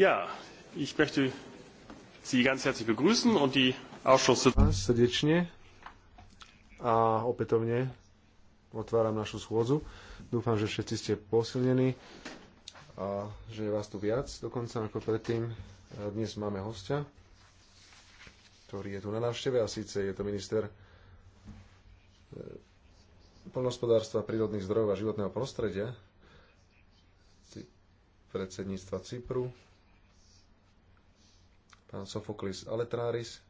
Ja, ich möchte Sie ganz herzlich begrüßen und die Ausschusssitzung. Srdečne a opätovne otváram našu schôdzu. Dúfam, že všetci ste posilnení a že je vás tu viac dokonca ako predtým. E, dnes máme hostia, ktorý je tu na návšteve a síce je to minister e, poľnohospodárstva, prírodných zdrojov a životného prostredia predsedníctva Cypru, pán Sofoklis Aletráris.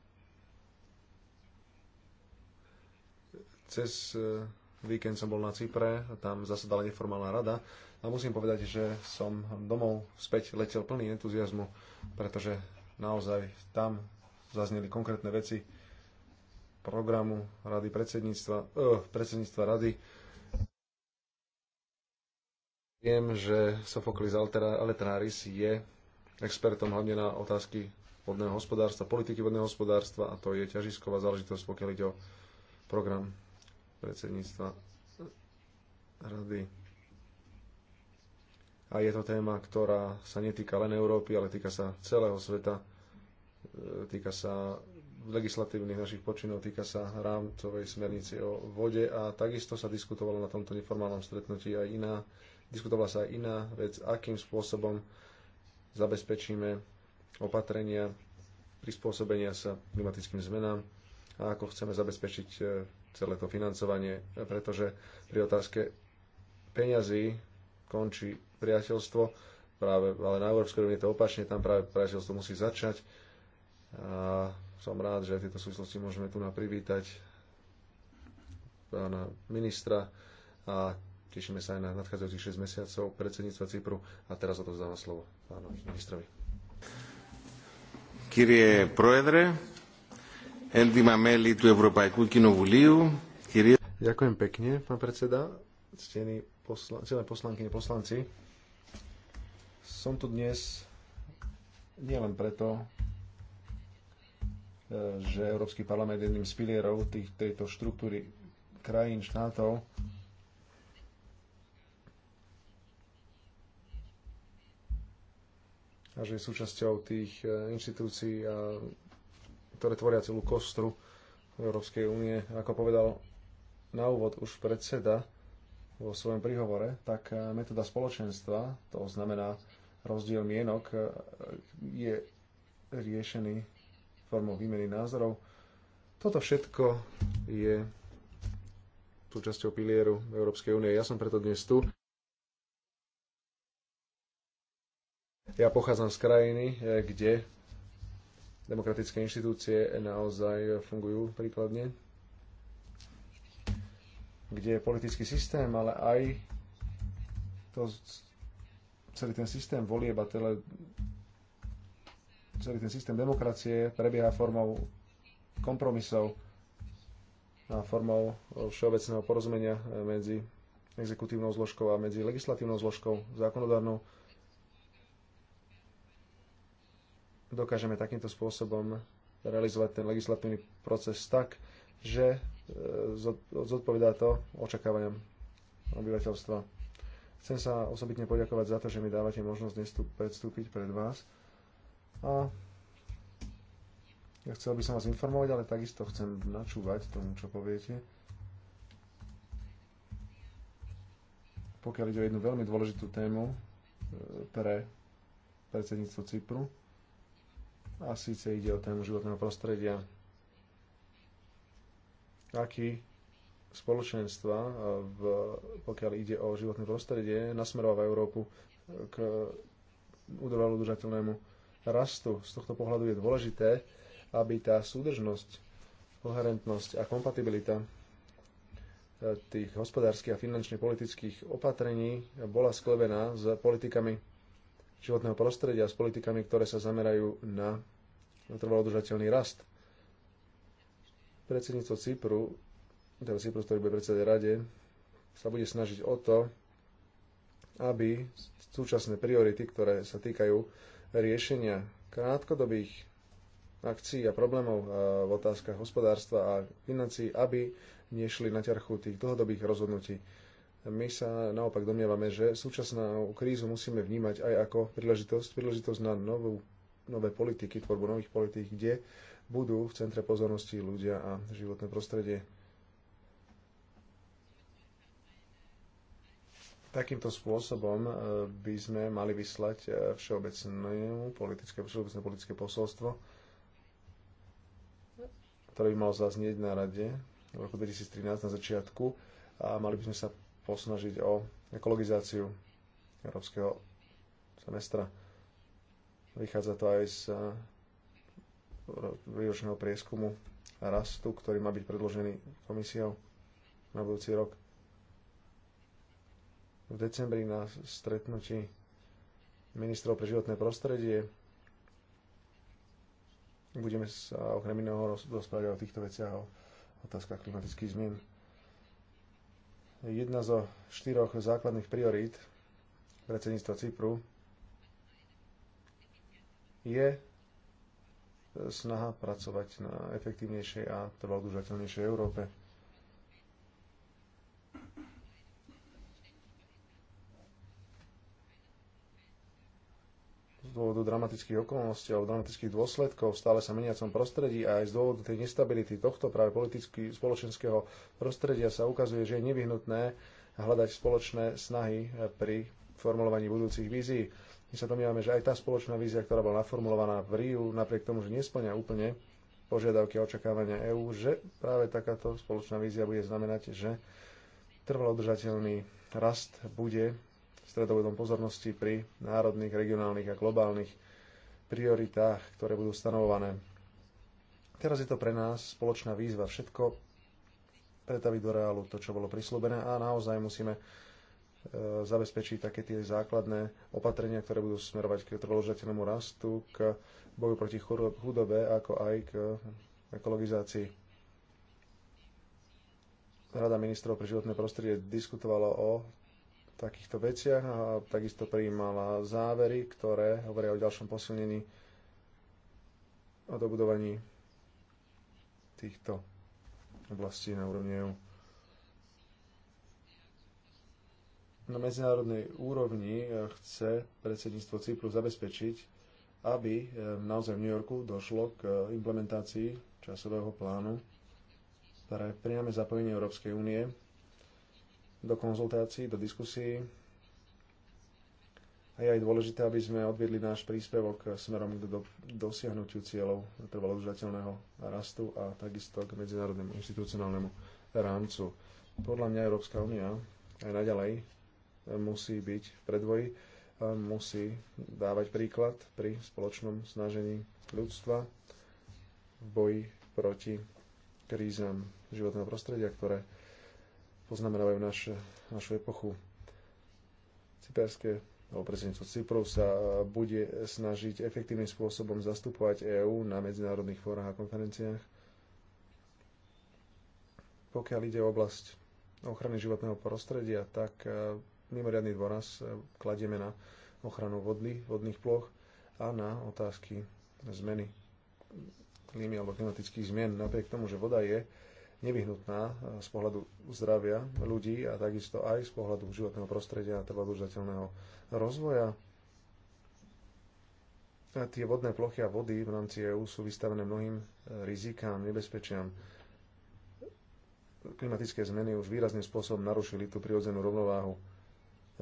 Cez e, víkend som bol na Cypre, a tam zasadala neformálna rada a musím povedať, že som domov späť letel plný entuziasmu, pretože naozaj tam zazneli konkrétne veci programu rady predsedníctva, uh, predsedníctva rady, Viem, že Sofoklis Aletráris je expertom hlavne na otázky vodného hospodárstva, politiky vodného hospodárstva a to je ťažisková záležitosť, pokiaľ ide o program predsedníctva rady. A je to téma, ktorá sa netýka len Európy, ale týka sa celého sveta. E, týka sa legislatívnych našich počinov, týka sa rámcovej smernice o vode a takisto sa diskutovalo na tomto neformálnom stretnutí aj iná, diskutovala sa aj iná vec, akým spôsobom zabezpečíme opatrenia, prispôsobenia sa klimatickým zmenám a ako chceme zabezpečiť e, celé to financovanie, e, pretože pri otázke peňazí končí priateľstvo, práve, ale na Európskej úrovni je to opačne, tam práve priateľstvo musí začať a som rád, že v tejto súvislosti môžeme tu privítať pána ministra a tešíme sa aj na nadchádzajúcich 6 mesiacov predsedníctva Cypru a teraz zdávam slovo pánovi ministrovi. Kyrie Proedre, έντιμα μέλη του Ευρωπαϊκού Κοινοβουλίου, κυρία... Ďakujem pekne, pán predseda, ctení poslan- poslankyne, poslanci. Som tu dnes nielen preto, e, že Európsky parlament je jedným z pilierov tých, tejto štruktúry krajín, štátov, a že je súčasťou tých e, inštitúcií, a ktoré tvoria celú kostru Európskej únie. Ako povedal na úvod už predseda vo svojom príhovore, tak e, metóda spoločenstva, to znamená rozdiel mienok, e, je riešený formou výmeny názorov. Toto všetko je súčasťou pilieru Európskej únie. Ja som preto dnes tu. Ja pochádzam z krajiny, eh, kde demokratické inštitúcie naozaj fungujú príkladne, kde je politický systém, ale aj to, celý ten systém volieb a tele, celý ten systém demokracie prebieha formou kompromisov a formou eh, všeobecného porozumenia eh, medzi exekutívnou zložkou a medzi legislatívnou zložkou, zákonodárnou dokážeme takýmto spôsobom realizovať ten legislatívny proces tak, že e, zodpovedá to očakávaniam obyvateľstva. Chcem sa osobitne poďakovať za to, že mi dávate možnosť dnes tu predstúpiť pred vás. A ja chcel by som vás informovať, ale takisto chcem načúvať tomu, čo poviete. Pokiaľ ide o jednu veľmi dôležitú tému e, pre predsedníctvo Cypru, a síce ide o tému životného prostredia. Aký spoločenstva, v, pokiaľ ide o životné prostredie, nasmerováva Európu k udrvalo udržateľnému rastu. Z tohto pohľadu je dôležité, aby tá súdržnosť, koherentnosť a kompatibilita e, tých hospodárskych a finančne politických opatrení bola sklebená s politikami životného prostredia, s politikami, ktoré sa zamerajú na trvalo udržateľný rast. Predsedníctvo Cypru, teda Cyprus, ktorý bude predsedať rade, sa bude snažiť o to, aby súčasné priority, ktoré sa týkajú riešenia krátkodobých akcií a problémov v otázkach hospodárstva a financií, aby nešli na ťarchu tých dlhodobých rozhodnutí. My sa naopak domnievame, že súčasnú krízu musíme vnímať aj ako príležitosť, príležitosť na novú nové politiky, tvorbu nových politík, kde budú v centre pozornosti ľudia a životné prostredie. Takýmto spôsobom e, by sme mali vyslať e, všeobecné politické, všeobecné politické posolstvo, ktoré by malo zaznieť na rade v roku 2013 na začiatku a mali by sme sa posnažiť o ekologizáciu európskeho semestra. Vychádza to aj z eh, výročného prieskumu rastu, ktorý má byť predložený komisiou na budúci rok. V decembri na stretnutí ministrov pre životné prostredie budeme sa okrem iného rozprávať o týchto veciach, o otázkach klimatických zmien. Jedna zo štyroch základných priorít predsedníctva Cypru je snaha pracovať na efektívnejšej a trvalodržateľnejšej Európe. z dôvodu dramatických okolností alebo dramatických dôsledkov v stále sa meniacom prostredí a aj z dôvodu tej nestability tohto práve politicky spoločenského prostredia sa ukazuje, že je nevyhnutné hľadať spoločné snahy pri formulovaní budúcich vízií. My sa domnievame, že aj tá spoločná vízia, ktorá bola naformulovaná v Riu, napriek tomu, že nesplňa úplne požiadavky a očakávania EÚ, že práve takáto spoločná vízia bude znamenať, že trvalo udržateľný rast bude stredobodom pozornosti pri národných, regionálnych a globálnych prioritách, ktoré budú stanovované. Teraz je to pre nás spoločná výzva všetko pretaviť do reálu to, čo bolo prislúbené a naozaj musíme E, zabezpečí také tie základné opatrenia, ktoré budú smerovať k trvoložateľnému rastu, k boju proti chudobe, ako aj k ekologizácii. Rada ministrov pre životné prostredie diskutovala o takýchto veciach a takisto prijímala závery, ktoré hovoria o ďalšom posilnení a dobudovaní týchto oblastí na úrovni EU. na medzinárodnej úrovni e, chce predsedníctvo Cypru zabezpečiť, aby e, naozaj v New Yorku došlo k e, implementácii časového plánu pre priame zapojenie Európskej únie do konzultácií, do diskusí. A je aj dôležité, aby sme odviedli náš príspevok smerom k do, dosiahnutiu cieľov trvalo rastu a takisto k medzinárodnému institucionálnemu rámcu. Podľa mňa Európska únia aj naďalej musí byť v predvoji, musí dávať príklad pri spoločnom snažení ľudstva v boji proti krízam životného prostredia, ktoré poznamenávajú naš, našu epochu. Cyperské alebo predsedníctvo Cypru sa bude snažiť efektívnym spôsobom zastupovať EÚ na medzinárodných fórach a konferenciách. Pokiaľ ide o oblasť ochrany životného prostredia, tak mimoriadný dôraz eh, kladieme na ochranu vodných, vodných ploch a na otázky zmeny klímy alebo klimatických zmien. Napriek tomu, že voda je nevyhnutná eh, z pohľadu zdravia ľudí a takisto aj z pohľadu životného prostredia a trvalo rozvoja. A eh, tie vodné plochy a vody v rámci EÚ sú vystavené mnohým rizikám, nebezpečiam. Klimatické zmeny už výrazným spôsobom narušili tú prirodzenú rovnováhu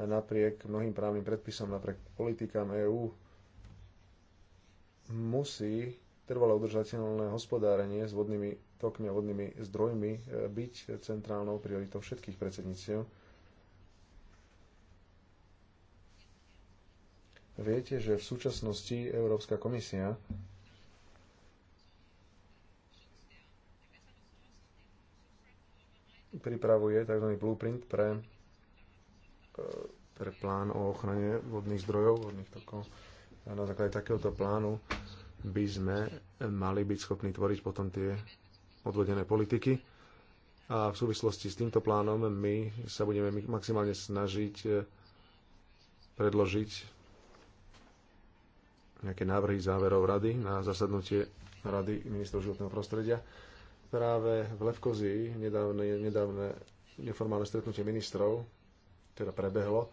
napriek mnohým právnym predpisom, napriek politikám EÚ, musí trvalé udržateľné hospodárenie s vodnými tokmi a vodnými zdrojmi e, byť centrálnou prioritou všetkých predsedníctiev. Viete, že v súčasnosti Európska komisia pripravuje tzv. blueprint pre E, pre plán o ochrane vodných zdrojov, vodných tokov. A na základe takéhoto plánu by sme mali byť schopní tvoriť potom tie odvodené politiky. A v súvislosti s týmto plánom my sa budeme maximálne snažiť e, predložiť nejaké návrhy záverov rady na zasadnutie Rady ministrov životného prostredia. Práve v Levkozi nedávne, nedávne neformálne stretnutie ministrov teda prebehlo,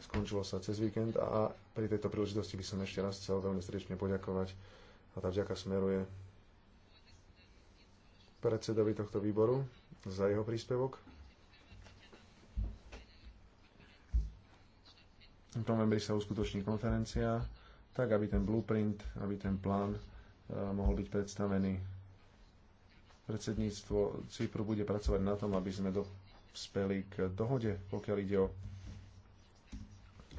skončilo sa cez víkend a pri tejto príležitosti by som ešte raz chcel veľmi srdečne poďakovať a tá vďaka smeruje predsedovi tohto výboru za jeho príspevok. V novembri sa uskutoční konferencia, tak aby ten blueprint, aby ten plán e, mohol byť predstavený. Predsedníctvo Cipru bude pracovať na tom, aby sme dospeli k dohode, pokiaľ ide o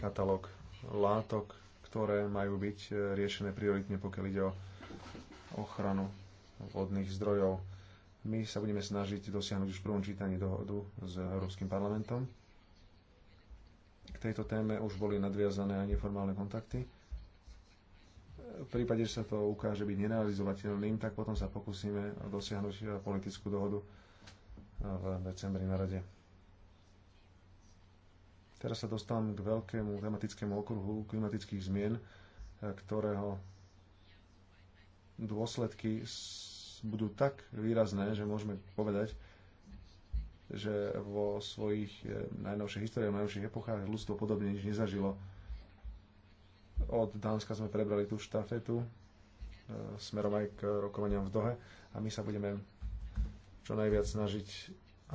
katalóg látok, ktoré majú byť e, riešené prioritne, pokiaľ ide o ochranu vodných zdrojov. My sa budeme snažiť dosiahnuť už v prvom čítaní dohodu s Európskym parlamentom. K tejto téme už boli nadviazané aj neformálne kontakty. V prípade, že sa to ukáže byť nerealizovateľným, tak potom sa pokúsime dosiahnuť politickú dohodu v decembri na rade. Teraz sa dostávam k veľkému tematickému okruhu klimatických zmien, e, ktorého dôsledky budú tak výrazné, že môžeme povedať, že vo svojich e, najnovších históriách, najnovších epochách ľudstvo podobne nič nezažilo. Od Dánska sme prebrali tú štafetu e, smerom aj k rokovaniam v Dohe a my sa budeme čo najviac snažiť,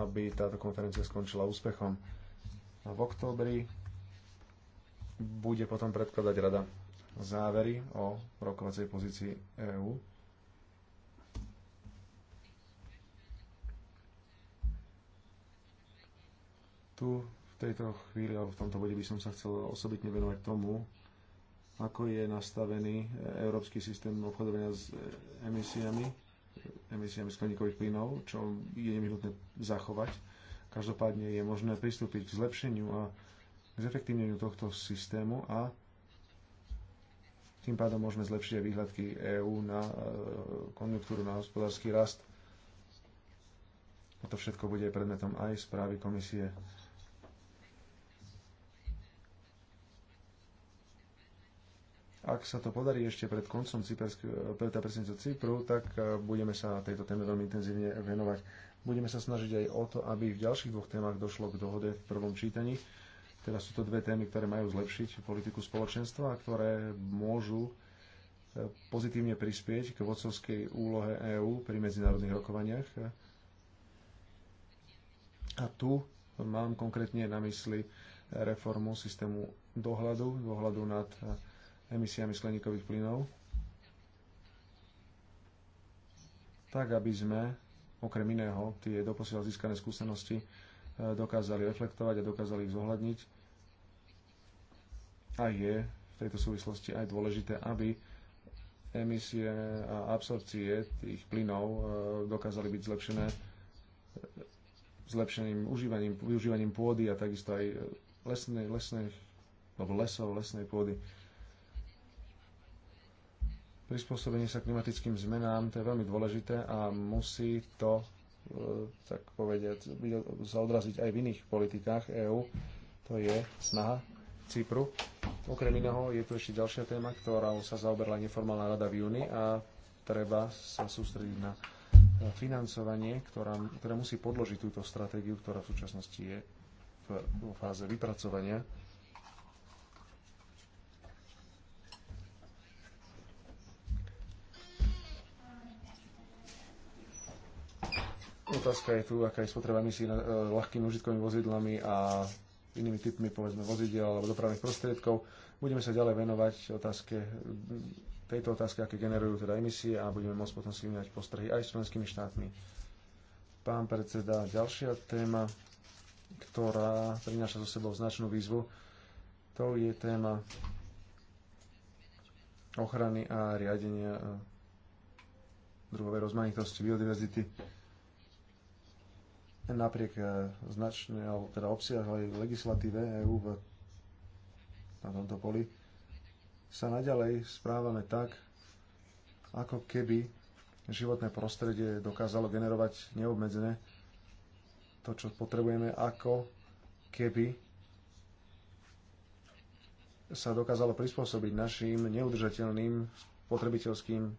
aby táto konferencia skončila úspechom v októbri bude potom predkladať rada závery o rokovacej pozícii EÚ. Tu v tejto chvíli, alebo v tomto bode by som sa chcel osobitne venovať tomu, ako je nastavený európsky systém obchodovania s emisiami, emisiami skleníkových plynov, čo je nevyhnutné zachovať Každopádne je možné pristúpiť k zlepšeniu a k zefektívneniu tohto systému a tým pádom môžeme zlepšiť aj výhľadky EÚ na e, konjunktúru, na hospodársky rast. A to všetko bude predmetom aj správy komisie. Ak sa to podarí ešte pred koncom cypersk- predsednictva Cypru, tak e, budeme sa tejto téme veľmi intenzívne venovať. Budeme sa snažiť aj o to, aby v ďalších dvoch témach došlo k dohode v prvom čítaní. Teraz sú to dve témy, ktoré majú zlepšiť politiku spoločenstva a ktoré môžu e, pozitívne prispieť k vodcovskej úlohe EÚ pri medzinárodných rokovaniach. A tu mám konkrétne na mysli reformu systému dohľadu, dohľadu nad e, emisiami skleníkových plynov, tak aby sme okrem iného tie doposiaľ získané skúsenosti e, dokázali reflektovať a dokázali ich zohľadniť. A je v tejto súvislosti aj dôležité, aby emisie a absorpcie tých plynov e, dokázali byť zlepšené e, zlepšeným užívaním, využívaním pôdy a takisto aj lesnej, lesnej, alebo lesov, lesnej pôdy prispôsobenie sa klimatickým zmenám, to je veľmi dôležité a musí to, e, tak povediať, sa odraziť aj v iných politikách EÚ. To je snaha Cypru. Okrem iného je tu ešte ďalšia téma, ktorou sa zaoberala neformálna rada v júni a treba sa sústrediť na financovanie, ktorá, ktoré musí podložiť túto stratégiu, ktorá v súčasnosti je v fáze vypracovania. Otázka je tu, aká je spotreba emisí na, e, ľahkými užitkovými vozidlami a inými typmi povedzme vozidiel alebo dopravných prostriedkov. Budeme sa ďalej venovať otázke, tejto otázke, aké generujú teda emisie a budeme môcť potom si vymieňať postrehy aj s členskými štátmi. Pán predseda, ďalšia téma, ktorá prináša so sebou značnú výzvu, to je téma ochrany a riadenia e, druhovej rozmanitosti, biodiverzity. Napriek e, značnej, alebo teda obsiahlej legislatíve EÚ v, na tomto poli sa naďalej správame tak, ako keby životné prostredie dokázalo generovať neobmedzené to, čo potrebujeme, ako keby sa dokázalo prispôsobiť našim neudržateľným spotrebiteľským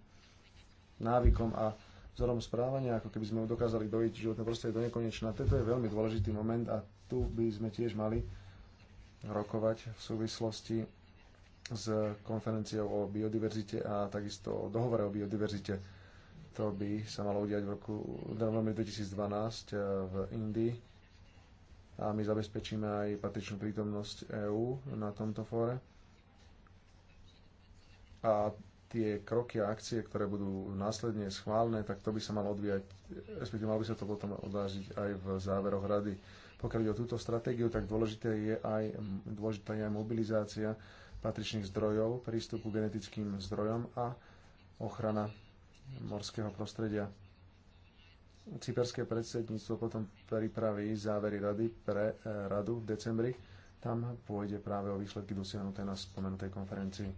návykom a vzorom správania, ako keby sme dokázali dojiť životné prostredie do nekonečna. Toto je veľmi dôležitý moment a tu by sme tiež mali rokovať v súvislosti s konferenciou o biodiverzite a takisto o dohovore o biodiverzite. To by sa malo udiať v roku v 2012 eh, v Indii a my zabezpečíme aj patričnú prítomnosť EÚ na tomto fóre. A tie kroky a akcie, ktoré budú následne schválne, tak to by sa malo odvíjať, respektíve malo by sa to potom odrážiť aj v záveroch rady. Pokiaľ ide o túto stratégiu, tak dôležité je aj, dôležitá je aj mobilizácia patričných zdrojov, prístupu genetickým zdrojom a ochrana morského prostredia. Cyperské predsedníctvo potom pripraví závery rady pre eh, radu v decembri. Tam pôjde práve o výsledky dosiahnuté na spomenutej konferencii.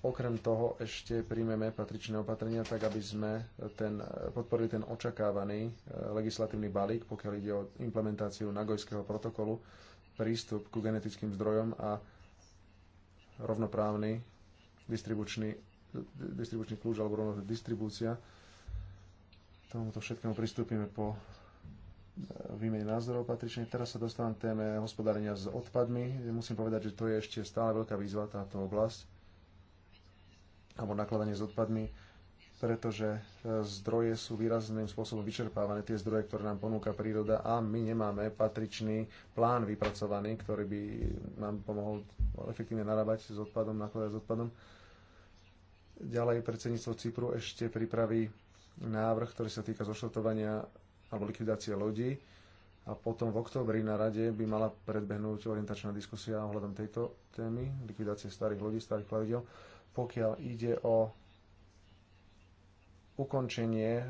Okrem toho ešte príjmeme patričné opatrenia, tak aby sme ten, podporili ten očakávaný e, legislatívny balík, pokiaľ ide o implementáciu Nagojského protokolu, prístup ku genetickým zdrojom a rovnoprávny distribučný, distribučný kľúč alebo rovnoprávna distribúcia. Tomuto všetkému pristúpime po e, výmene názorov patrične. Teraz sa dostávam k téme hospodárenia s odpadmi. Musím povedať, že to je ešte stále veľká výzva táto oblasť alebo nakladanie s odpadmi, pretože e, zdroje sú výrazným spôsobom vyčerpávané, tie zdroje, ktoré nám ponúka príroda a my nemáme patričný plán vypracovaný, ktorý by nám pomohol efektívne narábať s odpadom, nakladať s odpadom. Ďalej predsedníctvo Cypru ešte pripraví návrh, ktorý sa týka zošrotovania alebo likvidácie lodí a potom v októbri na rade by mala predbehnúť orientačná diskusia ohľadom tejto témy, likvidácie starých lodí, starých plavidel pokiaľ ide o ukončenie e,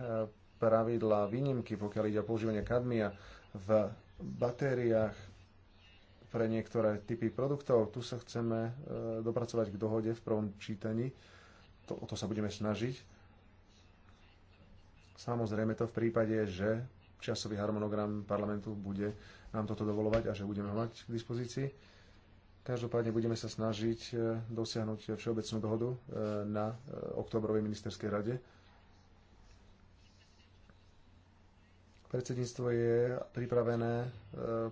pravidla výnimky, pokiaľ ide o používanie kadmia v batériách pre niektoré typy produktov. Tu sa chceme e, dopracovať k dohode v prvom čítaní. To, o to sa budeme snažiť. Samozrejme to v prípade, že časový harmonogram parlamentu bude nám toto dovolovať a že budeme ho mať k dispozícii Každopádne budeme sa snažiť e, dosiahnuť všeobecnú dohodu e, na e, oktobrovej ministerskej rade. Predsedníctvo je pripravené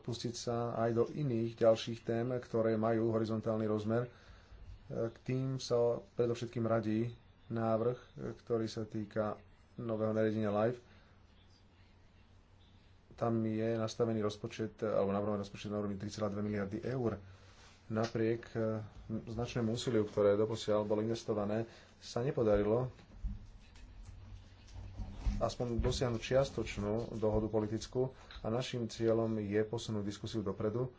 pustiť sa aj do iných ďalších tém, ktoré majú horizontálny rozmer. K tým sa predovšetkým radí návrh, ktorý sa týka nového nariadenia LIFE. Tam je nastavený rozpočet, alebo navrhovaný rozpočet na úrovni 3,2 miliardy eur napriek e, značnému úsiliu, ktoré doposiaľ bolo investované, sa nepodarilo aspoň dosiahnuť čiastočnú dohodu politickú a našim cieľom je posunúť diskusiu dopredu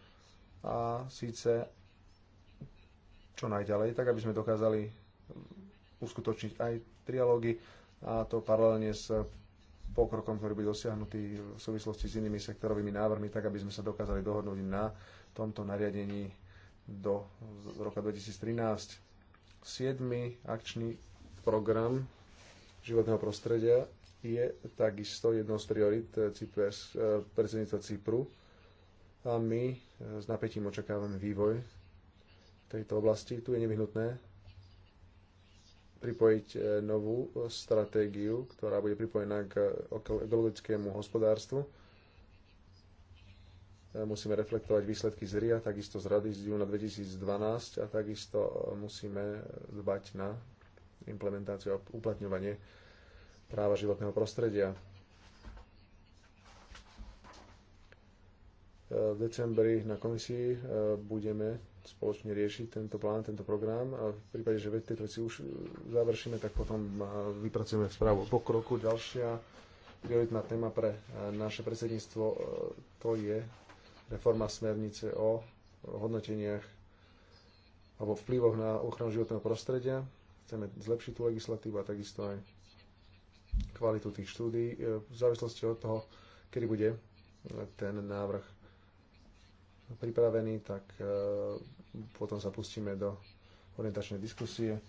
a síce čo najďalej, tak aby sme dokázali uskutočniť aj trialógy a to paralelne s pokrokom, ktorý bude dosiahnutý v súvislosti s inými sektorovými návrhmi, tak aby sme sa dokázali dohodnúť na tomto nariadení do roka 2013. 7. akčný program životného prostredia je takisto jednou z priorit eh, Cyprus, eh, predsedníctva Cypru a my eh, s napätím očakávame vývoj tejto oblasti. Tu je nevyhnutné pripojiť novú stratégiu, ktorá bude pripojená k ekologickému hospodárstvu E, musíme reflektovať výsledky z RIA, takisto z Rady z júna 2012 a takisto e, musíme e, dbať na implementáciu a uplatňovanie práva životného prostredia. V decembri na komisii budeme spoločne riešiť tento plán, tento program a v prípade, že tieto veci už završíme, tak potom vypracujeme správu po pokroku. Ďalšia prioritná téma pre naše predsedníctvo to je reforma smernice o hodnoteniach alebo vplyvoch na ochranu životného prostredia. Chceme zlepšiť tú legislatívu a takisto aj kvalitu tých štúdí e, v závislosti od toho, kedy bude ten návrh pripravený, tak e, potom sa pustíme do orientačnej diskusie.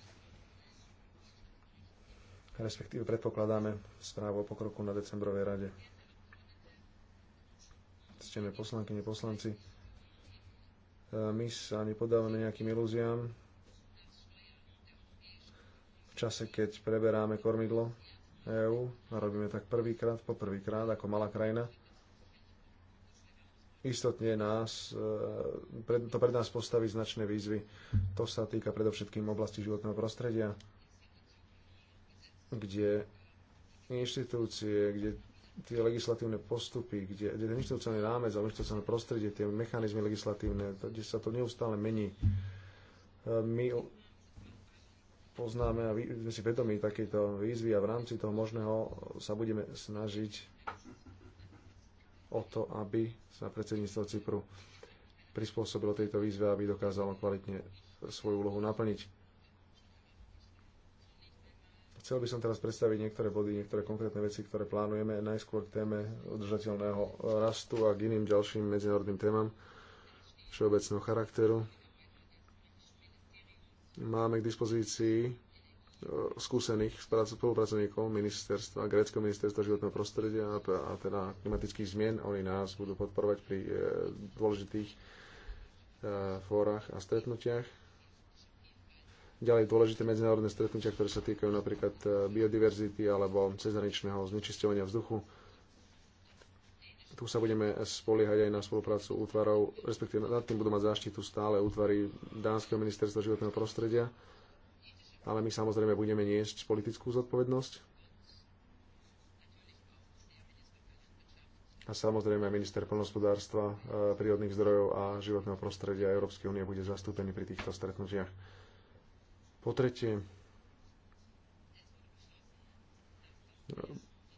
Respektíve predpokladáme správu o pokroku na decembrovej rade ctené poslankyne, poslanci, e, my sa nepodávame nejakým ilúziám. V čase, keď preberáme kormidlo EÚ, robíme tak prvýkrát, poprvýkrát, ako malá krajina, istotne nás, e, to pred nás postaví značné výzvy. To sa týka predovšetkým oblasti životného prostredia, kde inštitúcie, kde tie legislatívne postupy, kde, kde ten inštitucionálny rámec alebo inštitucionálne prostredie, tie mechanizmy legislatívne, kde sa to neustále mení. E, my poznáme a sme si vedomi takéto výzvy a v rámci toho možného sa budeme snažiť o to, aby sa predsedníctvo Cypru prispôsobilo tejto výzve, aby dokázalo kvalitne svoju úlohu naplniť Chcel by som teraz predstaviť niektoré body, niektoré konkrétne veci, ktoré plánujeme najskôr k téme udržateľného e, rastu a k iným ďalším medzinárodným témam všeobecného charakteru. Máme k dispozícii e, skúsených spolupracovníkov ministerstva, Gréckého ministerstva životného prostredia a teda klimatických zmien. Oni nás budú podporovať pri e, dôležitých fórach a stretnutiach Ďalej dôležité medzinárodné stretnutia, ktoré sa týkajú napríklad e, biodiverzity alebo cezhraničného znečisťovania vzduchu. Tu sa budeme spoliehať aj na spoluprácu útvarov, respektíve nad tým budú mať záštitu stále útvary Dánskeho ministerstva životného prostredia, ale my samozrejme budeme niesť politickú zodpovednosť. A samozrejme minister plnospodárstva, e, prírodných zdrojov a životného prostredia Európskej únie bude zastúpený pri týchto stretnutiach. Po tretie,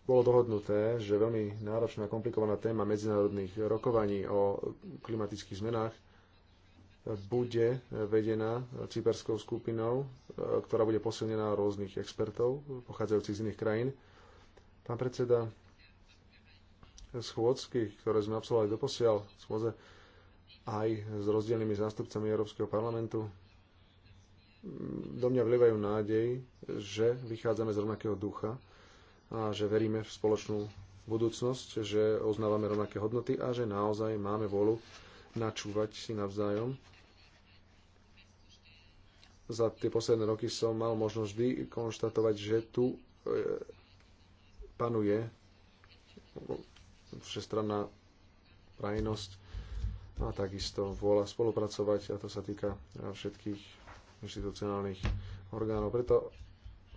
bolo dohodnuté, že veľmi náročná, a komplikovaná téma medzinárodných rokovaní o klimatických zmenách bude vedená cyperskou skupinou, ktorá bude posilnená rôznych expertov pochádzajúcich z iných krajín. Pán predseda schôdzky, ktoré sme absolvovali doposiaľ, schôdze aj s rozdielnymi zástupcami Európskeho parlamentu, do mňa vlievajú nádej, že vychádzame z rovnakého ducha a že veríme v spoločnú budúcnosť, že oznávame rovnaké hodnoty a že naozaj máme volu načúvať si navzájom. Za tie posledné roky som mal možnosť vždy konštatovať, že tu e, panuje všestranná prajnosť a takisto vôľa spolupracovať a to sa týka všetkých inštitucionálnych orgánov. Preto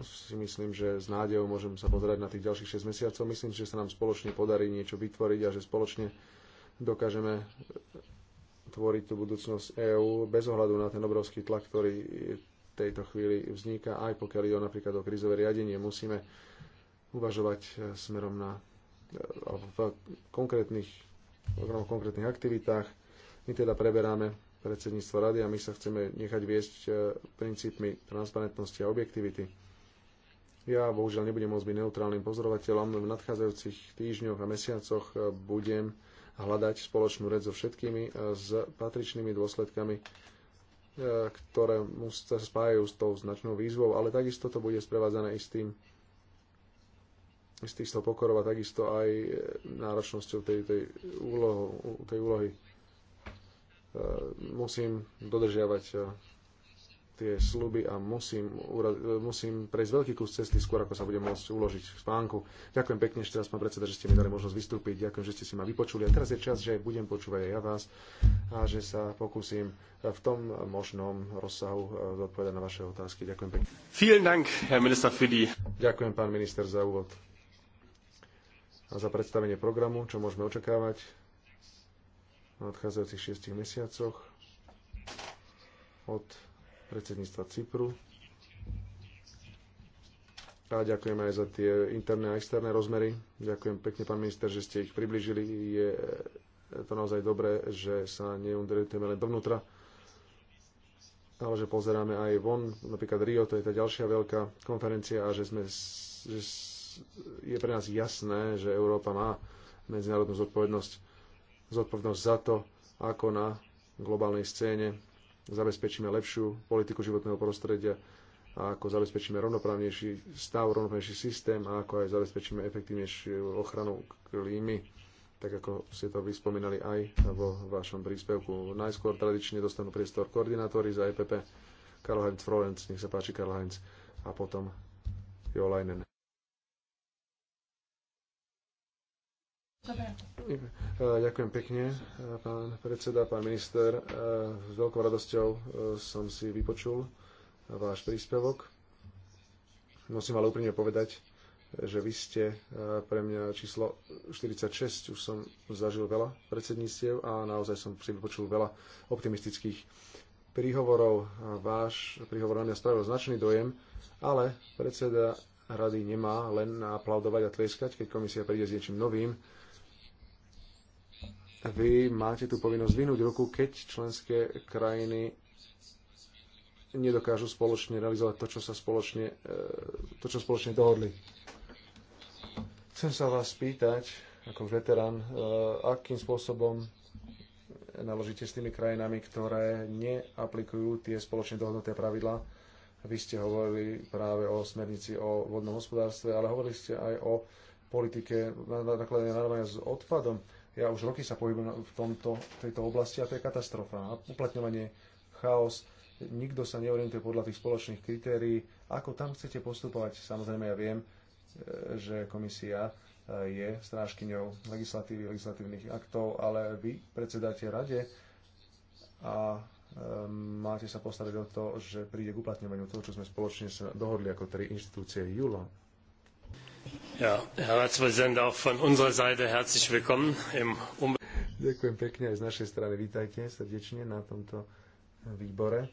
si myslím, že s nádejou môžem sa pozerať na tých ďalších 6 mesiacov. Myslím, že sa nám spoločne podarí niečo vytvoriť a že spoločne dokážeme tvoriť tú budúcnosť EÚ bez ohľadu na ten obrovský tlak, ktorý v tejto chvíli vzniká, aj pokiaľ ide o napríklad o krizové riadenie. Musíme uvažovať eh, smerom na eh, v konkrétnych, v konkrétnych aktivitách. My teda preberáme predsedníctvo rady a my sa chceme nechať viesť e, princípmi transparentnosti a objektivity. Ja bohužiaľ nebudem môcť byť neutrálnym pozorovateľom, v nadchádzajúcich týždňoch a mesiacoch e, budem hľadať spoločnú reč so všetkými e, s patričnými dôsledkami, ktoré sa spájajú s tou značnou výzvou, ale takisto to bude sprevádzané istým istých pokorov a takisto aj náročnosťou tej, tej, tej úlohy E, musím dodržiavať e, tie sluby a musím, e, musím prejsť veľký kus cesty skôr, ako sa budem môcť uložiť v spánku. Ďakujem pekne ešte raz, pán predseda, že ste mi dali možnosť vystúpiť. Ďakujem, že ste si ma vypočuli. A teraz je čas, že budem počúvať aj ja vás a že sa pokúsim v tom možnom rozsahu zodpovedať na vaše otázky. Ďakujem pekne. Vielen Dank, Herr Minister, für die... Ďakujem, pán minister, za úvod a za predstavenie programu, čo môžeme očakávať v nadchádzajúcich šiestich mesiacoch od predsedníctva Cypru. A ďakujem aj za tie interné a externé rozmery. Ďakujem pekne, pán minister, že ste ich približili. Je to naozaj dobré, že sa neundrejtujeme len dovnútra, ale že pozeráme aj von. Napríklad Rio, to je tá ďalšia veľká konferencia a že, sme, že je pre nás jasné, že Európa má medzinárodnú zodpovednosť zodpovednosť za to, ako na globálnej scéne zabezpečíme lepšiu politiku životného prostredia a ako zabezpečíme rovnoprávnejší stav, rovnoprávnejší systém a ako aj zabezpečíme efektívnejšiu ochranu klímy, tak ako ste to vyspomínali aj vo vašom príspevku. Najskôr tradične dostanú priestor koordinátory za EPP, Karl Heinz Florenc, nech sa páči Karl Heinz, a potom Jo Leinen. E, ďakujem pekne, e, pán predseda, pán minister. E, s veľkou radosťou som si vypočul váš príspevok. Musím ale úprimne povedať, že vy ste pre mňa číslo 46, už som zažil veľa predsedníctiev a naozaj som si vypočul veľa optimistických príhovorov. Váš príhovor na mňa spravil značný dojem, ale predseda rady nemá len aplaudovať a tlieskať, keď komisia príde s niečím novým vy máte tú povinnosť vynúť ruku, keď členské krajiny nedokážu spoločne realizovať to, čo sa spoločne, e, to, čo spoločne dohodli. Chcem sa vás spýtať, ako veterán, e, akým spôsobom naložíte s tými krajinami, ktoré neaplikujú tie spoločne dohodnuté pravidlá. Vy ste hovorili práve o smernici o vodnom hospodárstve, ale hovorili ste aj o politike nakladania narovnania s odpadom. Ja už roky sa pohybujem v tomto, tejto oblasti a to je katastrofa. A uplatňovanie, chaos, nikto sa neorientuje podľa tých spoločných kritérií. Ako tam chcete postupovať? Samozrejme, ja viem, e, že komisia e, je strážkyňou legislatívy, legislatívnych aktov, ale vy predsedáte rade a e, máte sa postaviť o to, že príde k uplatňovaniu toho, čo sme spoločne sa dohodli ako tri inštitúcie. Julo ja, Herr Ratspräsident, auch von unserer Seite herzlich willkommen im um Ďakujem pekne aj z našej strany. Vítajte srdečne na tomto výbore. E,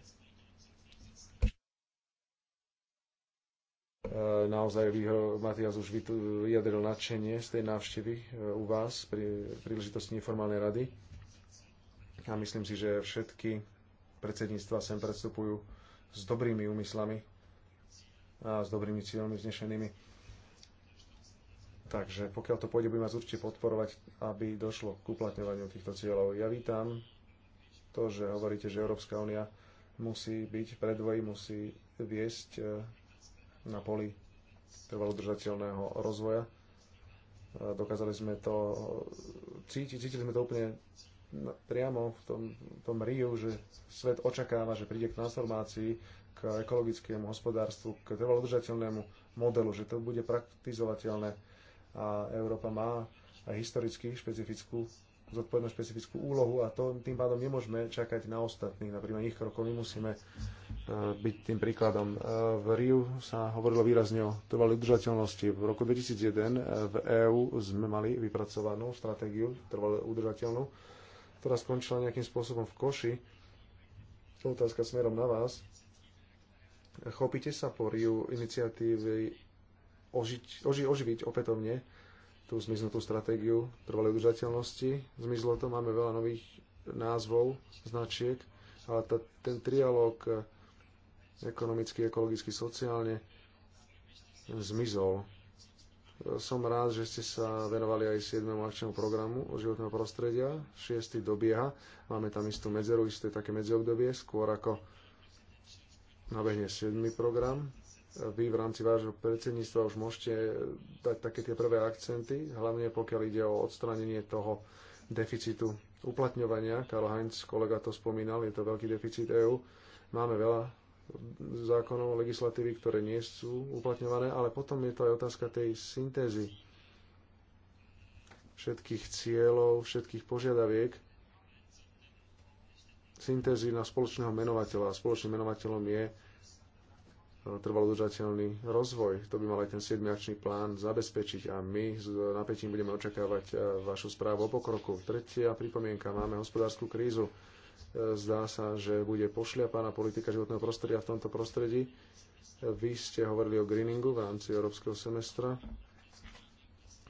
naozaj Matias už vyjadril nadšenie z tej návštevy e, u vás pri príležitosti neformálnej rady. A myslím si, že všetky predsedníctva sem predstupujú s dobrými úmyslami a s dobrými cieľmi vznešenými Takže pokiaľ to pôjde, budem vás určite podporovať, aby došlo k uplatňovaniu týchto cieľov. Ja vítam to, že hovoríte, že Európska únia musí byť predvoj, musí viesť e, na poli trvalodržateľného rozvoja. E, dokázali sme to cítiť, cítili sme to úplne priamo v tom, v tom Riu, že svet očakáva, že príde k transformácii, k ekologickému hospodárstvu, k trvalodržateľnému modelu, že to bude praktizovateľné a Európa má aj historicky špecifickú zodpovednú špecifickú úlohu a to, tým pádom nemôžeme čakať na ostatných, napríklad ich krokov. My musíme e, byť tým príkladom. E, v Riu sa hovorilo výrazne o trvalej udržateľnosti. V roku 2001 e, v EÚ sme mali vypracovanú stratégiu trvalej udržateľnú, ktorá skončila nejakým spôsobom v koši. Otázka smerom na vás. Chopíte sa po Riu iniciatívy ožiť, oži, oživiť opätovne tú zmiznutú stratégiu trvalej udržateľnosti. Zmizlo to, máme veľa nových názvov, značiek, ale tá, ten trialóg eh, ekonomicky, ekologicky, sociálne zmizol. Eh, som rád, že ste sa venovali aj 7. akčnému programu o životného prostredia. 6. dobieha. Máme tam istú medzeru, isté také medziobdobie, skôr ako nabehne 7. program vy v rámci vášho predsedníctva už môžete dať také tie prvé akcenty, hlavne pokiaľ ide o odstránenie toho deficitu uplatňovania. Karl Heinz, kolega to spomínal, je to veľký deficit EÚ. Máme veľa zákonov, legislatívy, ktoré nie sú uplatňované, ale potom je to aj otázka tej syntézy všetkých cieľov, všetkých požiadaviek, syntézy na spoločného menovateľa. A spoločným menovateľom je trvalo udržateľný rozvoj. To by mal aj ten 7 plán zabezpečiť a my s napätím budeme očakávať e, vašu správu o pokroku. Tretia pripomienka, máme hospodárskú krízu. E, zdá sa, že bude pošliapaná politika životného prostredia v tomto prostredí. E, vy ste hovorili o greeningu v rámci európskeho semestra.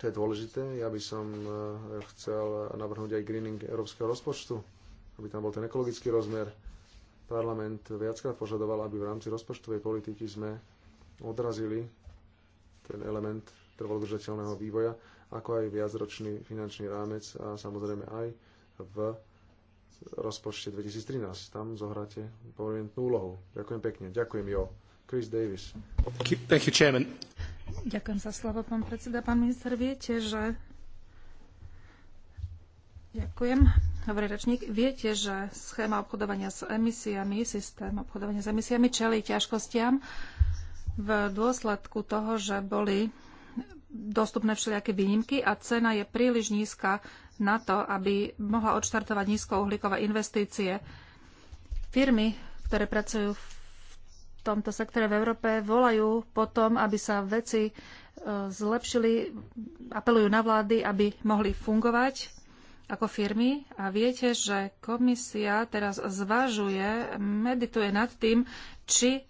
To je dôležité. Ja by som chcel navrhnúť aj greening európskeho rozpočtu, aby tam bol ten ekologický rozmer Parlament viackrát požadoval, aby v rámci rozpočtovej politiky sme odrazili ten element trvalodržateľného vývoja, ako aj viacročný finančný rámec a samozrejme aj v rozpočte 2013. Tam zohráte prominentnú úlohu. Ďakujem pekne. Ďakujem, Jo. Chris Davis. Thank you, chairman. Ďakujem za slovo, pán predseda. Pán minister, viete, že... Ďakujem hovorí rečník, viete, že schéma obchodovania s emisiami, systém obchodovania s emisiami čelí ťažkostiam v dôsledku toho, že boli dostupné všelijaké výnimky a cena je príliš nízka na to, aby mohla odštartovať nízkouhlíkové investície. Firmy, ktoré pracujú v tomto sektore v Európe, volajú potom, aby sa veci e, zlepšili, apelujú na vlády, aby mohli fungovať ako firmy a viete, že komisia teraz zvažuje, medituje nad tým, či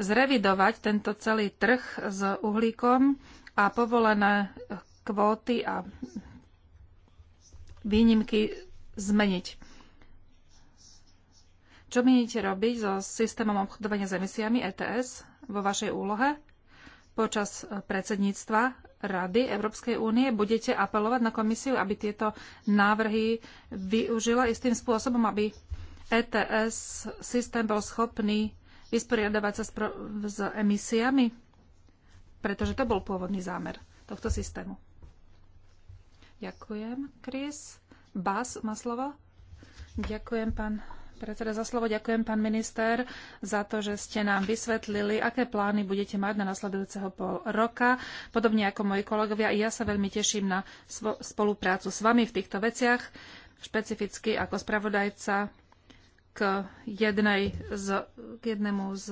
zrevidovať tento celý trh s uhlíkom a povolené kvóty a výnimky zmeniť. Čo mienite robiť so systémom obchodovania s emisiami ETS vo vašej úlohe? počas e, predsedníctva Rady Európskej únie budete apelovať na komisiu, aby tieto návrhy využila istým spôsobom, aby ETS systém bol schopný vysporiadavať sa s, s emisiami? Pretože to bol pôvodný zámer tohto systému. Ďakujem, Chris. Bas má slovo. Ďakujem, pán predseda, za slovo ďakujem, pán minister, za to, že ste nám vysvetlili, aké plány budete mať na nasledujúceho pol roka. Podobne ako moji kolegovia, i ja sa veľmi teším na spoluprácu s vami v týchto veciach, špecificky ako spravodajca k, jednej z, k jednému z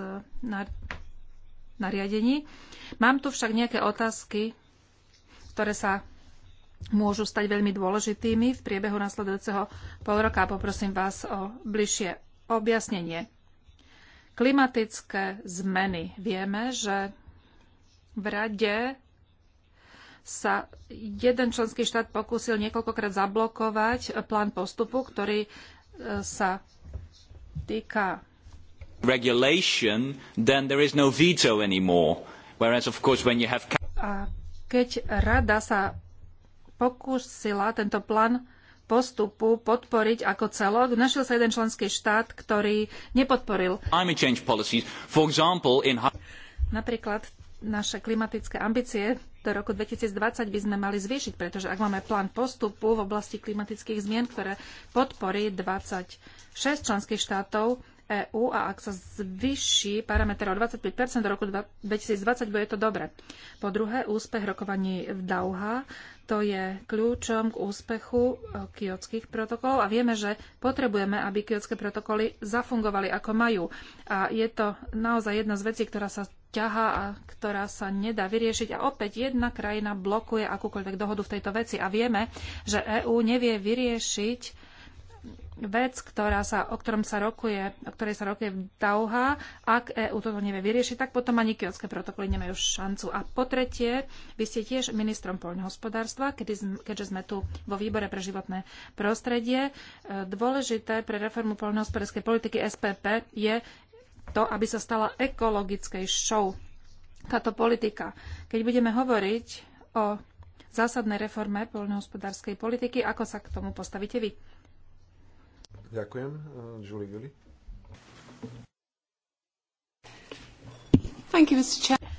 nariadení. Mám tu však nejaké otázky, ktoré sa môžu stať veľmi dôležitými v priebehu nasledujúceho pol roka. Poprosím vás o bližšie objasnenie. Klimatické zmeny. Vieme, že v rade sa jeden členský štát pokúsil niekoľkokrát zablokovať plán postupu, ktorý e, sa týka regulation, then there is no veto anymore. Whereas of course when you have a keď rada sa pokúsila tento plán postupu podporiť ako celok. Našiel sa jeden členský štát, ktorý nepodporil. Napríklad naše klimatické ambície do roku 2020 by sme mali zvýšiť, pretože ak máme plán postupu v oblasti klimatických zmien, ktoré podporí 26 členských štátov EÚ a ak sa zvýši parameter o 25 do roku 2020, bude to dobre. Po druhé, úspech rokovaní v Dauha to je kľúčom k úspechu e, kiotských protokolov a vieme, že potrebujeme, aby kiotské protokoly zafungovali ako majú. A je to naozaj jedna z vecí, ktorá sa ťahá a ktorá sa nedá vyriešiť. A opäť jedna krajina blokuje akúkoľvek dohodu v tejto veci. A vieme, že EÚ nevie vyriešiť vec, ktorá sa, o, ktorom sa rokuje, o ktorej sa rokuje v Dauha. Ak EU toto nevie vyriešiť, tak potom ani kiotské protokoly nemajú šancu. A po tretie, vy ste tiež ministrom poľnohospodárstva, keďže sme tu vo výbore pre životné prostredie. E, dôležité pre reformu poľnohospodárskej politiky SPP je to, aby sa stala ekologickejšou táto politika. Keď budeme hovoriť o zásadnej reforme poľnohospodárskej politiky, ako sa k tomu postavíte vy? Ďakujem. Eh, Julie Gilly.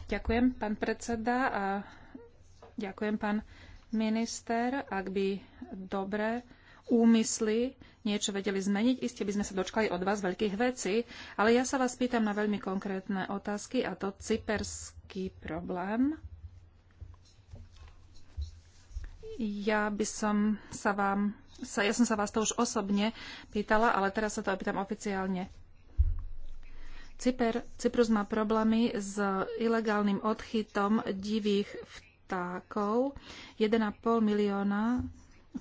Ďakujem, pán predseda a ďakujem, pán minister. Ak by dobré úmysly niečo vedeli zmeniť, iste by sme sa dočkali od vás veľkých vecí, ale ja sa vás pýtam na veľmi konkrétne otázky a to cyperský problém. Ja by som sa vám sa, ja som sa vás to už osobne pýtala, ale teraz sa to opýtam oficiálne. Cyper, Cyprus má problémy s ilegálnym odchytom divých vtákov. 1,5 milióna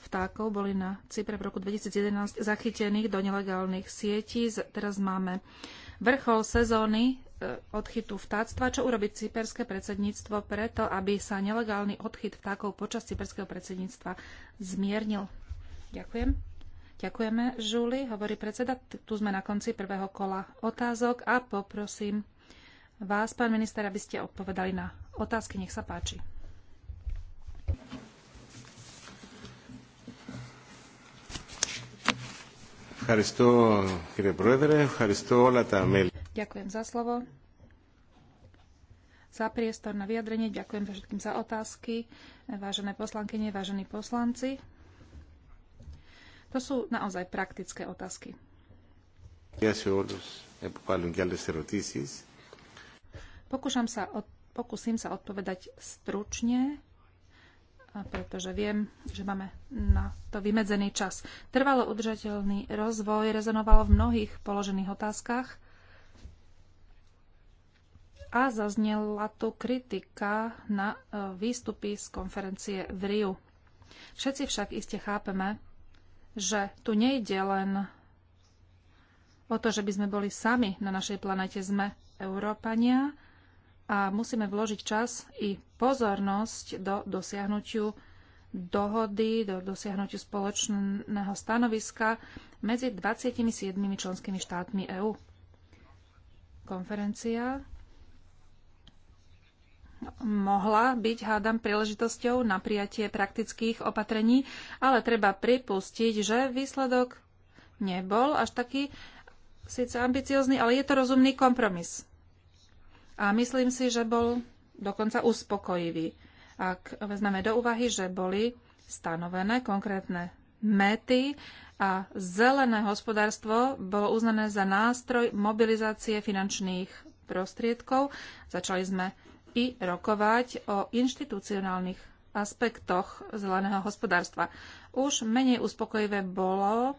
vtákov boli na Cypre v roku 2011 zachytených do nelegálnych sietí. Teraz máme vrchol sezóny e, odchytu vtáctva. Čo urobiť cyperské predsedníctvo preto, aby sa nelegálny odchyt vtákov počas cyperského predsedníctva zmiernil? Ďakujem. Ďakujeme, Žuli, hovorí predseda. Tu sme na konci prvého kola otázok a poprosím vás, pán minister, aby ste odpovedali na otázky. Nech sa páči. Ďakujem za slovo, za priestor na vyjadrenie. Ďakujem všetkým za otázky, vážené poslankyne, vážení poslanci. To sú naozaj praktické otázky. Pokúšam sa od, pokúsim sa odpovedať stručne, pretože viem, že máme na to vymedzený čas. Trvalo udržateľný rozvoj rezonoval v mnohých položených otázkach a zaznela tu kritika na e, výstupy z konferencie v Riu. Všetci však iste chápeme, že tu nejde len o to, že by sme boli sami na našej planete. Sme Európania a musíme vložiť čas i pozornosť do dosiahnutiu dohody, do dosiahnutiu spoločného stanoviska medzi 27 členskými štátmi EÚ. Konferencia mohla byť, hádam, príležitosťou na prijatie praktických opatrení, ale treba pripustiť, že výsledok nebol až taký síce ambiciózny, ale je to rozumný kompromis. A myslím si, že bol dokonca uspokojivý. Ak vezmeme do úvahy, že boli stanovené konkrétne mety a zelené hospodárstvo bolo uznané za nástroj mobilizácie finančných prostriedkov. Začali sme i rokovať o inštitucionálnych aspektoch zeleného hospodárstva. Už menej uspokojivé bolo,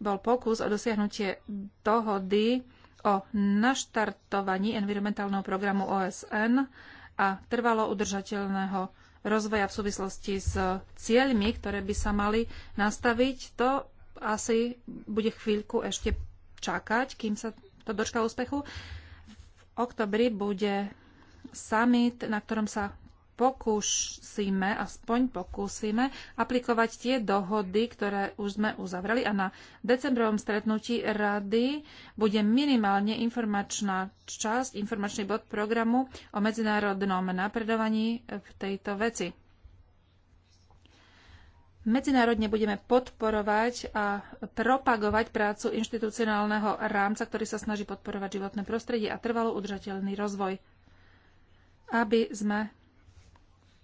bol pokus o dosiahnutie dohody o naštartovaní environmentálneho programu OSN a trvalo udržateľného rozvoja v súvislosti s cieľmi, ktoré by sa mali nastaviť. To asi bude chvíľku ešte čakať, kým sa to dočka úspechu. V oktobri bude summit, na ktorom sa pokúsime, aspoň pokúsime, aplikovať tie dohody, ktoré už sme uzavreli a na decembrovom stretnutí rady bude minimálne informačná časť, informačný bod programu o medzinárodnom napredovaní v tejto veci. Medzinárodne budeme podporovať a propagovať prácu inštitucionálneho rámca, ktorý sa snaží podporovať životné prostredie a trvalo udržateľný rozvoj aby sme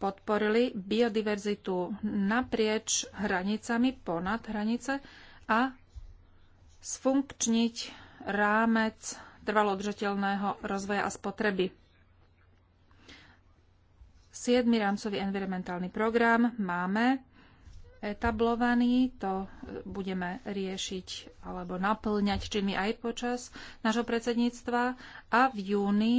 podporili biodiverzitu naprieč hranicami, ponad hranice a sfunkčniť rámec trvalo rozvoja a spotreby. 7. rámcový environmentálny program máme etablovaný, to budeme riešiť alebo naplňať činmi aj počas nášho predsedníctva a v júni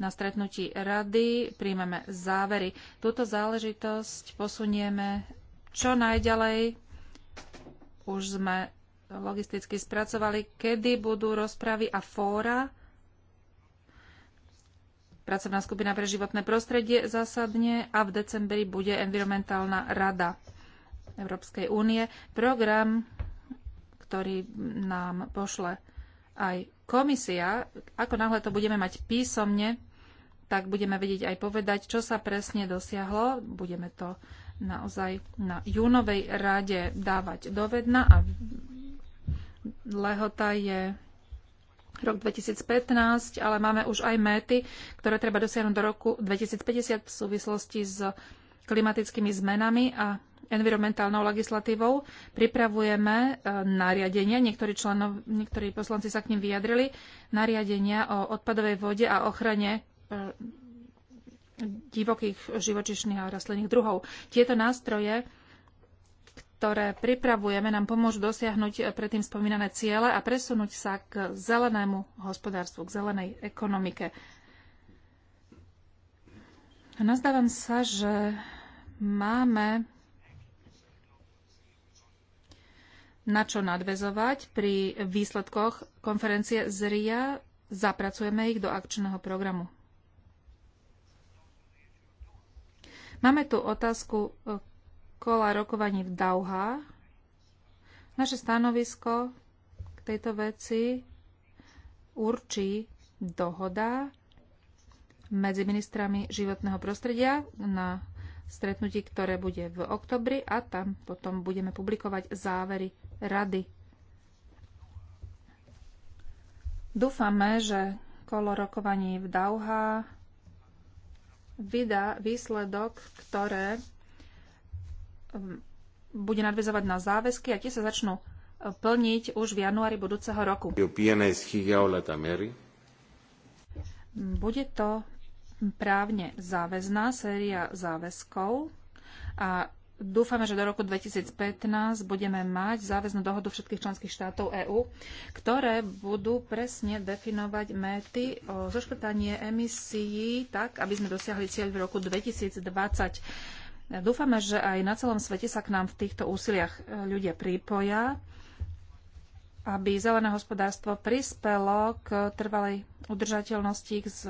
na stretnutí rady príjmeme závery. Túto záležitosť posunieme čo najďalej. Už sme logisticky spracovali, kedy budú rozpravy a fóra. Pracovná skupina pre životné prostredie zasadne a v decembri bude environmentálna rada Európskej únie. Program, ktorý nám pošle aj komisia, ako náhle to budeme mať písomne, tak budeme vedieť aj povedať, čo sa presne dosiahlo. Budeme to naozaj na júnovej rade dávať dovedna a lehota je rok 2015, ale máme už aj méty, ktoré treba dosiahnuť do roku 2050 v súvislosti s klimatickými zmenami a environmentálnou legislatívou. Pripravujeme e, nariadenia, niektorí, členov, niektorí poslanci sa k ním vyjadrili, nariadenia o odpadovej vode a ochrane Eh, divokých živočišných a rastlinných druhov. Tieto nástroje, ktoré pripravujeme, nám pomôžu dosiahnuť eh, predtým spomínané ciele a presunúť sa k zelenému hospodárstvu, k zelenej ekonomike. A nazdávam sa, že máme na čo nadvezovať pri výsledkoch konferencie z RIA, zapracujeme ich do akčného programu. Máme tu otázku e, kola rokovaní v Dauha. Naše stanovisko k tejto veci určí dohoda medzi ministrami životného prostredia na stretnutí, ktoré bude v oktobri a tam potom budeme publikovať závery rady. Dúfame, že kolo rokovaní v Dauha vydá výsledok, ktoré um, bude nadvezovať na záväzky a tie sa začnú uh, plniť už v januári budúceho roku. Bude to právne záväzná séria záväzkov a Dúfame, že do roku 2015 budeme mať záväznú dohodu všetkých členských štátov EÚ, ktoré budú presne definovať méty o e, zoškrtanie emisií tak, aby sme dosiahli cieľ v roku 2020. Dúfame, že aj na celom svete sa k nám v týchto úsiliach e, ľudia pripoja, aby zelené hospodárstvo prispelo k trvalej udržateľnosti, k z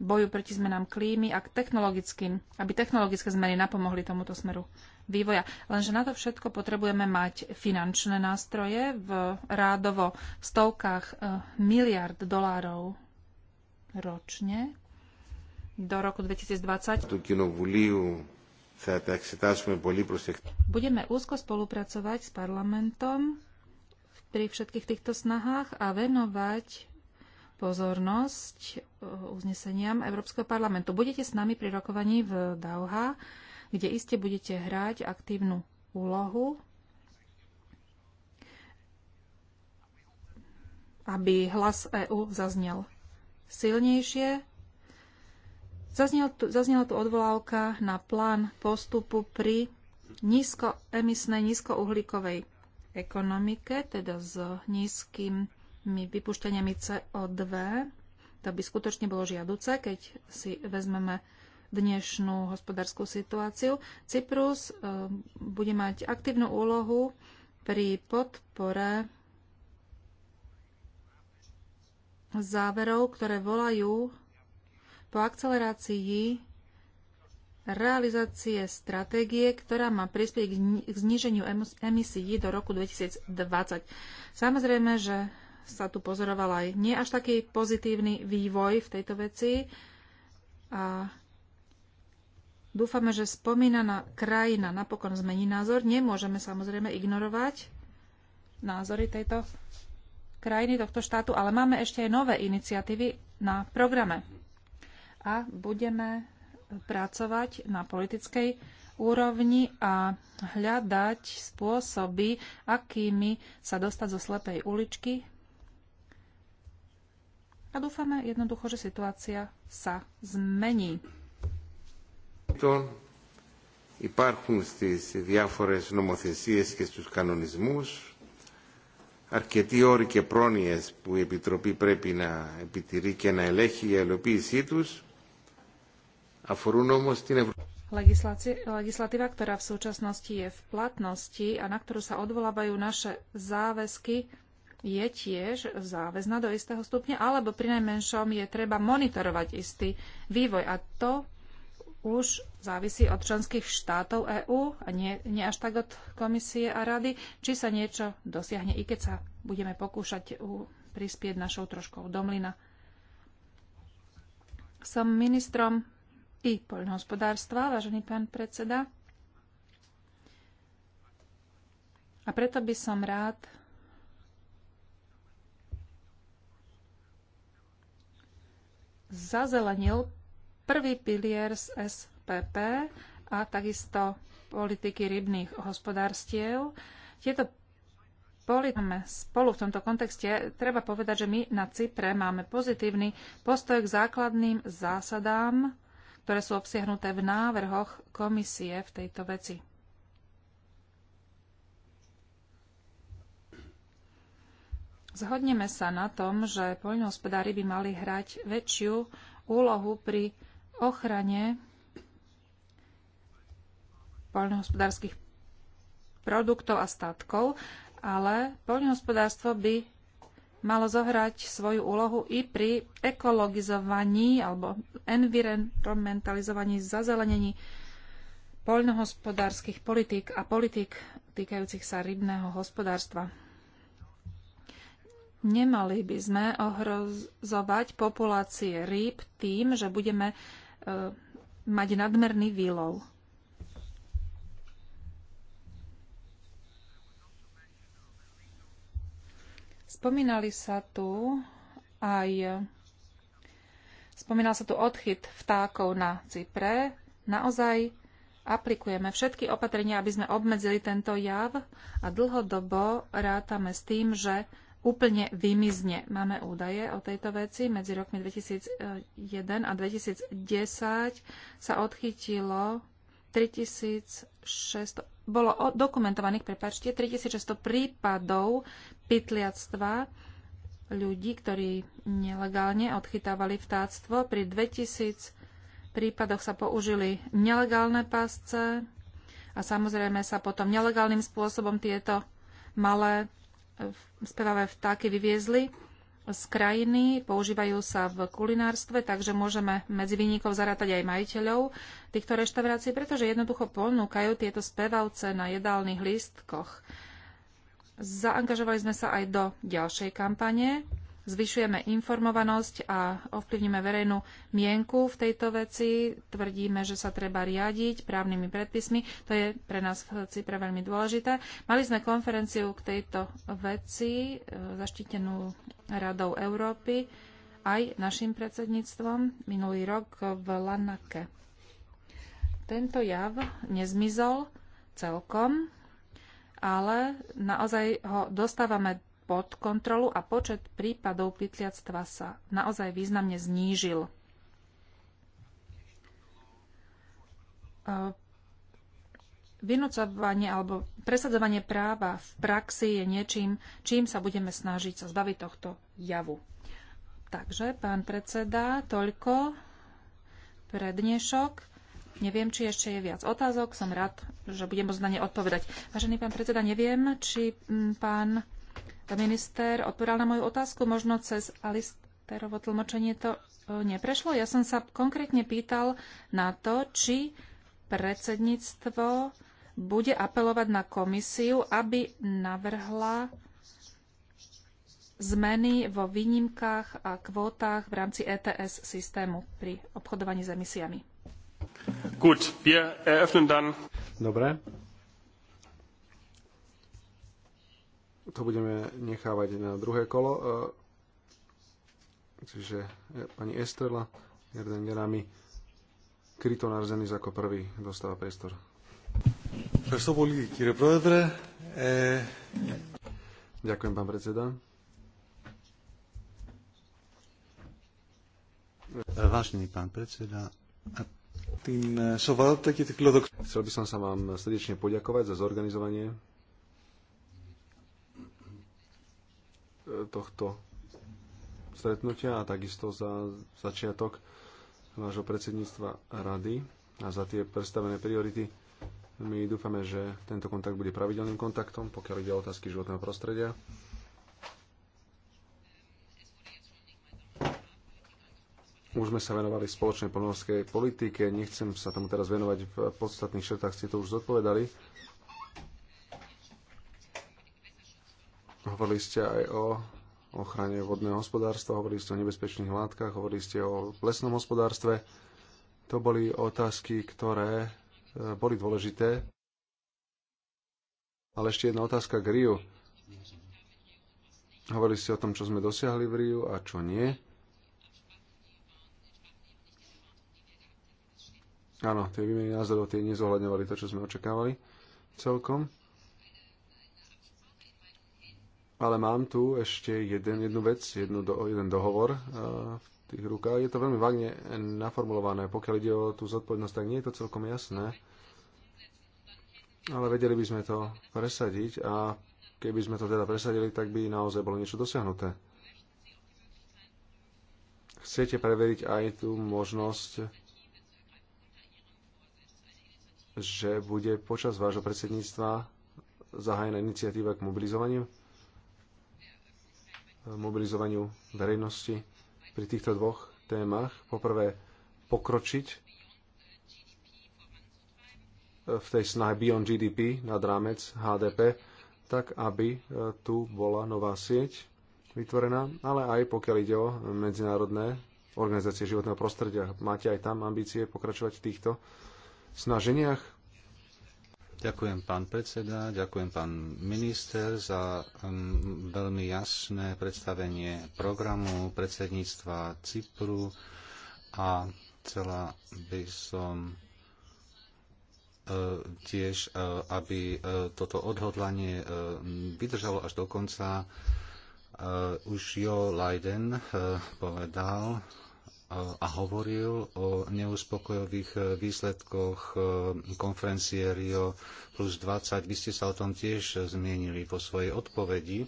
boju proti zmenám klímy a k technologickým, aby technologické zmeny napomohli tomuto smeru vývoja. Lenže na to všetko potrebujeme mať finančné nástroje v rádovo v stovkách e, miliard dolárov ročne do roku 2020. Budeme úzko spolupracovať s parlamentom pri všetkých týchto snahách a venovať pozornosť e, uzneseniam Európskeho parlamentu. Budete s nami pri rokovaní v Dauha, kde iste budete hrať aktívnu úlohu, aby hlas EÚ zaznel silnejšie. tu, zaznela tu odvolávka na plán postupu pri nízkoemisnej, nízkouhlíkovej ekonomike, teda s nízkym vypušťaniami CO2, to by skutočne bolo žiaduce, keď si vezmeme dnešnú hospodárskú situáciu. Cyprus e, bude mať aktívnu úlohu pri podpore záverov, ktoré volajú po akcelerácii realizácie stratégie, ktorá má prispieť k zníženiu emisí do roku 2020. Samozrejme, že sa tu pozoroval aj nie až taký pozitívny vývoj v tejto veci. A dúfame, že spomínaná krajina napokon zmení názor. Nemôžeme samozrejme ignorovať názory tejto krajiny, tohto štátu, ale máme ešte aj nové iniciatívy na programe. A budeme pracovať na politickej úrovni a hľadať spôsoby, akými sa dostať zo slepej uličky a dúfame jednoducho, že situácia sa zmení. Υπάρχουν στις διάφορες νομοθεσίες και στους κανονισμούς αρκετοί όροι και πρόνοιες που η Επιτροπή πρέπει να επιτηρεί και να ελέγχει η ελοποίησή τους αφορούν όμως την Ευρωπαϊκή Legislatíva, ktorá v súčasnosti je v platnosti a na ktorú sa odvolávajú naše záväzky, je tiež záväzná do istého stupňa, alebo pri najmenšom je treba monitorovať istý vývoj. A to už závisí od členských štátov EÚ a nie, nie až tak od komisie a rady, či sa niečo dosiahne, i keď sa budeme pokúšať prispieť našou troškou domlina. Som ministrom i poľnohospodárstva, vážený pán predseda. A preto by som rád zazelenil prvý pilier z SPP a takisto politiky rybných hospodárstiev. Tieto politiky spolu v tomto kontexte. Treba povedať, že my na Cypre máme pozitívny postoj k základným zásadám, ktoré sú obsiahnuté v návrhoch komisie v tejto veci. Zhodneme sa na tom, že poľnohospodári by mali hrať väčšiu úlohu pri ochrane poľnohospodárskych produktov a statkov, ale poľnohospodárstvo by malo zohrať svoju úlohu i pri ekologizovaní alebo environmentalizovaní, zazelenení poľnohospodárskych politík a politík týkajúcich sa rybného hospodárstva. Nemali by sme ohrozovať populácie rýb tým, že budeme e, mať nadmerný výlov. Spomínali sa tu aj spomínal sa tu odchyt vtákov na Cypre. Naozaj aplikujeme všetky opatrenia, aby sme obmedzili tento jav a dlhodobo rátame s tým, že úplne vymizne. Máme údaje o tejto veci. Medzi rokmi 2001 a 2010 sa odchytilo 3600, bolo dokumentovaných, prepáčte, 3600 prípadov pytliactva ľudí, ktorí nelegálne odchytávali vtáctvo. Pri 2000 prípadoch sa použili nelegálne pásce a samozrejme sa potom nelegálnym spôsobom tieto malé spevavé vtáky vyviezli z krajiny, používajú sa v kulinárstve, takže môžeme medzi výnikov zarátať aj majiteľov týchto reštaurácií, pretože jednoducho ponúkajú tieto spevavce na jedálnych lístkoch. Zaangažovali sme sa aj do ďalšej kampane, zvyšujeme informovanosť a ovplyvníme verejnú mienku v tejto veci. Tvrdíme, že sa treba riadiť právnymi predpismi. To je pre nás v Cypre veľmi dôležité. Mali sme konferenciu k tejto veci, e, zaštitenú Radou Európy, aj našim predsedníctvom minulý rok v Lanake. Tento jav nezmizol celkom, ale naozaj ho dostávame pod kontrolu a počet prípadov pytliactva sa naozaj významne znížil. E, Vynúcovanie alebo presadzovanie práva v praxi je niečím, čím sa budeme snažiť sa zbaviť tohto javu. Takže, pán predseda, toľko pre dnešok. Neviem, či ešte je viac otázok. Som rád, že budem môcť na ne odpovedať. Vážený pán predseda, neviem, či pán Pán minister odpovedal na moju otázku, možno cez Alisterovo tlmočenie to e, neprešlo. Ja som sa konkrétne pýtal na to, či predsedníctvo bude apelovať na komisiu, aby navrhla zmeny vo výnimkách a kvótach v rámci ETS systému pri obchodovaní s emisiami. Dobre, to budeme nechávať na druhé kolo. Čiže e, e, pani Estrela, Jarden Gerami, Kryton Arzenis ako prvý dostáva priestor. Ďakujem, pán predseda. Vážený pán predseda, e, Chcel by som sa vám srdečne poďakovať za zorganizovanie tohto stretnutia a takisto za začiatok vášho predsedníctva rady a za tie predstavené priority. My dúfame, že tento kontakt bude pravidelným kontaktom, pokiaľ ide o otázky životného prostredia. Už sme sa venovali spoločnej polnohorskej politike, nechcem sa tomu teraz venovať, v podstatných šertách ste to už zodpovedali. Hovorili ste aj o ochrane vodného hospodárstva, hovorili ste o nebezpečných látkach, hovorili ste o lesnom hospodárstve. To boli otázky, ktoré e, boli dôležité. Ale ešte jedna otázka k Riu. Hovorili ste o tom, čo sme dosiahli v Riu a čo nie. Áno, tie výmeny názorov tie nezohľadňovali to, čo sme očakávali celkom. Ale mám tu ešte jeden, jednu vec, jednu do, jeden dohovor eh, v tých rukách. Je to veľmi vágne naformulované. Pokiaľ ide o tú zodpovednosť, tak nie je to celkom jasné. Ale vedeli by sme to presadiť a keby sme to teda presadili, tak by naozaj bolo niečo dosiahnuté. Chcete preveriť aj tú možnosť že bude počas vášho predsedníctva zahájená iniciatíva k mobilizovaniu? mobilizovaniu verejnosti pri týchto dvoch témach. Poprvé, pokročiť v tej snahe Beyond GDP nad rámec HDP, tak aby e, tu bola nová sieť vytvorená, ale aj pokiaľ ide o medzinárodné organizácie životného prostredia. Máte aj tam ambície pokračovať v týchto snaženiach? Ďakujem pán predseda, ďakujem pán minister za um, veľmi jasné predstavenie programu predsedníctva Cypru a chcela by som e, tiež, e, aby e, toto odhodlanie vydržalo až do konca. už Jo Leiden povedal, a hovoril o neuspokojových e, výsledkoch e, konferencie Rio plus 20. Vy ste sa o tom tiež zmienili vo svojej odpovedi.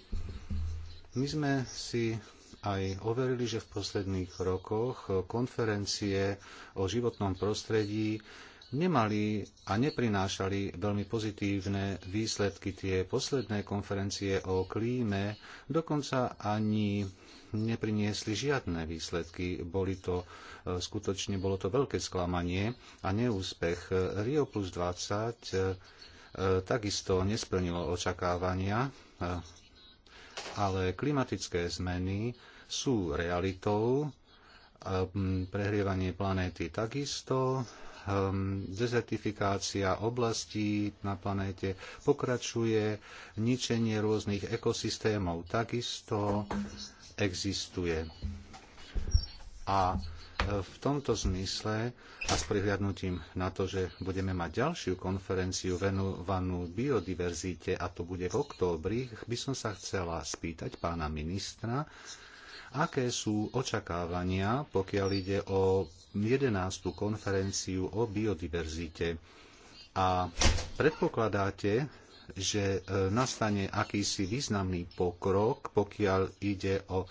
My sme si aj overili, že v posledných rokoch e, konferencie o životnom prostredí nemali a neprinášali veľmi pozitívne výsledky tie posledné konferencie o klíme, dokonca ani nepriniesli žiadne výsledky. Boli to, e, skutočne bolo to veľké sklamanie a neúspech. Rio plus 20 e, e, takisto nesplnilo očakávania, ale klimatické zmeny sú realitou, prehrievanie planéty takisto, dezertifikácia oblastí na planéte pokračuje, ničenie rôznych ekosystémov takisto, existuje. A e, v tomto zmysle a s prihľadnutím na to, že budeme mať ďalšiu konferenciu venovanú biodiverzite a to bude v októbri, by som sa chcela spýtať pána ministra, aké sú očakávania, pokiaľ ide o 11. konferenciu o biodiverzite. A predpokladáte, že e, nastane akýsi významný pokrok, pokiaľ ide o e,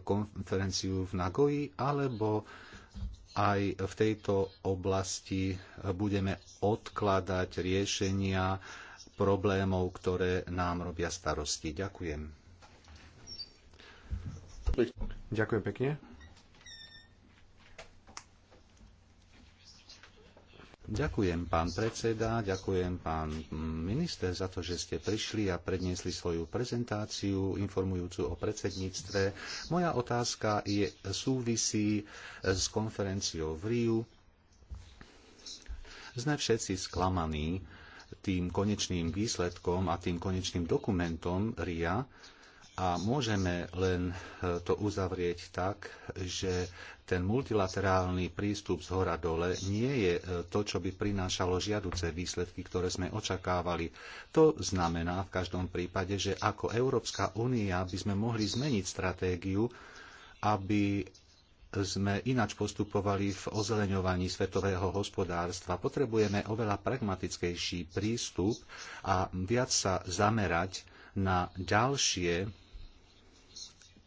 konferenciu v Nagoji, alebo aj v tejto oblasti e, budeme odkladať riešenia problémov, ktoré nám robia starosti. Ďakujem. Ďakujem pekne. Ďakujem, pán predseda, ďakujem, pán minister, za to, že ste prišli a predniesli svoju prezentáciu informujúcu o predsedníctve. Moja otázka je, súvisí e, s konferenciou v Riu. Sme všetci sklamaní tým konečným výsledkom a tým konečným dokumentom RIA, a môžeme len e, to uzavrieť tak, že ten multilaterálny prístup z hora dole nie je e, to, čo by prinášalo žiaduce výsledky, ktoré sme očakávali. To znamená v každom prípade, že ako Európska únia by sme mohli zmeniť stratégiu, aby sme inač postupovali v ozeleňovaní svetového hospodárstva. Potrebujeme oveľa pragmatickejší prístup a viac sa zamerať na ďalšie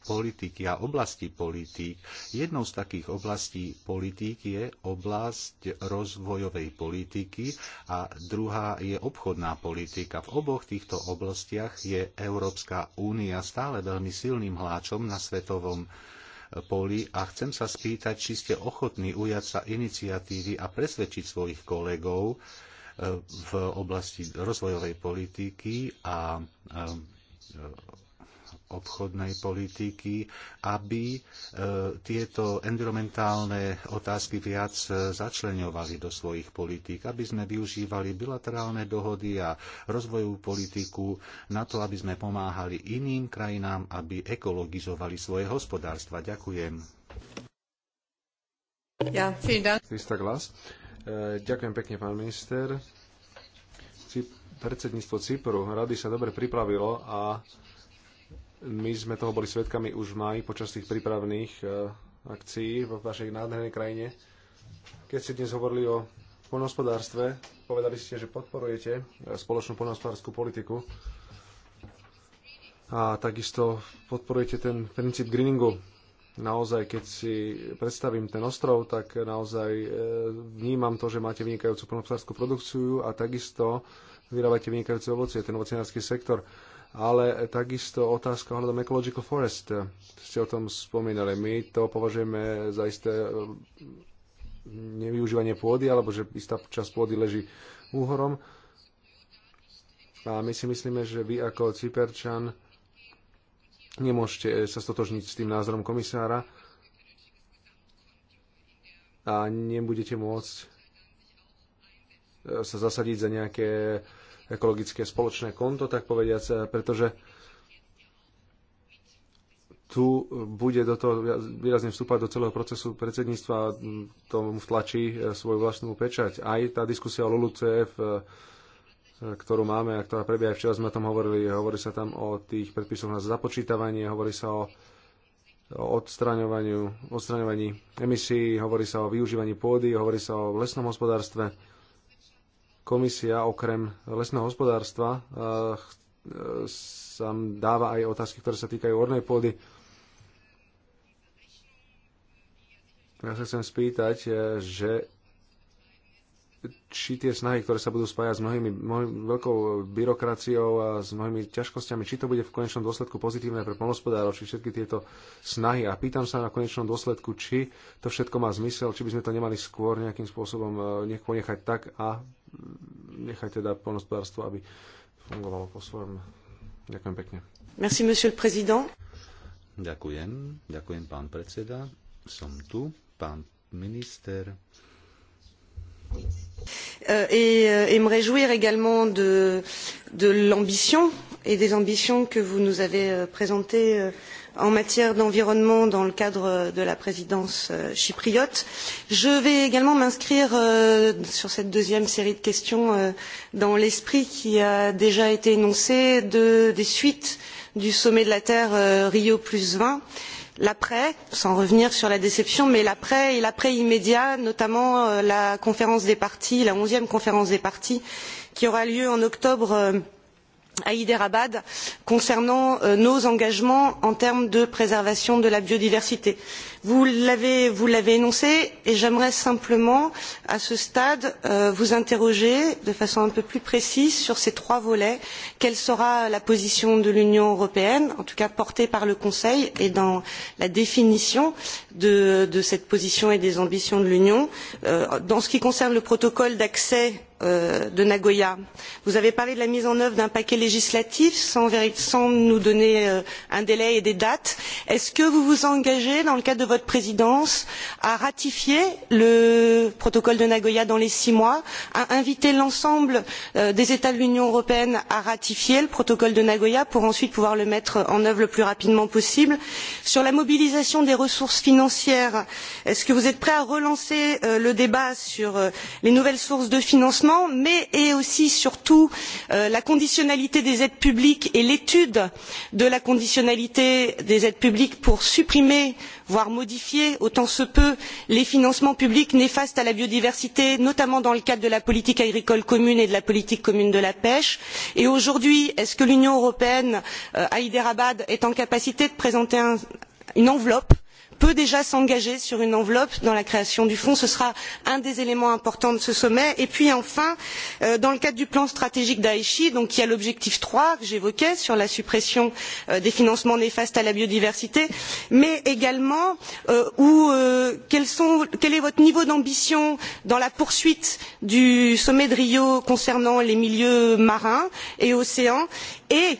politiky a oblasti politík. Jednou z takých oblastí politík je oblasť rozvojovej politiky a druhá je obchodná politika. V oboch týchto oblastiach je Európska únia stále veľmi silným hláčom na svetovom poli a chcem sa spýtať, či ste ochotní ujať sa iniciatívy a presvedčiť svojich kolegov e, v oblasti rozvojovej politiky a e, obchodnej politiky, aby e, tieto environmentálne otázky viac e, začleňovali do svojich politík, aby sme využívali bilaterálne dohody a rozvojovú politiku na to, aby sme pomáhali iným krajinám, aby ekologizovali svoje hospodárstva. Ďakujem. Ja, e, Ďakujem pekne, pán minister. Predsedníctvo Cypru rady sa dobre pripravilo a my sme toho boli svedkami už v maji počas tých prípravných e, akcií v vašej nádhernej krajine. Keď ste dnes hovorili o poľnohospodárstve, povedali ste, že podporujete e, spoločnú poľnohospodárskú politiku a takisto podporujete ten princíp greeningu. Naozaj, keď si predstavím ten ostrov, tak naozaj e, vnímam to, že máte vynikajúcu poľnohospodárskú produkciu a takisto vyrábate vynikajúce ovocie, ten ovocinársky sektor ale takisto otázka ohľadom Ecological Forest. Ste o tom spomínali. My to považujeme za isté mm, nevyužívanie pôdy, alebo že istá časť pôdy leží úhorom. A my si myslíme, že vy ako Cyperčan nemôžete eh, sa stotožniť s tým názorom komisára a nebudete môcť eh, sa zasadiť za nejaké ekologické spoločné konto, tak povediac, eh, pretože tu bude do toho výrazne vstúpať do celého procesu predsedníctva a tomu vtlačí eh, svoju vlastnú pečať. Aj tá diskusia o LULUCF, eh, ktorú máme a ktorá prebieha, včera sme o tom hovorili, hovorí sa tam o tých predpisoch na započítavanie, hovorí sa o, o odstraňovaniu, odstraňovaní emisí, hovorí sa o využívaní pôdy, hovorí sa o lesnom hospodárstve komisia okrem lesného hospodárstva eh, eh, sa dáva aj otázky, ktoré sa týkajú ornej pôdy. Ja sa chcem spýtať, eh, že či tie snahy, ktoré sa budú spájať s mnohými, mnohými veľkou byrokraciou a s mnohými ťažkosťami, či to bude v konečnom dôsledku pozitívne pre polnospodárov, či všetky tieto snahy. A pýtam sa na konečnom dôsledku, či to všetko má zmysel, či by sme to nemali skôr nejakým spôsobom nech ponechať tak a nechať teda polnospodárstvo, aby fungovalo po svojom. Ďakujem pekne. Merci, monsieur le président. Ďakujem. Ďakujem, pán predseda. Som tu. Pán minister. Euh, et, euh, et me réjouir également de, de l'ambition et des ambitions que vous nous avez euh, présentées euh, en matière d'environnement dans le cadre de la présidence euh, chypriote. Je vais également m'inscrire euh, sur cette deuxième série de questions euh, dans l'esprit qui a déjà été énoncé de, des suites du sommet de la Terre Rio plus 20 l'après sans revenir sur la déception mais l'après et l'après immédiat notamment la conférence des parties la onzième conférence des parties qui aura lieu en octobre deux à hyderabad concernant euh, nos engagements en termes de préservation de la biodiversité. vous l'avez énoncé et j'aimerais simplement à ce stade euh, vous interroger de façon un peu plus précise sur ces trois volets quelle sera la position de l'union européenne en tout cas portée par le conseil et dans la définition de, de cette position et des ambitions de l'union? en euh, ce qui concerne le protocole d'accès Euh, de Nagoya. Vous avez parlé de la mise en œuvre d'un paquet législatif sans, nous donner euh, un délai et des dates. Est-ce que vous vous engagez, dans le cadre de votre présidence, à ratifier le protocole de Nagoya dans les six mois, à inviter l'ensemble euh, des États de l'Union européenne à ratifier le protocole de Nagoya pour ensuite pouvoir le mettre en œuvre le plus rapidement possible Sur la mobilisation des ressources financières, est-ce que vous êtes prêt à relancer le débat sur les nouvelles sources de financement financement mais aussi aussi surtout euh, la conditionnalité des aides publiques et l'étude de la conditionnalité des aides publiques pour supprimer voire modifier autant se peut les financements publics néfastes à la biodiversité notamment dans le cadre de la politique agricole commune et de la politique commune de la pêche et aujourd'hui est ce que l'union européenne à euh, hyderabad est en capacité de présenter une enveloppe peut déjà s'engager sur une enveloppe dans la création du fonds. ce sera un des éléments importants de ce sommet. et puis enfin euh, dans le cadre du plan stratégique d'aïchi il y a l'objectif trois que j'évoquais sur la suppression euh, des financements néfastes à la biodiversité mais également euh, quel est votre niveau d'ambition dans la poursuite du sommet de rio concernant les milieux marins et océans et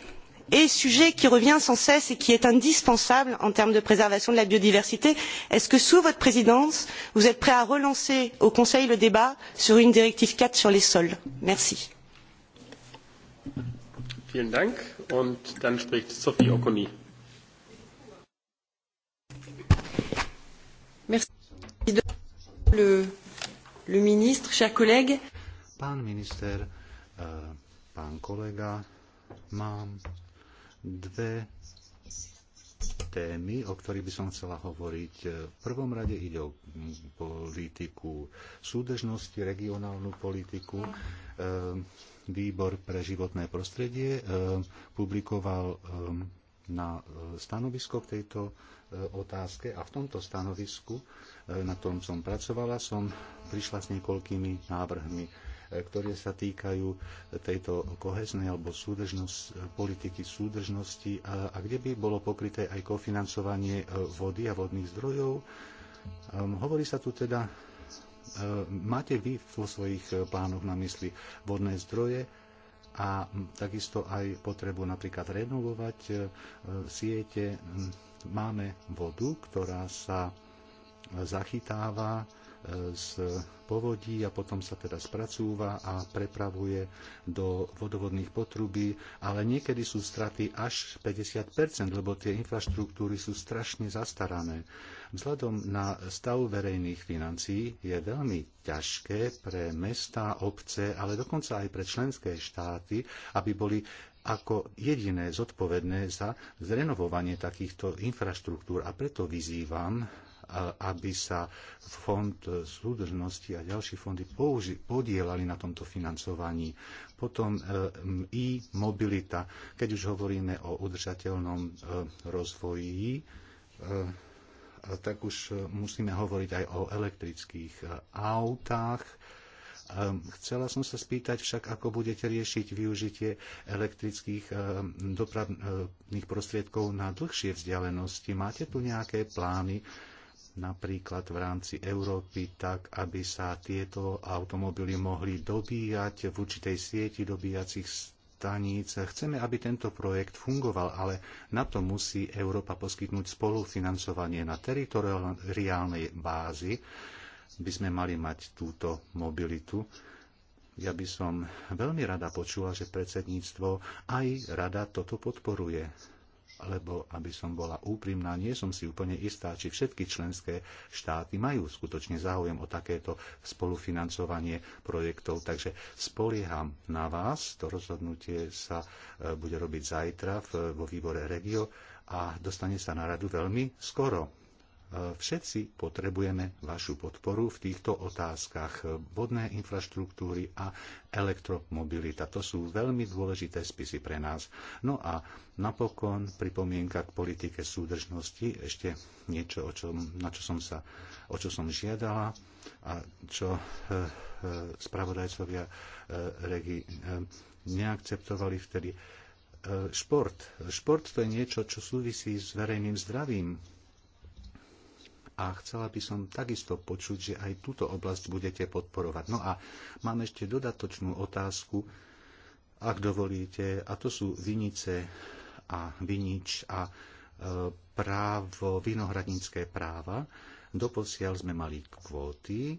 et sujet qui revient sans cesse et qui est indispensable en termes de préservation de la biodiversité est ce que sous votre présidence vous êtes prêt à relancer au conseil le débat sur une directive cadre sur les sols? merci. merci le, le ministre, chers collègues. minister, eh, dve témy, o ktorých by som chcela hovoriť. V prvom rade ide o politiku súdržnosti, regionálnu politiku. Ehm, výbor pre životné prostredie ehm, publikoval ehm, na e, stanovisko k tejto e, otázke a v tomto stanovisku, e, na ktorom som pracovala, som prišla s niekoľkými návrhmi ktoré sa týkajú tejto koheznej alebo súdržnosť, politiky súdržnosti a, a kde by bolo pokryté aj kofinancovanie e, vody a vodných zdrojov. Ehm, hovorí sa tu teda, e, máte vy vo svojich e, plánoch na mysli vodné zdroje, a takisto aj potrebu napríklad renovovať siete. Hm, máme vodu, ktorá sa zachytáva z povodí a potom sa teda spracúva a prepravuje do vodovodných potrubí, ale niekedy sú straty až 50%, lebo tie infraštruktúry sú strašne zastarané. Vzhľadom na stav verejných financií je veľmi ťažké pre mestá, obce, ale dokonca aj pre členské štáty, aby boli ako jediné zodpovedné za zrenovovanie takýchto infraštruktúr. A preto vyzývam aby sa fond súdržnosti a ďalší fondy podielali na tomto financovaní. Potom i e mobilita, keď už hovoríme o udržateľnom e, rozvoji, e, tak už e, musíme hovoriť aj o elektrických autách. Chcela som sa spýtať však, ako budete riešiť využitie elektrických dopravných prostriedkov na dlhšie vzdialenosti. Máte tu nejaké plány napríklad v rámci Európy tak, aby sa tieto automobily mohli dobíjať v určitej sieti dobíjacích staníc. Chceme, aby tento projekt fungoval, ale na to musí Európa poskytnúť spolufinancovanie na teritoriálnej bázi, by sme mali mať túto mobilitu. Ja by som veľmi rada počula, že predsedníctvo aj rada toto podporuje lebo aby som bola úprimná, nie som si úplne istá, či všetky členské štáty majú skutočne záujem o takéto spolufinancovanie projektov. Takže spolieham na vás, to rozhodnutie sa e, bude robiť zajtra vo výbore Regio a dostane sa na radu veľmi skoro. Všetci potrebujeme vašu podporu v týchto otázkach. Vodné infraštruktúry a elektromobilita. To sú veľmi dôležité spisy pre nás. No a napokon pripomienka k politike súdržnosti. Ešte niečo, o čom, na čo som, sa, o čo som žiadala a čo e, e, spravodajcovia e, regi e, neakceptovali vtedy. E, šport. Šport to je niečo, čo súvisí s verejným zdravím a chcela by som takisto počuť, že aj túto oblasť budete podporovať. No a mám ešte dodatočnú otázku, ak dovolíte, a to sú vinice a vinič a e, právo, vinohradnícke práva. Doposiaľ sme mali kvóty,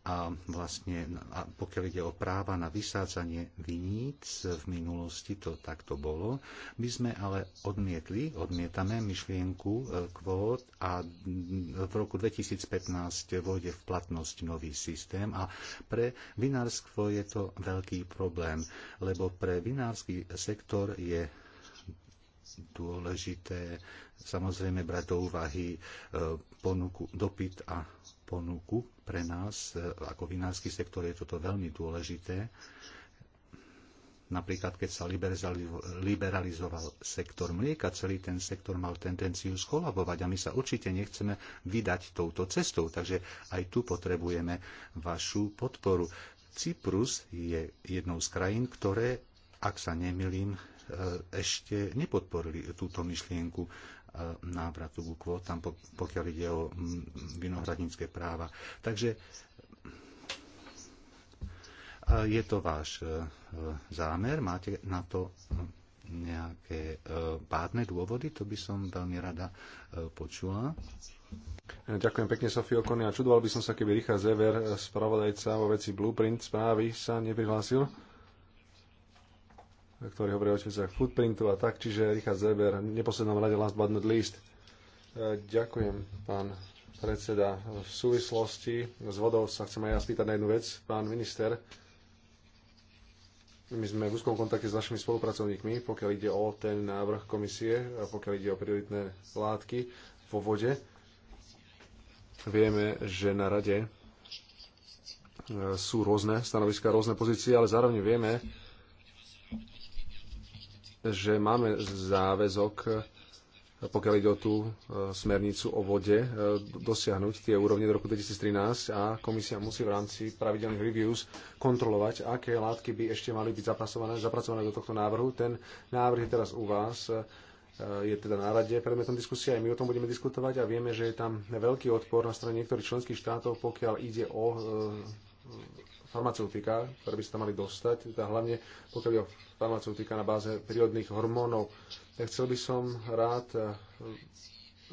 a vlastne a pokiaľ ide o práva na vysádzanie viníc, v minulosti to takto bolo. My sme ale odmietli, odmietame myšlienku e, kvót a v roku 2015 vôjde v platnosť nový systém a pre vinárstvo je to veľký problém, lebo pre vinársky sektor je dôležité samozrejme brať do úvahy e, ponuku, dopyt a ponuku pre nás, e, ako vinársky sektor je toto veľmi dôležité. Napríklad, keď sa liberalizoval sektor mlieka, celý ten sektor mal tendenciu scholabovať a my sa určite nechceme vydať touto cestou, takže aj tu potrebujeme vašu podporu. Cyprus je jednou z krajín, ktoré, ak sa nemilím, e, ešte nepodporili túto myšlienku návratu ku kvótam, pokiaľ ide o mm, vinohradnícke práva. Takže je to váš e, zámer? Máte na to nejaké e, pádne dôvody? To by som veľmi rada e, počula. Ďakujem pekne, Sofie Okony. A čudoval by som sa, keby Richard Zever, spravodajca vo veci Blueprint správy, sa neprihlásil ktorý hovorí o otevciach footprintu a tak, čiže Richard Zeber, v neposlednom rade last but not least. E, ďakujem, pán predseda. V súvislosti s vodou sa chcem aj ja spýtať na jednu vec. Pán minister, my sme v úzkom kontakte s našimi spolupracovníkmi, pokiaľ ide o ten návrh komisie pokiaľ ide o prioritné látky vo vode. Vieme, že na rade e, sú rôzne stanoviská, rôzne pozície, ale zároveň vieme, že máme záväzok pokiaľ ide o tú e, smernicu o vode, e, dosiahnuť tie úrovne do roku 2013 a komisia musí v rámci pravidelných reviews kontrolovať, aké látky by ešte mali byť zapracované, zapracované do tohto návrhu. Ten návrh je teraz u vás, e, je teda na rade predmetom diskusie, aj my o tom budeme diskutovať a vieme, že je tam veľký odpor na strane niektorých členských štátov, pokiaľ ide o farmaceutika, ktoré by sa tam mali dostať, teda hlavne pokiaľ je farmaceutika na báze prírodných hormónov. Ja chcel by som rád, eh,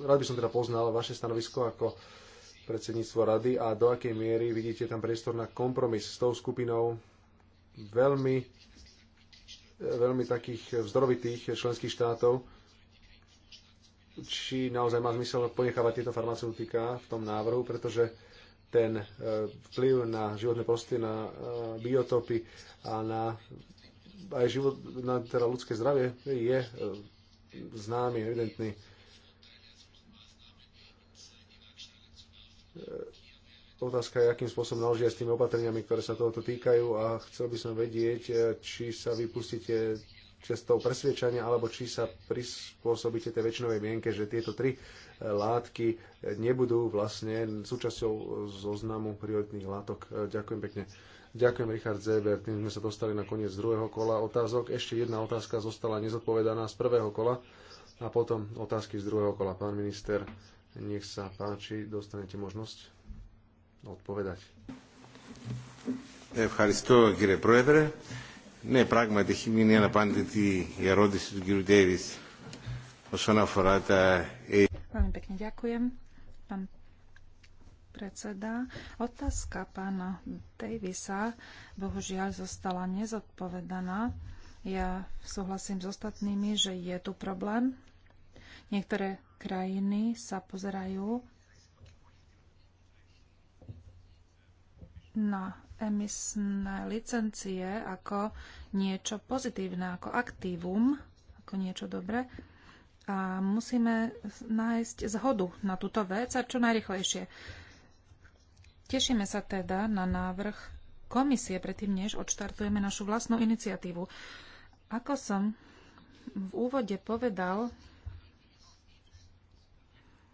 rád by som teda poznal vaše stanovisko ako predsedníctvo rady a do akej miery vidíte tam priestor na kompromis s tou skupinou veľmi, eh, veľmi takých vzdorovitých členských štátov, či naozaj má zmysel ponechávať tieto farmaceutika v tom návrhu, pretože ten e, vplyv na životné prostredie, na e, biotopy a na aj život, na teda ľudské zdravie je e, známy, evidentný. Otázka je, akým spôsobom naložia s tými opatreniami, ktoré sa tohoto týkajú a chcel by som vedieť, či sa vypustíte cestou presviečania, alebo či sa prispôsobíte tej väčšinovej mienke, že tieto tri látky nebudú vlastne súčasťou zoznamu prioritných látok. E, ďakujem pekne. Ďakujem, Richard Zeber. Tým sme sa dostali na koniec druhého kola otázok. Ešte jedna otázka zostala nezodpovedaná z prvého kola a potom otázky z druhého kola. Pán minister, nech sa páči, dostanete možnosť odpovedať. Ευχαριστώ κύριε Πρόεδρε. Ναι, πράγματι έχει μείνει αναπάντητη η ερώτηση του κύριου Ντέιβις όσον αφορά τα... Veľmi pekne ďakujem. Pán predseda. Otázka pána Davisa bohužiaľ zostala nezodpovedaná. Ja súhlasím s ostatnými, že je tu problém. Niektoré krajiny sa pozerajú na emisné licencie ako niečo pozitívne, ako aktívum, ako niečo dobré a musíme nájsť zhodu na túto vec a čo najrychlejšie. Tešíme sa teda na návrh komisie predtým, než odštartujeme našu vlastnú iniciatívu. Ako som v úvode povedal,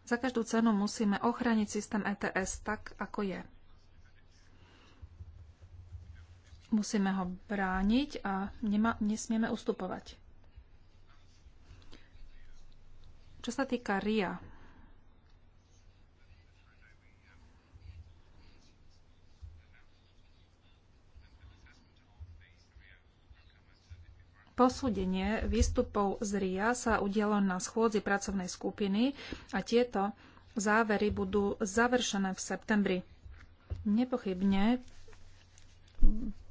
za každú cenu musíme ochrániť systém ETS tak, ako je. Musíme ho brániť a nema, nesmieme ustupovať. Čo sa týka RIA, Posúdenie výstupov z RIA sa udialo na schôdzi pracovnej skupiny a tieto závery budú završené v septembri. Nepochybne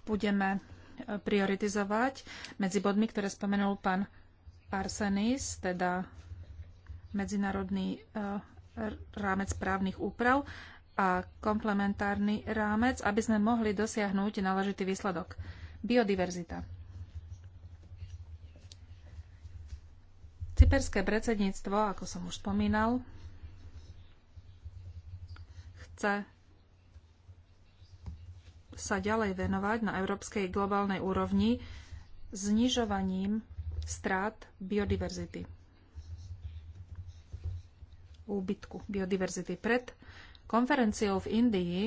budeme e, prioritizovať medzi bodmi, ktoré spomenul pán Arsenis, teda medzinárodný eh, rámec právnych úprav a komplementárny rámec, aby sme mohli dosiahnuť náležitý výsledok. Biodiverzita. Cyperské predsedníctvo, ako som už spomínal, chce sa ďalej venovať na európskej globálnej úrovni znižovaním strát biodiverzity úbytku biodiverzity. Pred konferenciou v Indii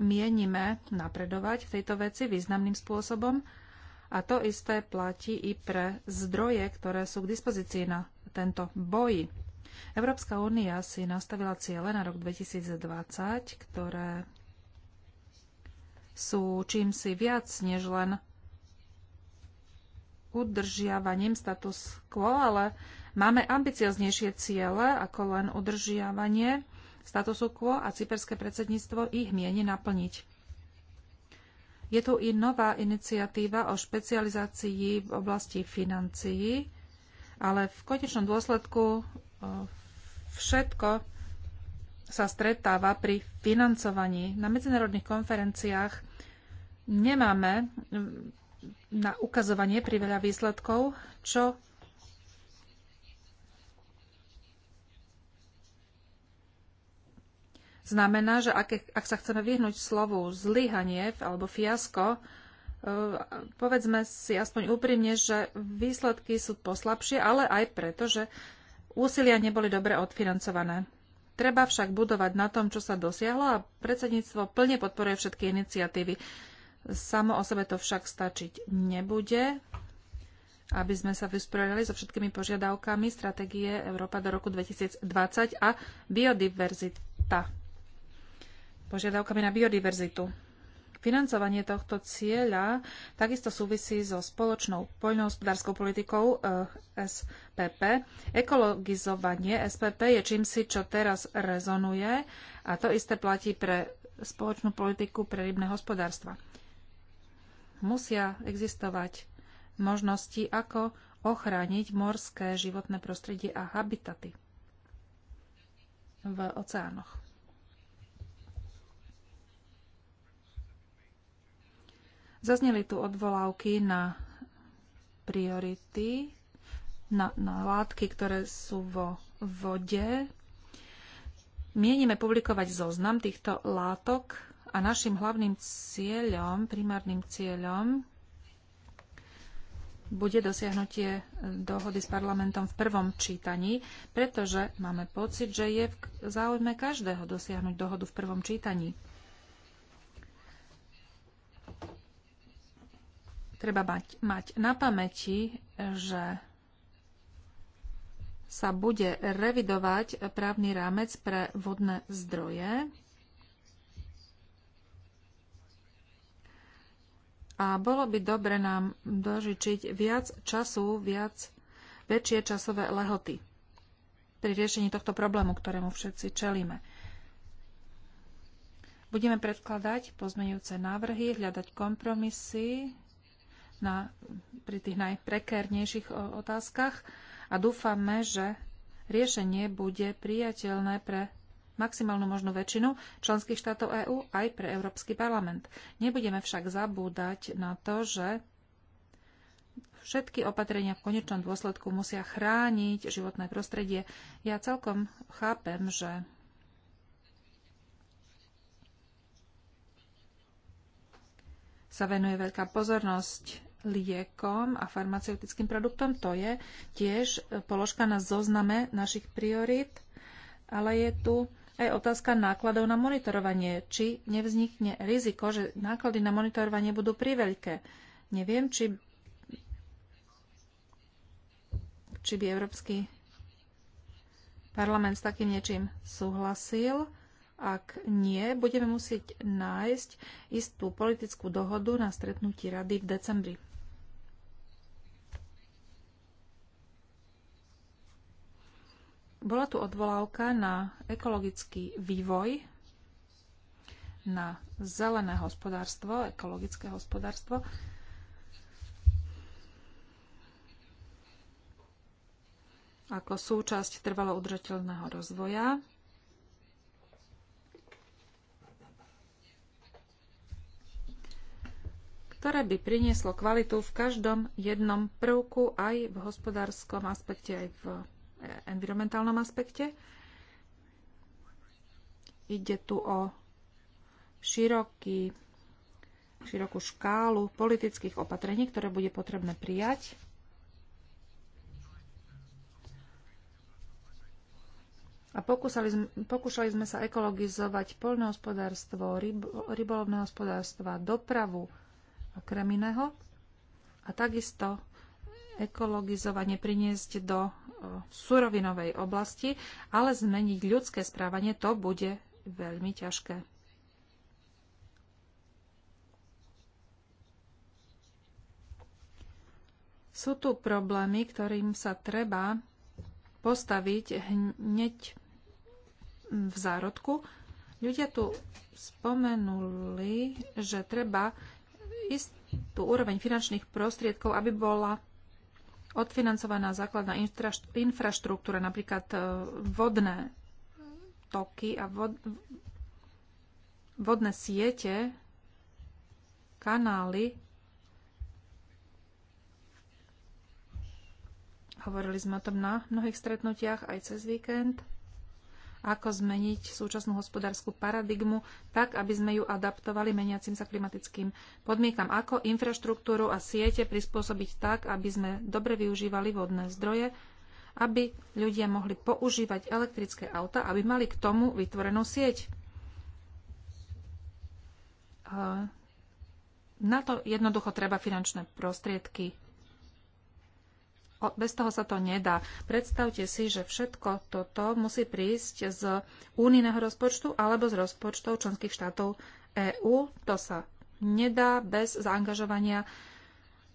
mienime napredovať v tejto veci významným spôsobom a to isté platí i pre zdroje, ktoré sú k dispozícii na tento boji. Európska únia si nastavila ciele na rok 2020, ktoré sú čím si viac než len udržiavaním status quo, ale Máme ambicioznejšie ciele ako len udržiavanie statusu quo a cyperské predsedníctvo ich mieni naplniť. Je tu i nová iniciatíva o špecializácii v oblasti financií, ale v konečnom dôsledku e, všetko sa stretáva pri financovaní. Na medzinárodných konferenciách nemáme na ukazovanie priveľa výsledkov, čo znamená, že ak, ak sa chceme vyhnúť slovu zlyhanie alebo fiasko, e, povedzme si aspoň úprimne, že výsledky sú poslabšie, ale aj preto, že úsilia neboli dobre odfinancované. Treba však budovať na tom, čo sa dosiahlo a predsedníctvo plne podporuje všetky iniciatívy. Samo o sebe to však stačiť nebude, aby sme sa vysporiadali so všetkými požiadavkami stratégie Európa do roku 2020 a biodiverzita požiadavkami na biodiverzitu. Financovanie tohto cieľa takisto súvisí so spoločnou poľnohospodárskou politikou eh, SPP. Ekologizovanie SPP je čímsi, čo teraz rezonuje a to isté platí pre spoločnú politiku pre rybné hospodárstva. Musia existovať možnosti, ako ochrániť morské životné prostredie a habitaty v oceánoch. Zazneli tu odvolávky na priority, na, na látky, ktoré sú vo vode. Mienime publikovať zoznam týchto látok a našim hlavným cieľom, primárnym cieľom, bude dosiahnutie dohody s parlamentom v prvom čítaní, pretože máme pocit, že je v záujme každého dosiahnuť dohodu v prvom čítaní. Treba mať, mať na pamäti, že sa bude revidovať právny rámec pre vodné zdroje. A bolo by dobre nám dožičiť viac času, viac, väčšie časové lehoty pri riešení tohto problému, ktorému všetci čelíme. Budeme predkladať pozmeňujúce návrhy, hľadať kompromisy, na, pri tých najprekernejších otázkach a dúfame, že riešenie bude priateľné pre maximálnu možnú väčšinu členských štátov EÚ aj pre Európsky parlament. Nebudeme však zabúdať na to, že všetky opatrenia v konečnom dôsledku musia chrániť životné prostredie. Ja celkom chápem, že sa venuje veľká pozornosť liekom a farmaceutickým produktom. To je tiež položka na zozname našich priorít, ale je tu aj otázka nákladov na monitorovanie. Či nevznikne riziko, že náklady na monitorovanie budú priveľké. Neviem, či, či by Európsky parlament s takým niečím súhlasil. Ak nie, budeme musieť nájsť istú politickú dohodu na stretnutí rady v decembri. Bola tu odvolávka na ekologický vývoj, na zelené hospodárstvo, ekologické hospodárstvo. ako súčasť trvalo udržateľného rozvoja. ktoré by prinieslo kvalitu v každom jednom prvku aj v hospodárskom aspekte, aj v environmentálnom aspekte. Ide tu o široký, širokú škálu politických opatrení, ktoré bude potrebné prijať. A pokúsali, pokúšali sme sa ekologizovať poľnohospodárstvo, rybo, rybolovné hospodárstva, dopravu, okrem iného. A takisto ekologizovanie priniesť do e, surovinovej oblasti, ale zmeniť ľudské správanie to bude veľmi ťažké. Sú tu problémy, ktorým sa treba postaviť hneď v zárodku. Ľudia tu spomenuli, že treba istú úroveň finančných prostriedkov, aby bola odfinancovaná základná infraštruktúra, napríklad e, vodné toky a vod, vodné siete, kanály. Hovorili sme o tom na mnohých stretnutiach aj cez víkend ako zmeniť súčasnú hospodárskú paradigmu tak, aby sme ju adaptovali meniacim sa klimatickým podmienkam, ako infraštruktúru a siete prispôsobiť tak, aby sme dobre využívali vodné zdroje, aby ľudia mohli používať elektrické auta, aby mali k tomu vytvorenú sieť. Ehm, na to jednoducho treba finančné prostriedky bez toho sa to nedá. Predstavte si, že všetko toto musí prísť z únijného rozpočtu alebo z rozpočtov členských štátov EÚ. To sa nedá bez zaangažovania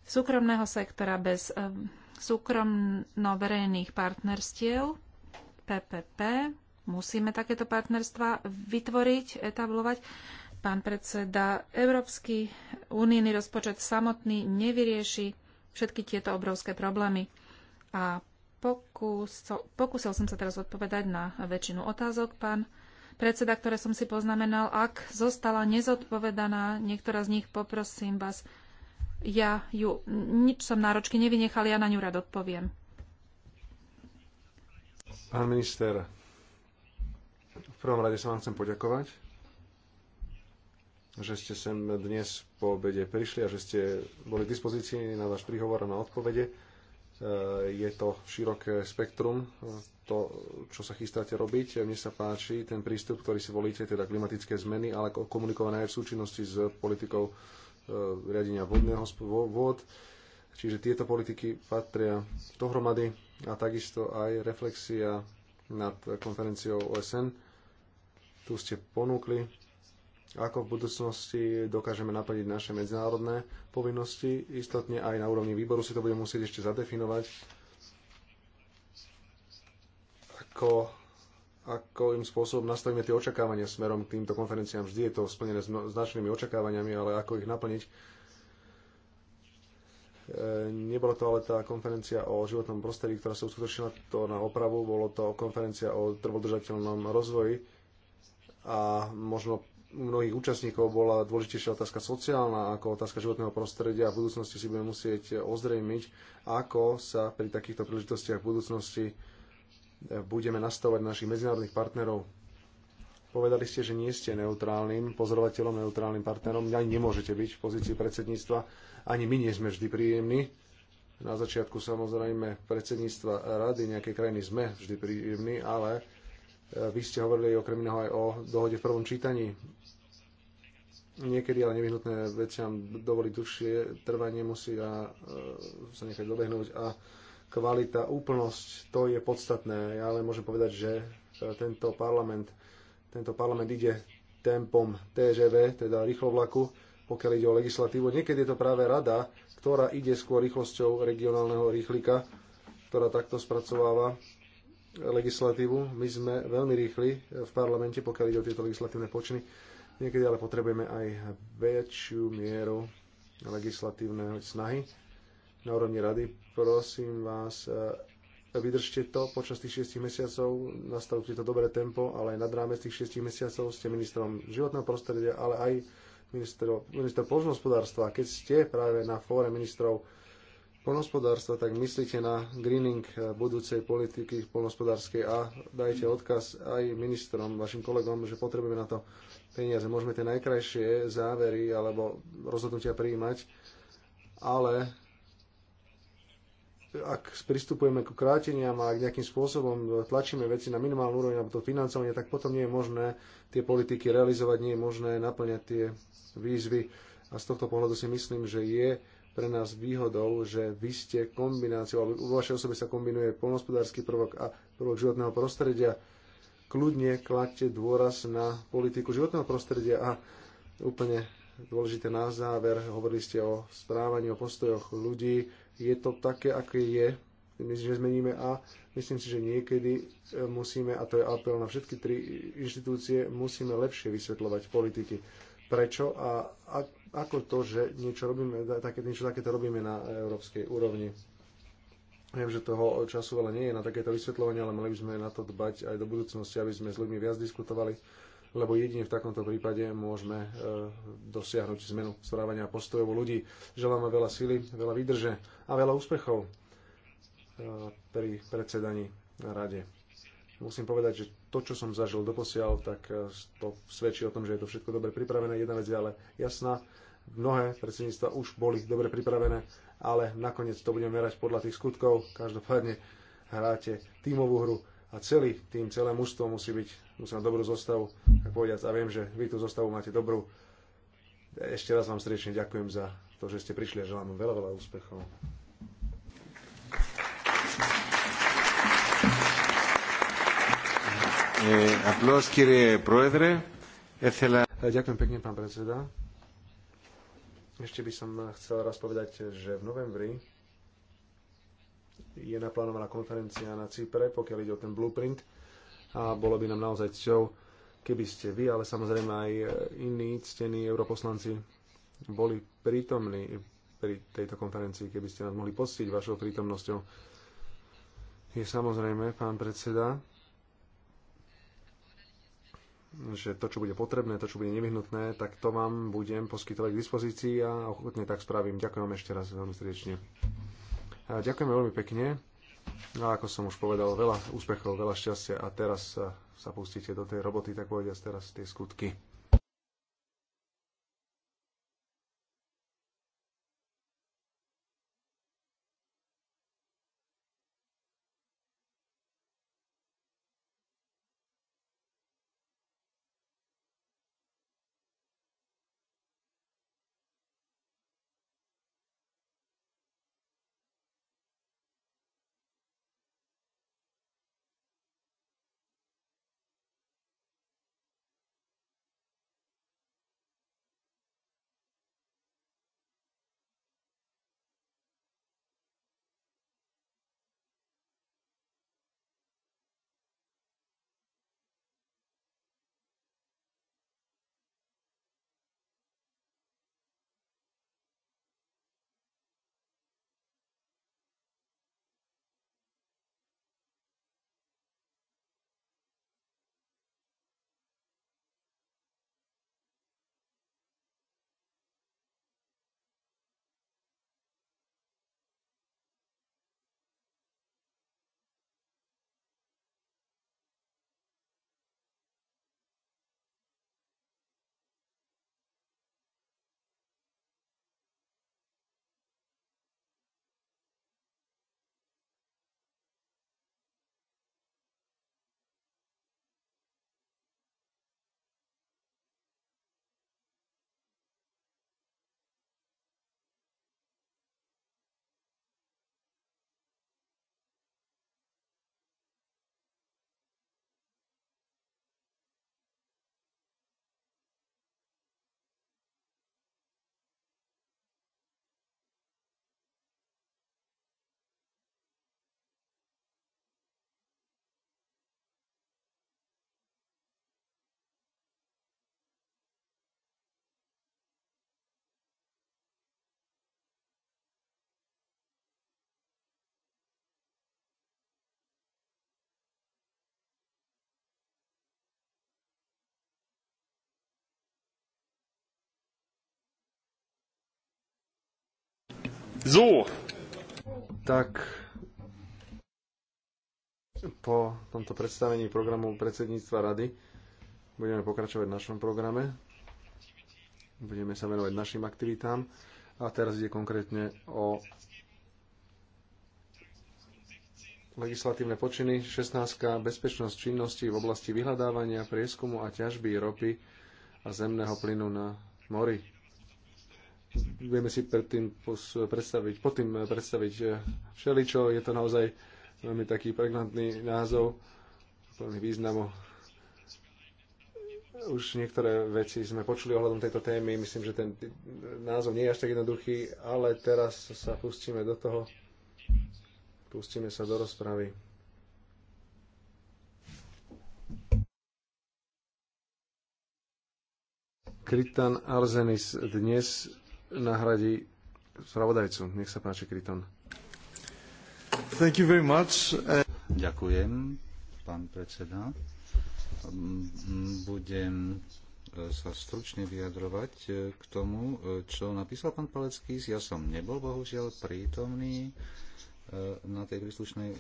súkromného sektora, bez ehm, súkromno-verejných partnerstiev, PPP. Musíme takéto partnerstva vytvoriť, etablovať. Pán predseda, Európsky unijný rozpočet samotný nevyrieši všetky tieto obrovské problémy. A pokúsil, pokusil som sa teraz odpovedať na väčšinu otázok, pán predseda, ktoré som si poznamenal. Ak zostala nezodpovedaná niektorá z nich, poprosím vás, ja ju, nič som náročky nevynechal, ja na ňu rád odpoviem. Pán minister, v prvom rade sa vám chcem poďakovať že ste sem dnes po obede prišli a že ste boli k dispozícii na váš príhovor a na odpovede. E, je to široké spektrum, to, čo sa chystáte robiť. Mne sa páči ten prístup, ktorý si volíte, teda klimatické zmeny, ale komunikované aj v súčinnosti s politikou e, riadenia vodného vôd. Čiže tieto politiky patria dohromady a takisto aj reflexia nad konferenciou OSN. Tu ste ponúkli ako v budúcnosti dokážeme naplniť naše medzinárodné povinnosti. Istotne aj na úrovni výboru si to budeme musieť ešte zadefinovať, ako, ako im spôsobom nastavíme tie očakávania smerom k týmto konferenciám. Vždy je to splnené s značnými očakávaniami, ale ako ich naplniť. E, nebola to ale tá konferencia o životnom prostredí, ktorá sa uskutočnila to na opravu, bolo to konferencia o trvodržateľnom rozvoji a možno mnohých účastníkov bola dôležitejšia otázka sociálna ako otázka životného prostredia a v budúcnosti si budeme musieť ozrejmiť, ako sa pri takýchto príležitostiach v budúcnosti eh, budeme nastavovať našich medzinárodných partnerov. Povedali ste, že nie ste neutrálnym pozorovateľom, neutrálnym partnerom. Ani nemôžete byť v pozícii predsedníctva. Ani my nie sme vždy príjemní. Na začiatku samozrejme predsedníctva rady nejakej krajiny sme vždy príjemní, ale eh, vy ste hovorili okrem iného aj o dohode v prvom čítaní niekedy ale nevyhnutné veciam dovoliť dlhšie trvanie, musí e, sa nechať dobehnúť a kvalita, úplnosť, to je podstatné. Ja ale môžem povedať, že e, tento parlament, tento parlament ide tempom TŽV, teda rýchlovlaku, pokiaľ ide o legislatívu. Niekedy je to práve rada, ktorá ide skôr rýchlosťou regionálneho rýchlika, ktorá takto spracováva legislatívu. My sme veľmi rýchli v parlamente, pokiaľ ide o tieto legislatívne počiny Niekedy ale potrebujeme aj väčšiu mieru legislatívneho snahy na úrovni rady. Prosím vás, e, vydržte to počas tých šiestich mesiacov, nastavte to dobré tempo, ale aj nad rámec tých šiestich mesiacov ste ministrom životného prostredia, ale aj ministrom minister poľnohospodárstva. Keď ste práve na fóre ministrov poľnohospodárstva, tak myslíte na greening e, budúcej politiky poľnohospodárskej a dajte odkaz aj ministrom, vašim kolegom, že potrebujeme na to peniaze. Môžeme tie najkrajšie závery alebo rozhodnutia prijímať, ale ak pristupujeme ku kráteniam a ak nejakým spôsobom tlačíme veci na minimálnu úroveň alebo to financovanie, tak potom nie je možné tie politiky realizovať, nie je možné naplňať tie výzvy. A z tohto pohľadu si myslím, že je pre nás výhodou, že vy ste kombináciou, alebo u vašej osobe sa kombinuje polnospodársky prvok a prvok životného prostredia, kľudne kladte dôraz na politiku životného prostredia a úplne dôležité na záver, hovorili ste o správaní, o postojoch ľudí. Je to také, aké je, my že zmeníme a myslím si, že niekedy e, musíme, a to je apel na všetky tri inštitúcie, musíme lepšie vysvetľovať politiky. Prečo a, a ako to, že niečo, robíme, také, niečo takéto robíme na európskej úrovni. Viem, že toho času veľa nie je na takéto vysvetľovanie, ale mali by sme na to dbať aj do budúcnosti, aby sme s ľuďmi viac diskutovali, lebo jedine v takomto prípade môžeme e, dosiahnuť zmenu správania postojov ľudí. Želám vám veľa síly, veľa výdrže a veľa úspechov e, pri predsedaní na rade. Musím povedať, že to, čo som zažil doposiaľ, tak e, to svedčí o tom, že je to všetko dobre pripravené. Jedna vec je ale jasná. Mnohé predsedníctva už boli dobre pripravené ale nakoniec to budeme merať podľa tých skutkov. Každopádne hráte tímovú hru a celý tým, celé mužstvo musí byť, musí mať dobrú zostavu, tak povediac. A viem, že vy tú zostavu máte dobrú. Ešte raz vám srdečne ďakujem za to, že ste prišli a želám veľa, veľa úspechov. Eh, ďakujem pekne, pán predseda. Ešte by som chcel raz povedať, že v novembri je naplánovaná konferencia na Cypre, pokiaľ ide o ten blueprint a bolo by nám naozaj cťou, keby ste vy, ale samozrejme aj iní ctení europoslanci boli prítomní pri tejto konferencii, keby ste nás mohli postiť vašou prítomnosťou. Je samozrejme, pán predseda, že to, čo bude potrebné, to, čo bude nevyhnutné, tak to vám budem poskytovať k dispozícii a ochotne tak spravím. Ďakujem vám ešte raz veľmi srdečne. Ďakujeme veľmi pekne. A ako som už povedal, veľa úspechov, veľa šťastia a teraz sa, sa pustíte do tej roboty, tak povediať teraz tie skutky. So. Tak po tomto predstavení programu predsedníctva rady budeme pokračovať v našom programe. Budeme sa venovať našim aktivitám. A teraz ide konkrétne o legislatívne počiny 16. bezpečnosť činnosti v oblasti vyhľadávania, prieskumu a ťažby ropy a zemného plynu na mori vieme si pred tým predstaviť, pod tým eh, predstaviť všeličo. Je to naozaj veľmi taký pregnantný názov, plný významu. Už niektoré veci sme počuli ohľadom tejto témy, myslím, že ten názov nie je až tak jednoduchý, ale teraz sa pustíme do toho, pustíme sa do rozpravy. Kritan Arzenis dnes nahradí spravodajcu. Nech sa páči, Kriton. Thank you very much. Ďakujem, pán predseda. Budem e, sa stručne vyjadrovať e, k tomu, e, čo napísal pán Palecký. Ja som nebol bohužiaľ prítomný na tej príslušnej,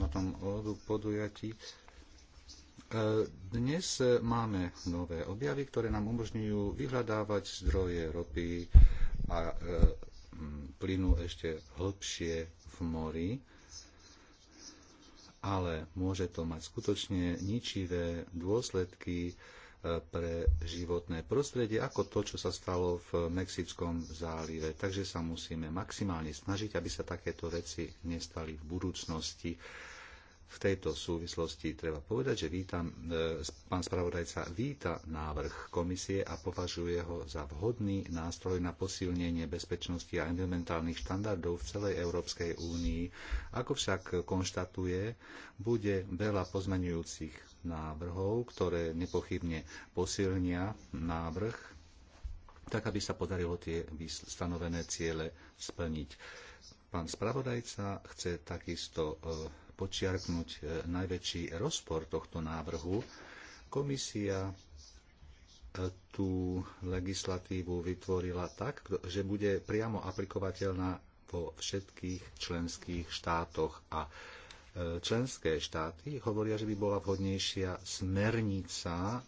na tom podujatí. Dnes máme nové objavy, ktoré nám umožňujú vyhľadávať zdroje ropy a e, plynu ešte hlbšie v mori, ale môže to mať skutočne ničivé dôsledky e, pre životné prostredie, ako to, čo sa stalo v Mexickom zálive. Takže sa musíme maximálne snažiť, aby sa takéto veci nestali v budúcnosti. V tejto súvislosti treba povedať, že vítam, e, pán spravodajca víta návrh komisie a považuje ho za vhodný nástroj na posilnenie bezpečnosti a environmentálnych štandardov v celej Európskej únii. Ako však konštatuje, bude veľa pozmenujúcich návrhov, ktoré nepochybne posilnia návrh, tak aby sa podarilo tie stanovené ciele splniť. Pán spravodajca chce takisto e, počiarknúť e, najväčší rozpor tohto návrhu. Komisia e, tú legislatívu vytvorila tak, že bude priamo aplikovateľná vo všetkých členských štátoch a e, členské štáty hovoria, že by bola vhodnejšia smernica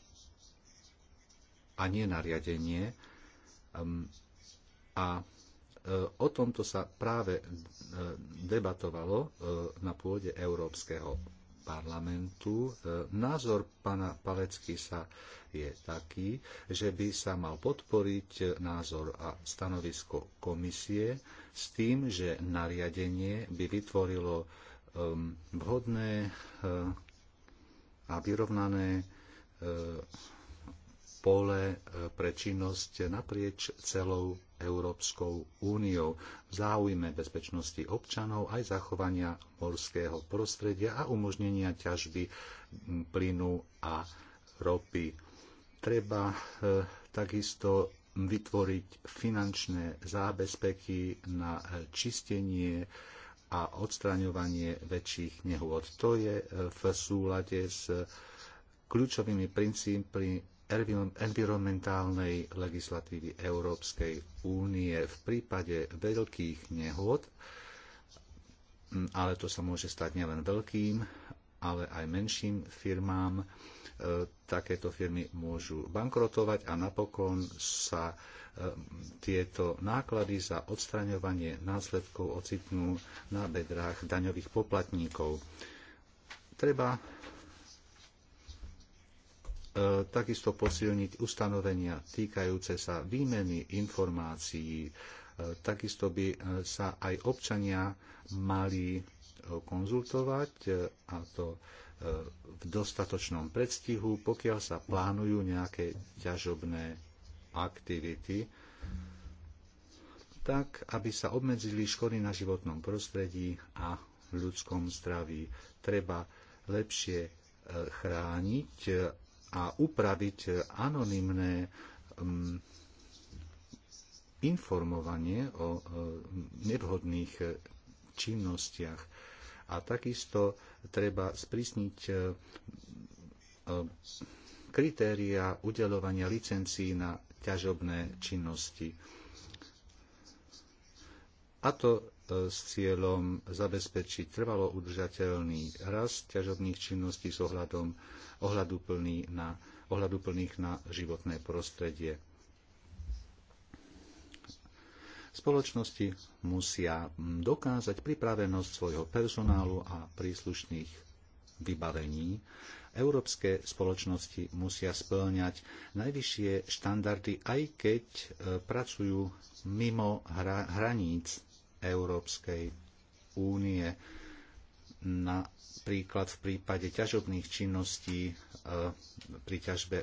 a nie nariadenie. A E, o tomto sa práve e, debatovalo e, na pôde Európskeho parlamentu. Názor pána Palecky sa je taký, že by sa mal podporiť názor a stanovisko komisie s tým, že nariadenie by vytvorilo vhodné a vyrovnané pole pre činnosť naprieč celou Európskou úniou v záujme bezpečnosti občanov aj zachovania morského prostredia a umožnenia ťažby plynu a ropy. Treba e, takisto vytvoriť finančné zábezpeky na e, čistenie a odstraňovanie väčších nehôd. To je e, v súlade s kľúčovými princípmi environmentálnej legislatívy Európskej únie v prípade veľkých nehôd, mm, ale to sa môže stať nielen veľkým, ale aj menším firmám. E, takéto firmy môžu bankrotovať a napokon sa e, tieto náklady za odstraňovanie následkov ocitnú na bedrách daňových poplatníkov. Treba E, takisto posilniť ustanovenia týkajúce sa výmeny informácií. E, takisto by e, sa aj občania mali konzultovať a to v dostatočnom predstihu, pokiaľ sa plánujú nejaké ťažobné aktivity, tak aby sa obmedzili škody na životnom prostredí a ľudskom zdraví. Treba lepšie chrániť a upraviť anonymné mm, informovanie o e, nevhodných činnostiach. A takisto treba sprísniť e, e, kritéria udelovania licencií na ťažobné činnosti. A to s cieľom zabezpečiť trvalo udržateľný rast ťažobných činností s ohľadom ohľaduplný na, ohľaduplných na životné prostredie. Spoločnosti musia mm, dokázať pripravenosť svojho personálu a príslušných vybavení. Európske spoločnosti musia splňať najvyššie štandardy, aj keď e, pracujú mimo hra, hraníc Európskej únie napríklad v prípade ťažobných činností e, pri ťažbe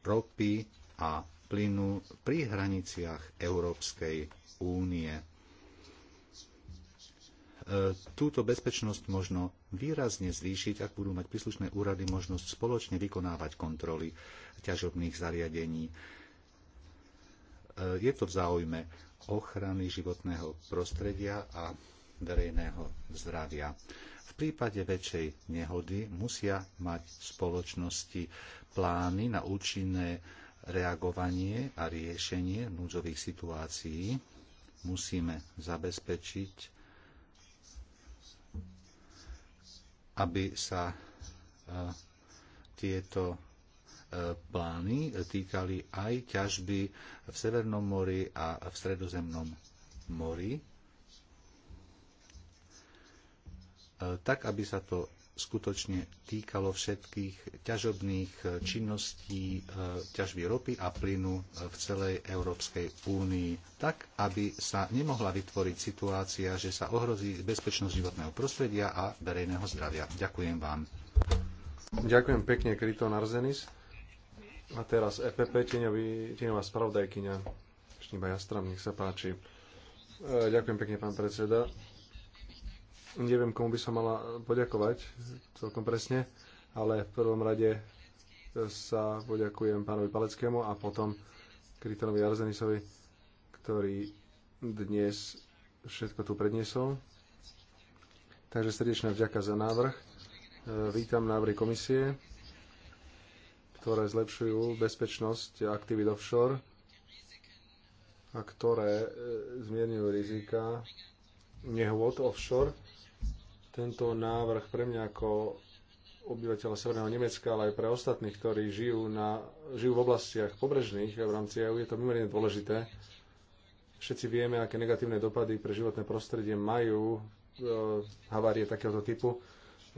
ropy a plynu pri hraniciach Európskej únie. E, túto bezpečnosť možno výrazne zvýšiť, ak budú mať príslušné úrady možnosť spoločne vykonávať kontroly ťažobných zariadení. E, je to v záujme ochrany životného prostredia a verejného zdravia. V prípade väčšej nehody musia mať spoločnosti plány na účinné reagovanie a riešenie núdzových situácií. Musíme zabezpečiť, aby sa e, tieto e, plány týkali aj ťažby v Severnom mori a v Stredozemnom mori tak aby sa to skutočne týkalo všetkých ťažobných eh, činností eh, ťažby ropy a plynu eh, v celej Európskej únii, tak aby sa nemohla vytvoriť situácia, že sa ohrozí bezpečnosť životného prostredia a verejného zdravia. Ďakujem vám. Ďakujem pekne, Kriton Narzenis. A teraz EPP, tieňový, tieňová spravodajkyňa Šníba Jastram, nech sa páči. Ďakujem pekne, pán predseda neviem, komu by som mala poďakovať celkom presne, ale v prvom rade sa poďakujem pánovi Paleckému a potom Krytonovi Arzenisovi, ktorý dnes všetko tu predniesol. Takže srdečná vďaka za návrh. E, vítam návrhy komisie, ktoré zlepšujú bezpečnosť aktivít offshore a ktoré e, zmierňujú rizika nehôd offshore tento návrh pre mňa ako obyvateľa Severného Nemecka, ale aj pre ostatných, ktorí žijú, na, žijú v oblastiach pobrežných v rámci EU, je to mimoriadne dôležité. Všetci vieme, aké negatívne dopady pre životné prostredie majú e, havárie takéhoto typu. E,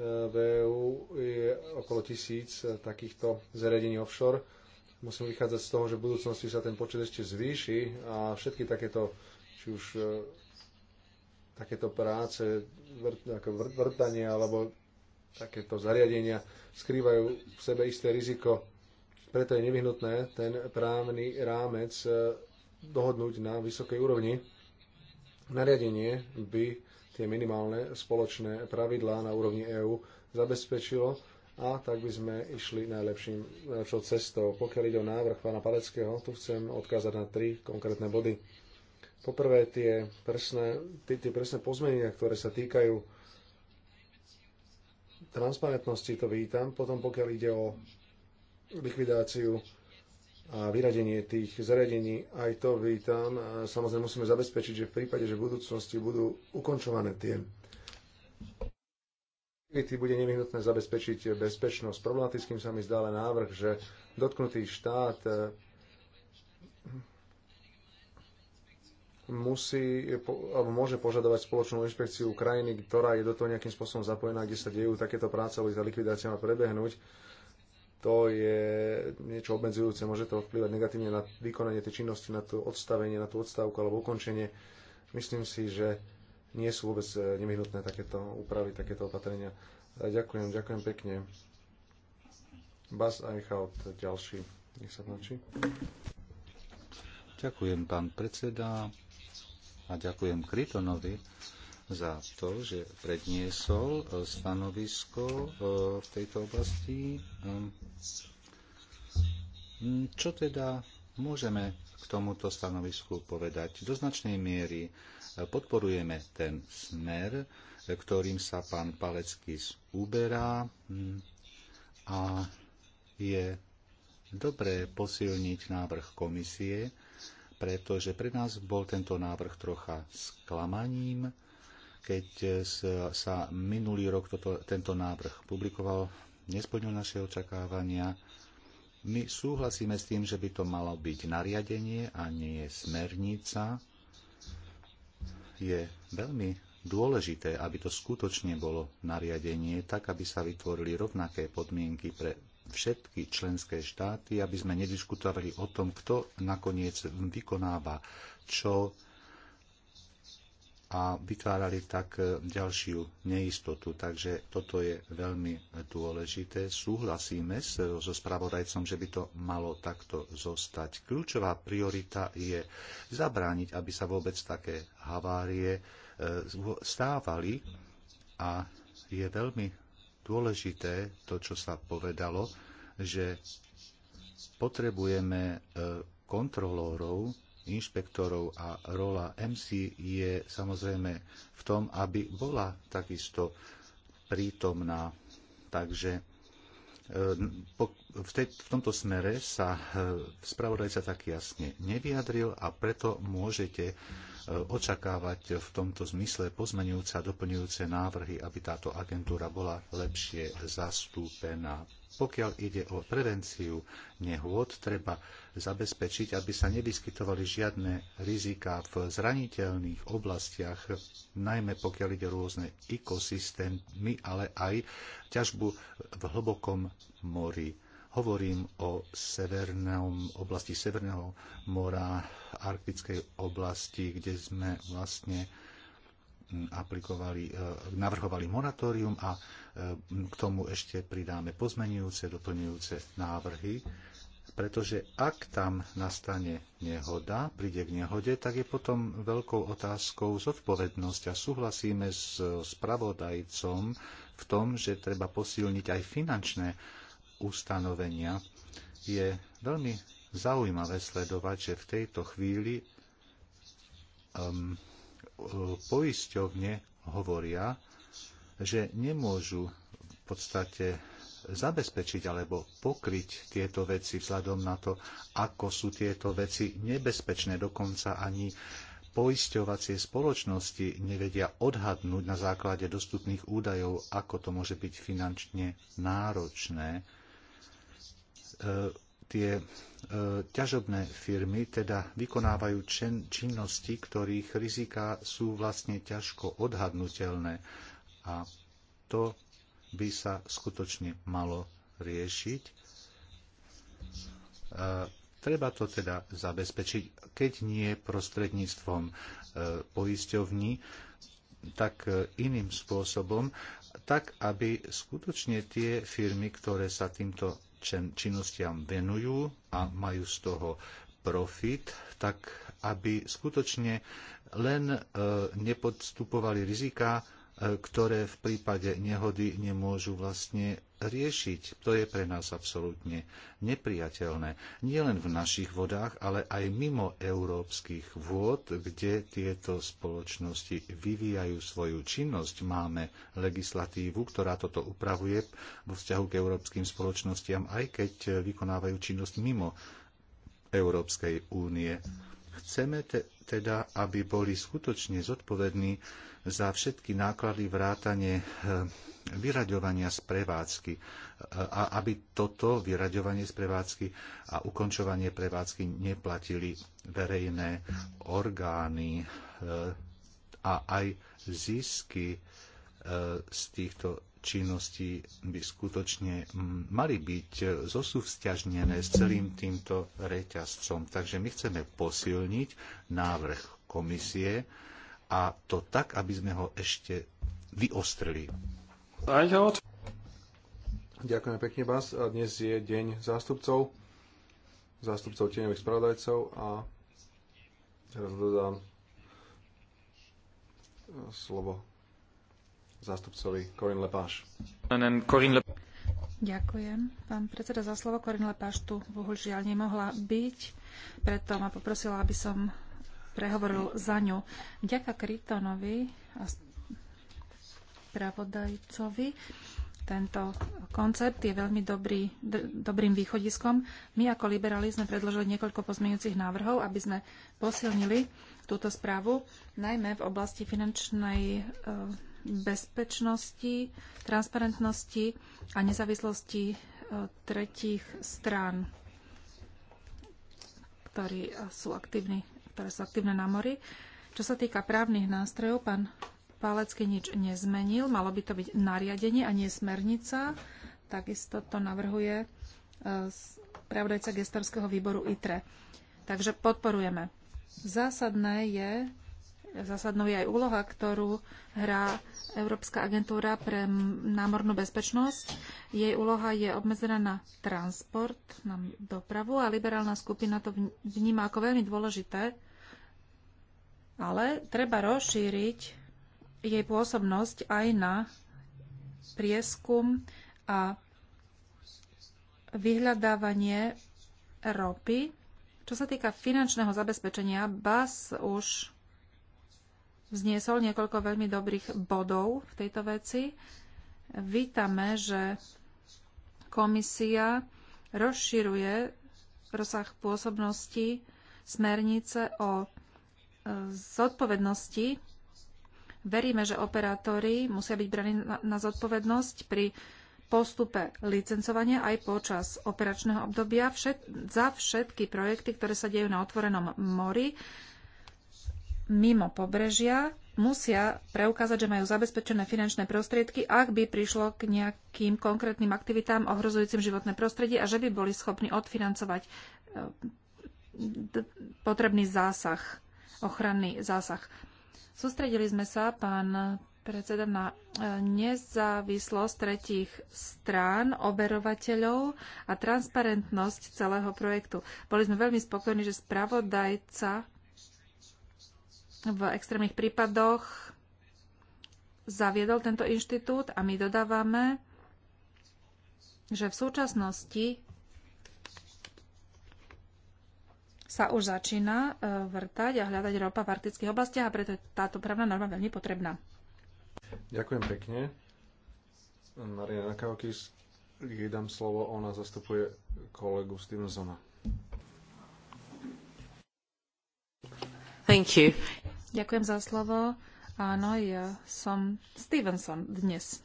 v EU je okolo tisíc takýchto zariadení offshore. Musím vychádzať z toho, že v budúcnosti sa ten počet ešte zvýši a všetky takéto či už e, takéto práce, vrt, ako vrtanie alebo takéto zariadenia skrývajú v sebe isté riziko. Preto je nevyhnutné ten právny rámec e, dohodnúť na vysokej úrovni. Nariadenie by tie minimálne spoločné pravidlá na úrovni EÚ zabezpečilo a tak by sme išli najlepším, najlepšou cestou. Pokiaľ ide o návrh pána Paleckého, tu chcem odkázať na tri konkrétne body. Poprvé tie presné, tie, tie presné pozmenia, ktoré sa týkajú transparentnosti, to vítam. Potom pokiaľ ide o likvidáciu a vyradenie tých zariadení, aj to vítam. Samozrejme musíme zabezpečiť, že v prípade, že v budúcnosti budú ukončované tie bude nevyhnutné zabezpečiť bezpečnosť. Problematickým sa mi zdá ale návrh, že dotknutý štát musí, alebo môže požadovať spoločnú inšpekciu krajiny, ktorá je do toho nejakým spôsobom zapojená, kde sa dejú takéto práce, aby tá likvidácia má prebehnúť. To je niečo obmedzujúce, môže to vplyvať negatívne na vykonanie tej činnosti, na to odstavenie, na tú odstavku alebo ukončenie. Myslím si, že nie sú vôbec e, nevyhnutné takéto úpravy, takéto opatrenia. A e, ďakujem, ďakujem pekne. Bas Eichhout, ďalší. Nech sa páči. Ďakujem, pán predseda a ďakujem Krytonovi za to, že predniesol e, stanovisko e, v tejto oblasti. E, čo teda môžeme k tomuto stanovisku povedať? Do značnej miery podporujeme ten smer, ktorým sa pán Palecký uberá a je dobré posilniť návrh komisie, pretože pre nás bol tento návrh trocha sklamaním. Keď sa minulý rok toto, tento návrh publikoval, nesplnil naše očakávania. My súhlasíme s tým, že by to malo byť nariadenie a nie smernica. Je veľmi dôležité, aby to skutočne bolo nariadenie, tak aby sa vytvorili rovnaké podmienky pre všetky členské štáty, aby sme nediskutovali o tom, kto nakoniec vykonáva čo a vytvárali tak ďalšiu neistotu. Takže toto je veľmi dôležité. Súhlasíme so, spravodajcom, že by to malo takto zostať. Kľúčová priorita je zabrániť, aby sa vôbec také havárie eh, stávali a je veľmi dôležité to, čo sa povedalo, že potrebujeme e, kontrolórov, inšpektorov a rola MC je samozrejme v tom, aby bola takisto prítomná. Takže E, v, tomto smere sa e, spravodajca tak jasne nevyjadril a preto môžete e, očakávať v tomto zmysle pozmenujúce a doplňujúce návrhy, aby táto agentúra bola lepšie zastúpená. Pokiaľ ide o prevenciu nehôd, treba zabezpečiť, aby sa nevyskytovali žiadne riziká v zraniteľných oblastiach, najmä pokiaľ ide o rôzne ekosystémy, ale aj ťažbu v hlbokom mori. Hovorím o severnom, oblasti Severného mora, arktickej oblasti, kde sme vlastne aplikovali, e, navrhovali moratórium a e, k tomu ešte pridáme pozmenujúce, doplňujúce návrhy, pretože ak tam nastane nehoda, príde k nehode, tak je potom veľkou otázkou zodpovednosť a súhlasíme s spravodajcom v tom, že treba posilniť aj finančné ustanovenia. Je veľmi zaujímavé sledovať, že v tejto chvíli um, poisťovne hovoria, že nemôžu v podstate zabezpečiť alebo pokryť tieto veci vzhľadom na to, ako sú tieto veci nebezpečné. Dokonca ani poisťovacie spoločnosti nevedia odhadnúť na základe dostupných údajov, ako to môže byť finančne náročné e, tie e, ťažobné firmy teda vykonávajú činnosti, ktorých riziká sú vlastne ťažko odhadnutelné. A to by sa skutočne malo riešiť. E, treba to teda zabezpečiť, keď nie prostredníctvom e, poisťovní, tak iným spôsobom, tak aby skutočne tie firmy, ktoré sa týmto činnostiam venujú a majú z toho profit, tak aby skutočne len e, nepodstupovali rizika, e, ktoré v prípade nehody nemôžu vlastne riešiť. To je pre nás absolútne nepriateľné. Nie len v našich vodách, ale aj mimo európskych vôd, kde tieto spoločnosti vyvíjajú svoju činnosť. Máme legislatívu, ktorá toto upravuje vo vzťahu k európskym spoločnostiam, aj keď vykonávajú činnosť mimo Európskej únie. Chceme te, teda, aby boli skutočne zodpovední za všetky náklady vrátane e, vyraďovania z prevádzky a aby toto vyraďovanie z prevádzky a ukončovanie prevádzky neplatili verejné orgány e, a aj zisky e, z týchto činností by skutočne mali byť zosúvzťažnené s celým týmto reťazcom. Takže my chceme posilniť návrh komisie a to tak, aby sme ho ešte vyostrili. Ďakujem pekne, Bas. Dnes je deň zástupcov, zástupcov tieňových spravodajcov a teraz dodám slovo zástupcovi Corin Lepáš. Ďakujem. Pán predseda za slovo, Korin Lepáš tu bohužiaľ nemohla byť, preto ma poprosila, aby som prehovoril za ňu. ďaka Krytonovi a spravodajcovi. Tento koncept je veľmi dobrý, dobrým východiskom. My ako liberáli sme predložili niekoľko pozmeňujúcich návrhov, aby sme posilnili túto správu, najmä v oblasti finančnej e, bezpečnosti, transparentnosti a nezávislosti e, tretích strán, ktorí sú aktívni, ktoré sú aktívne na mori. Čo sa týka právnych nástrojov, pán Pálecký nič nezmenil. Malo by to byť nariadenie a nie smernica. Takisto to navrhuje e, spravodajca gestorského výboru ITRE. Takže podporujeme. Zásadné je, zásadnou je aj úloha, ktorú hrá Európska agentúra pre námornú bezpečnosť. Jej úloha je obmedzená na transport, na dopravu a liberálna skupina to vníma ako veľmi dôležité, ale treba rozšíriť jej pôsobnosť aj na prieskum a vyhľadávanie ropy. Čo sa týka finančného zabezpečenia, BAS už vzniesol niekoľko veľmi dobrých bodov v tejto veci. Vítame, že komisia rozširuje rozsah pôsobnosti smernice o e, zodpovednosti Veríme, že operátori musia byť braní na, na zodpovednosť pri postupe licencovania aj počas operačného obdobia všet, za všetky projekty, ktoré sa dejú na otvorenom mori mimo pobrežia, musia preukázať, že majú zabezpečené finančné prostriedky, ak by prišlo k nejakým konkrétnym aktivitám ohrozujúcim životné prostredie a že by boli schopní odfinancovať e, potrebný zásah, ochranný zásah. Sústredili sme sa, pán predseda, na e, nezávislosť tretich strán, overovateľov a transparentnosť celého projektu. Boli sme veľmi spokojní, že spravodajca v extrémnych prípadoch zaviedol tento inštitút a my dodávame, že v súčasnosti sa už začína e, vrtať a hľadať ropa v arktických oblastiach a preto je táto právna norma veľmi potrebná. Ďakujem pekne. Marina Nakaokis, jej dám slovo, ona zastupuje kolegu Stevensona. Thank you. Ďakujem za slovo. Áno, ja som Stevenson dnes.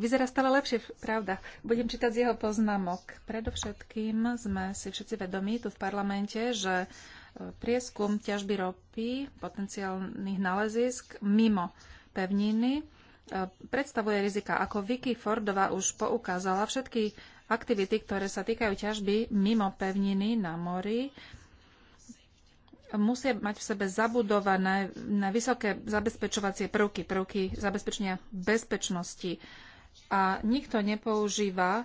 Vyzerá stále lepšie, pravda. Budem čítať z jeho poznámok. Predovšetkým sme si všetci vedomí tu v parlamente, že e, prieskum ťažby ropy, potenciálnych nalezisk mimo pevniny e, predstavuje rizika. Ako Vicky Fordová už poukázala, všetky aktivity, ktoré sa týkajú ťažby mimo pevniny na mori, musia mať v sebe zabudované na vysoké zabezpečovacie prvky, prvky zabezpečenia bezpečnosti a nikto nepoužíva eh,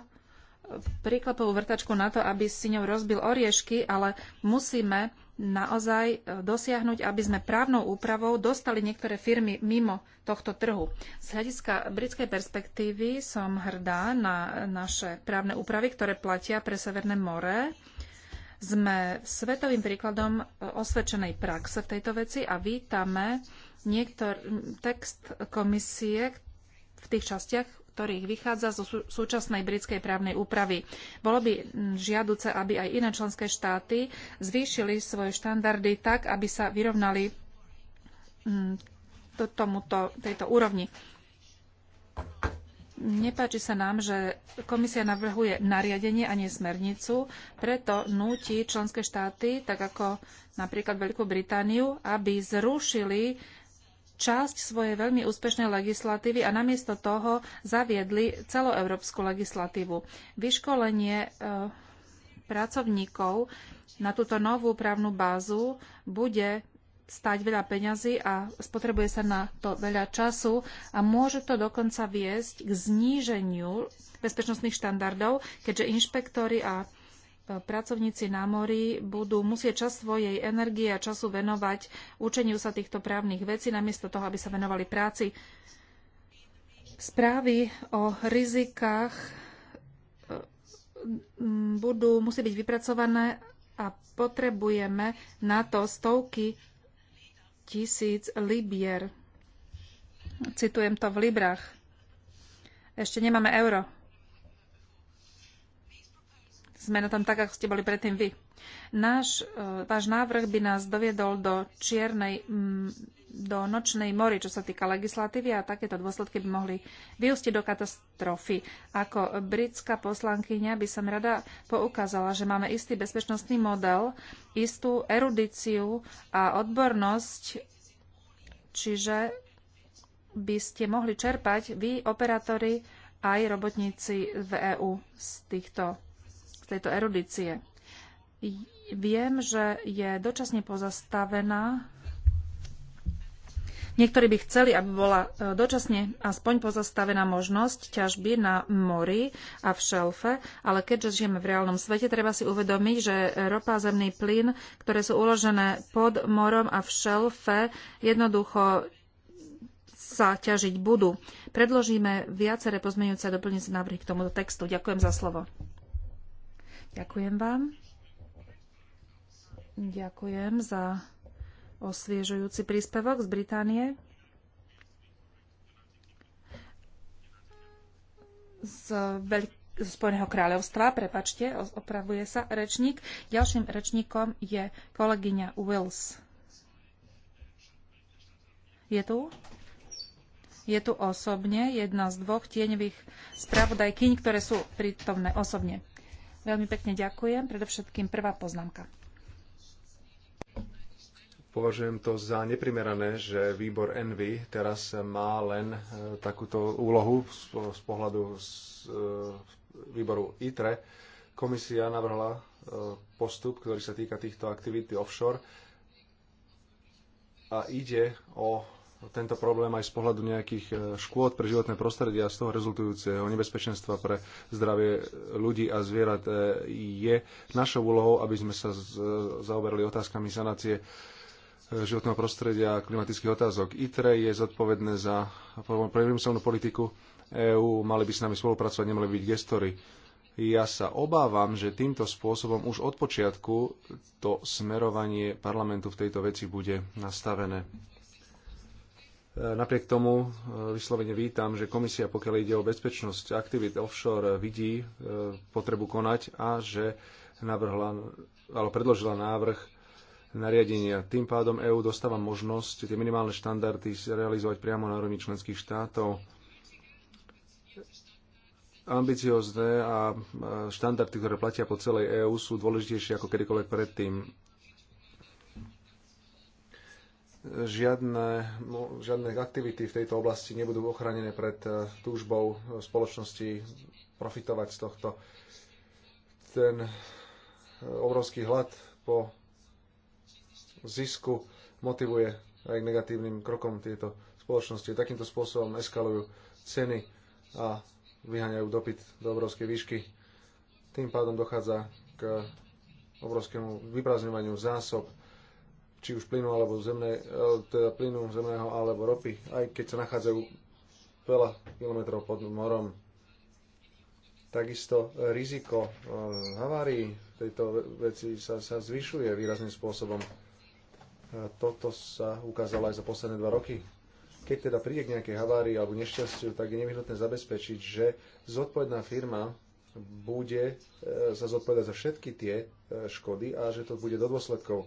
príklepovú vrtačku na to, aby si ňou rozbil oriešky, ale musíme naozaj eh, dosiahnuť, aby sme právnou úpravou dostali niektoré firmy mimo tohto trhu. Z hľadiska britskej perspektívy som hrdá na naše právne úpravy, ktoré platia pre Severné more. Sme svetovým príkladom eh, osvedčenej praxe v tejto veci a vítame niektor- text komisie v tých častiach, ktorých vychádza zo súčasnej britskej právnej úpravy. Bolo by žiaduce, aby aj iné členské štáty zvýšili svoje štandardy tak, aby sa vyrovnali tomuto, tejto úrovni. Nepáči sa nám, že komisia navrhuje nariadenie a nie smernicu, preto núti členské štáty, tak ako napríklad Veľkú Britániu, aby zrušili časť svojej veľmi úspešnej legislatívy a namiesto toho zaviedli celoeurópsku legislatívu. Vyškolenie e, pracovníkov na túto novú právnu bázu bude stať veľa peňazí a spotrebuje sa na to veľa času a môže to dokonca viesť k zníženiu bezpečnostných štandardov, keďže inšpektori a pracovníci na mori budú musieť čas svojej energie a času venovať učeniu sa týchto právnych vecí, namiesto toho, aby sa venovali práci. Správy o rizikách mm, budú musieť byť vypracované a potrebujeme na to stovky tisíc libier. Citujem to v librách. Ešte nemáme euro sme na tom tak, ako ste boli predtým vy. Náš, e, váš návrh by nás doviedol do čiernej, do nočnej mori, čo sa týka legislatívy a takéto dôsledky by mohli vyústiť do katastrofy. Ako britská poslankyňa by som rada poukázala, že máme istý bezpečnostný model, istú erudíciu a odbornosť, čiže by ste mohli čerpať vy, operátori, aj robotníci v EÚ z týchto tejto erudície. Viem, že je dočasne pozastavená. Niektorí by chceli, aby bola e, dočasne aspoň pozastavená možnosť ťažby na mori a v šelfe, ale keďže žijeme v reálnom svete, treba si uvedomiť, že ropa a zemný plyn, ktoré sú uložené pod morom a v šelfe, jednoducho sa ťažiť budú. Predložíme viaceré pozmeňujúce a doplňujúce návrhy k tomuto textu. Ďakujem za slovo. Ďakujem vám. Ďakujem za osviežujúci príspevok z Británie. Z, Veľk- z Spojeného kráľovstva, prepačte, opravuje sa rečník. Ďalším rečníkom je kolegyňa Wills. Je tu? Je tu osobne jedna z dvoch tieňových spravodajkyň, ktoré sú prítomné osobne. Veľmi pekne ďakujem. Predovšetkým prvá poznámka. Považujem to za neprimerané, že výbor Envy teraz má len e, takúto úlohu z pohľadu z e, výboru ITRE. Komisia navrhla e, postup, ktorý sa týka týchto aktivít offshore a ide o tento problém aj z pohľadu nejakých e, škôd pre životné prostredie a z toho rezultujúceho nebezpečenstva pre zdravie ľudí a zvierat e, je našou úlohou, aby sme sa e, zaoberali otázkami sanácie životného prostredia a klimatických otázok. ITRE je zodpovedné za priemyselnú politiku EÚ, mali by s nami spolupracovať, nemali byť gestory. Ja sa obávam, že týmto spôsobom už od počiatku to smerovanie parlamentu v tejto veci bude nastavené. Napriek tomu e, vyslovene vítam, že komisia, pokiaľ ide o bezpečnosť aktivít offshore, vidí e, potrebu konať a že navrhla, alebo predložila návrh nariadenia. Tým pádom EÚ dostáva možnosť tie minimálne štandardy realizovať priamo na úrovni členských štátov. Ambiciozne a e, štandardy, ktoré platia po celej EÚ, sú dôležitejšie ako kedykoľvek predtým žiadne, no, žiadne aktivity v tejto oblasti nebudú ochránené pred eh, túžbou eh, spoločnosti profitovať z tohto. Ten eh, obrovský hlad po zisku motivuje aj negatívnym krokom tieto spoločnosti. Takýmto spôsobom eskalujú ceny a vyháňajú dopyt do obrovskej výšky. Tým pádom dochádza k obrovskému vyprázdňovaniu zásob či už plynu alebo zemné, e, teda plynu zemného alebo ropy, aj keď sa nachádzajú veľa kilometrov pod morom. Takisto riziko e, havárií tejto veci sa, sa zvyšuje výrazným spôsobom. E, toto sa ukázalo aj za posledné dva roky. Keď teda príde k nejakej havárii alebo nešťastiu, tak je nevyhnutné zabezpečiť, že zodpovedná firma bude sa zodpovedať za všetky tie škody a že to bude do dôsledkov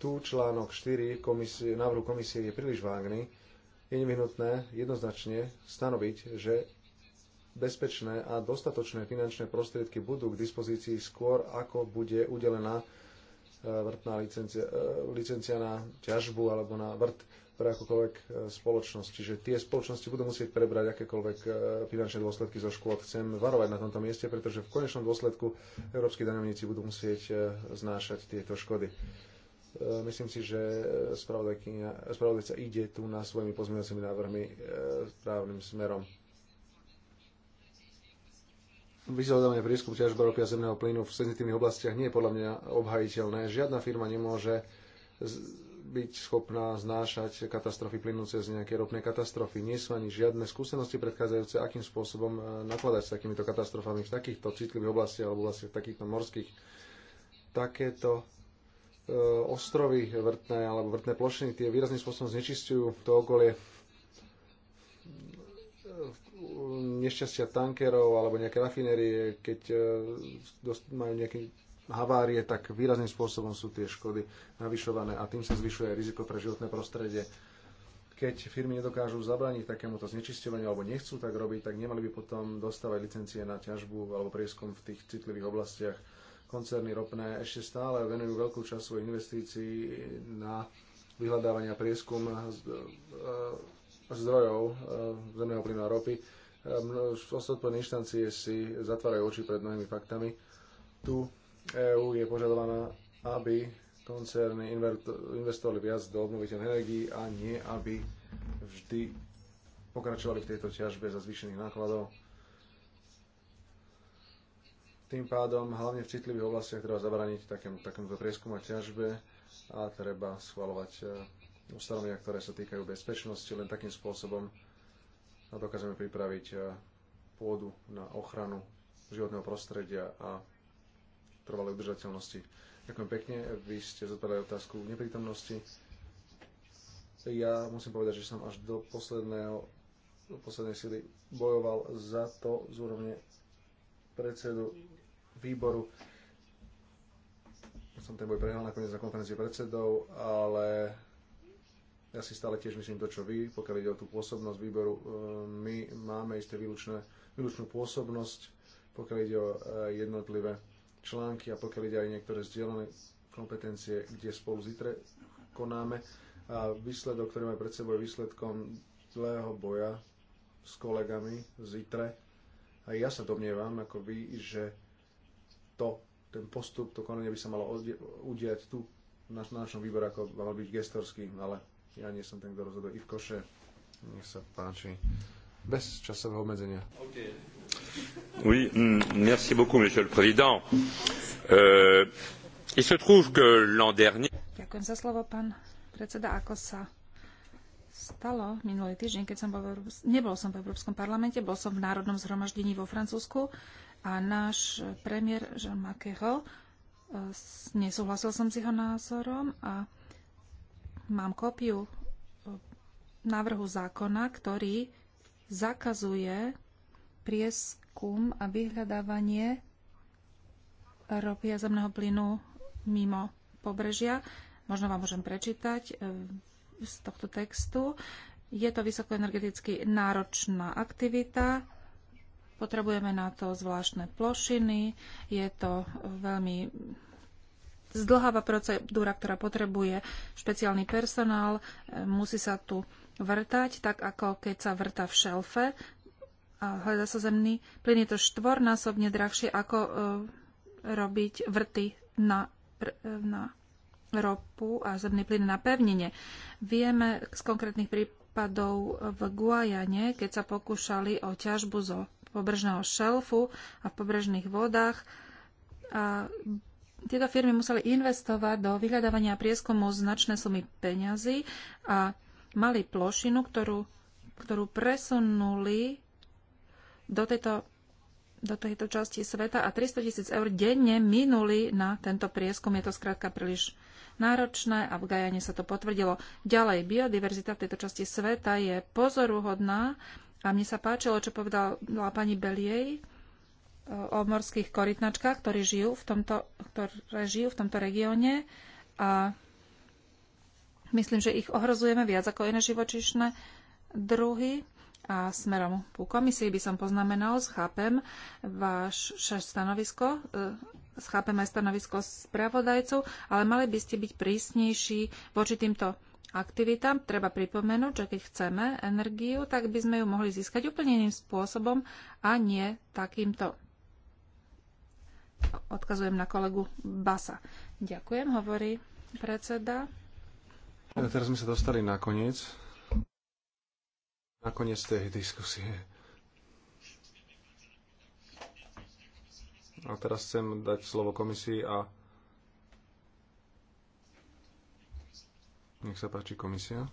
tu článok 4 komisie, návrhu komisie je príliš vágny. Je nevyhnutné jednoznačne stanoviť, že bezpečné a dostatočné finančné prostriedky budú k dispozícii skôr, ako bude udelená e, vrtná licencia, e, licencia na ťažbu alebo na vrt pre akúkoľvek e, spoločnosť. Čiže tie spoločnosti budú musieť prebrať akékoľvek finančné dôsledky zo škôd. Chcem varovať na tomto mieste, pretože v konečnom dôsledku európsky daňovníci budú musieť znášať tieto škody. E, myslím si, že e, spravodajca ide tu na svojimi pozmeňovacími návrhmi e, správnym smerom. Vyzľadávanie prískup ťažba ropy a zemného plynu v senzitívnych oblastiach nie je podľa mňa obhajiteľné. Žiadna firma nemôže byť schopná znášať katastrofy plynúce z nejakej ropnej katastrofy. Nie sú ani žiadne skúsenosti predchádzajúce, akým spôsobom nakladať s takýmito katastrofami v takýchto citlivých oblastiach alebo oblastiach takýchto morských. Takéto E, ostrovy vrtné alebo vrtné plošiny, tie výrazným spôsobom znečistujú to okolie e, nešťastia tankerov alebo nejaké rafinérie, keď e, majú nejaké havárie, tak výrazným spôsobom sú tie škody navyšované a tým sa zvyšuje aj riziko pre životné prostredie. Keď firmy nedokážu zabrániť takémuto znečisťovaniu alebo nechcú tak robiť, tak nemali by potom dostávať licencie na ťažbu alebo prieskum v tých citlivých oblastiach koncerny ropné ešte stále venujú veľkú časť svojich investícií na vyhľadávania prieskum e, zdrojov e, zemného plynu a ropy. E, ostatné inštancie si zatvárajú oči pred mnohými faktami. Tu EÚ je požadovaná, aby koncerny investovali viac do obnoviteľnej energií a nie, aby vždy pokračovali v tejto ťažbe za zvýšených nákladov tým pádom, hlavne v citlivých oblastiach, treba zabraniť takém, takémto prieskumu a ťažbe a treba schvalovať e, ustanovenia, ktoré sa týkajú bezpečnosti. Len takým spôsobom dokážeme pripraviť e, pôdu na ochranu životného prostredia a trvalej udržateľnosti. Ďakujem pekne, vy ste zodpovedali otázku v neprítomnosti. Ja musím povedať, že som až do posledného, do poslednej sily bojoval za to z úrovne predsedu výboru. Som ten boj prehral nakoniec na konferencii predsedov, ale ja si stále tiež myslím to, čo vy, pokiaľ ide o tú pôsobnosť výboru. E, my máme isté výlučné, výlučnú pôsobnosť, pokiaľ ide o e, jednotlivé články a pokiaľ ide aj niektoré zdieľané kompetencie, kde spolu zítre konáme. A výsledok, ktorý máme pred sebou, je výsledkom zlého boja s kolegami z A ja sa domnievam, ako vy, že to, ten postup, to konanie by sa malo udiať tu na, na našom výbore, ako mal byť gestorský, ale ja nie som ten, kto rozhoduje. I v koše, nech sa páči. Bez časového obmedzenia. Okay. Oui, mm, merci beaucoup, monsieur le président. Euh, il se trouve que l'an dernier... Ďakujem za slovo, pán predseda. Ako sa stalo minulý týždeň, keď som bol v Európs- nebol som v Európskom parlamente, bol som v Národnom zhromaždení vo Francúzsku a náš premiér Jean Makeho, e, nesúhlasil som s jeho názorom a mám kópiu e, návrhu zákona, ktorý zakazuje prieskum a vyhľadávanie ropy a zemného plynu mimo pobrežia. Možno vám môžem prečítať e, z tohto textu. Je to vysokoenergeticky náročná aktivita, Potrebujeme na to zvláštne plošiny. Je to veľmi zdlháva procedúra, ktorá potrebuje špeciálny personál. Musí sa tu vrtať, tak ako keď sa vrta v šelfe a hľadá sa zemný plyn. Je to štvornásobne drahšie, ako e, robiť vrty na, e, na ropu a zemný plyn na pevnine. Vieme z konkrétnych prípadov v Guajane, keď sa pokúšali o ťažbu zo pobrežného šelfu a v pobrežných vodách. A tieto firmy museli investovať do vyhľadávania prieskumu značné sumy peňazí a mali plošinu, ktorú, ktorú presunuli do tejto, do tejto časti sveta a 300 tisíc eur denne minuli na tento prieskum. Je to skrátka príliš náročné a v Gajane sa to potvrdilo. Ďalej, biodiverzita v tejto časti sveta je pozoruhodná a mne sa páčilo, čo povedala pani Beliej e, o morských korytnačkách, ktorí žijú v tomto, ktoré žijú v tomto regióne a myslím, že ich ohrozujeme viac ako iné živočišné druhy. A smerom ku komisii by som poznamenal, schápem vaše stanovisko, e, schápem aj stanovisko spravodajcov, ale mali by ste byť prísnejší voči týmto aktivitám. Treba pripomenúť, že keď chceme energiu, tak by sme ju mohli získať úplne iným spôsobom a nie takýmto. Odkazujem na kolegu Basa. Ďakujem, hovorí predseda. Teraz sme sa dostali na koniec. Na koniec tej diskusie. A teraz chcem dať slovo komisii a Nech sa páči komisia.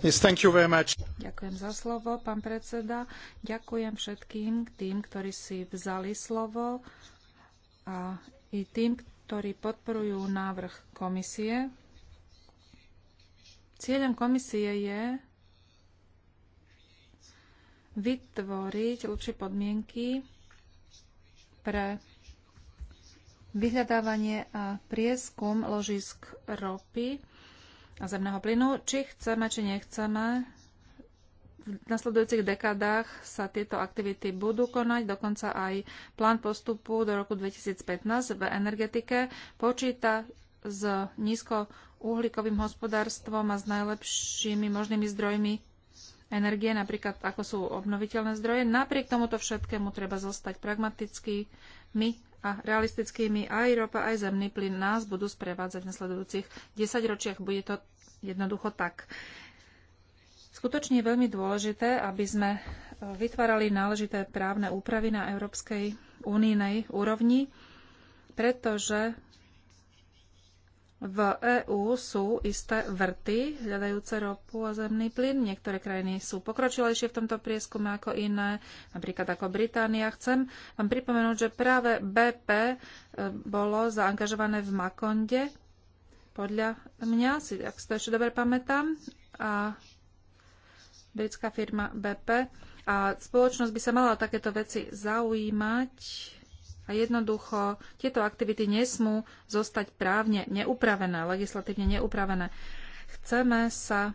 Yes, Ďakujem za slovo, pán predseda. Ďakujem všetkým tým, ktorí si vzali slovo a i tým, ktorí podporujú návrh komisie. Cieľom komisie je vytvoriť lepšie podmienky pre vyhľadávanie a prieskum ložisk ropy zemného plynu. Či chceme, či nechceme, v nasledujúcich dekádach sa tieto aktivity budú konať, dokonca aj plán postupu do roku 2015 v energetike počíta s nízkouhlíkovým hospodárstvom a s najlepšími možnými zdrojmi energie, napríklad ako sú obnoviteľné zdroje. Napriek tomuto všetkému treba zostať pragmatický. My a realistickými aj ropa, aj zemný plyn nás budú sprevádzať v nasledujúcich 10 ročiach. Bude to jednoducho tak. Skutočne je veľmi dôležité, aby sme e, vytvárali náležité právne úpravy na Európskej únijnej úrovni, pretože v EÚ sú isté vrty hľadajúce ropu a zemný plyn. Niektoré krajiny sú pokročilejšie v tomto prieskume ako iné, napríklad ako Británia. Chcem vám pripomenúť, že práve BP e, bolo zaangažované v Makonde, podľa mňa, si, ak si to ešte dobre pamätám, a britská firma BP. A spoločnosť by sa mala o takéto veci zaujímať a jednoducho tieto aktivity nesmú zostať právne neupravené, legislatívne neupravené. Chceme sa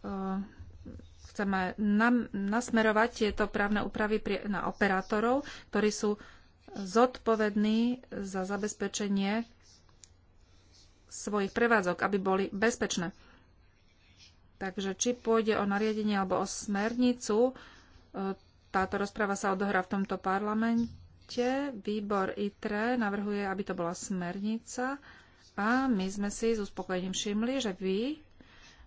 uh, chceme nam, nasmerovať tieto právne úpravy pri, na operátorov, ktorí sú zodpovední za zabezpečenie svojich prevádzok, aby boli bezpečné. Takže či pôjde o nariadenie alebo o smernicu, e, táto rozpráva sa odohrá v tomto parlamente lete. Výbor ITRE navrhuje, aby to bola smernica a my sme si s uspokojením všimli, že vy,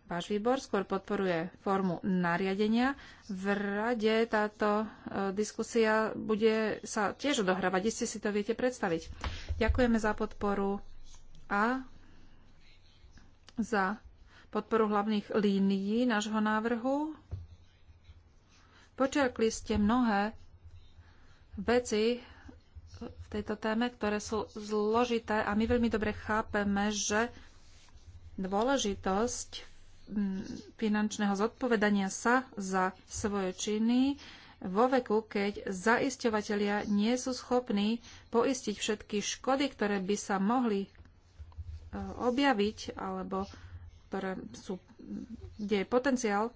váš výbor, skôr podporuje formu nariadenia. V rade táto e, diskusia bude sa tiež odohrávať, iste si to viete predstaviť. Ďakujeme za podporu a za podporu hlavných línií nášho návrhu. Počerkli ste mnohé veci v tejto téme, ktoré sú zložité a my veľmi dobre chápeme, že dôležitosť finančného zodpovedania sa za svoje činy vo veku, keď zaisťovateľia nie sú schopní poistiť všetky škody, ktoré by sa mohli e, objaviť alebo ktoré sú, kde je potenciál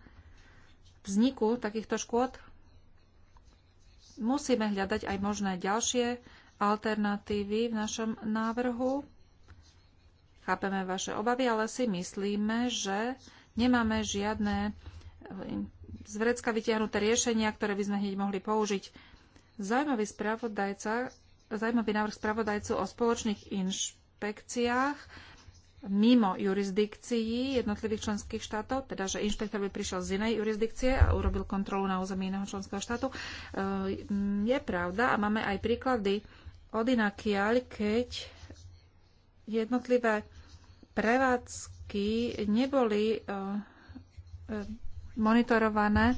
vzniku takýchto škôd, musíme hľadať aj možné ďalšie alternatívy v našom návrhu. Chápeme vaše obavy, ale si myslíme, že nemáme žiadne eh, z vrecka vytiahnuté riešenia, ktoré by sme hneď mohli použiť. Zajímavý, spravodajca, zajímavý návrh spravodajcu o spoločných inšpekciách mimo jurisdikcií jednotlivých členských štátov, teda že inšpektor by prišiel z inej jurisdikcie a urobil kontrolu na území iného členského štátu, e, je pravda a máme aj príklady od inakiaľ, keď jednotlivé prevádzky neboli e, e, monitorované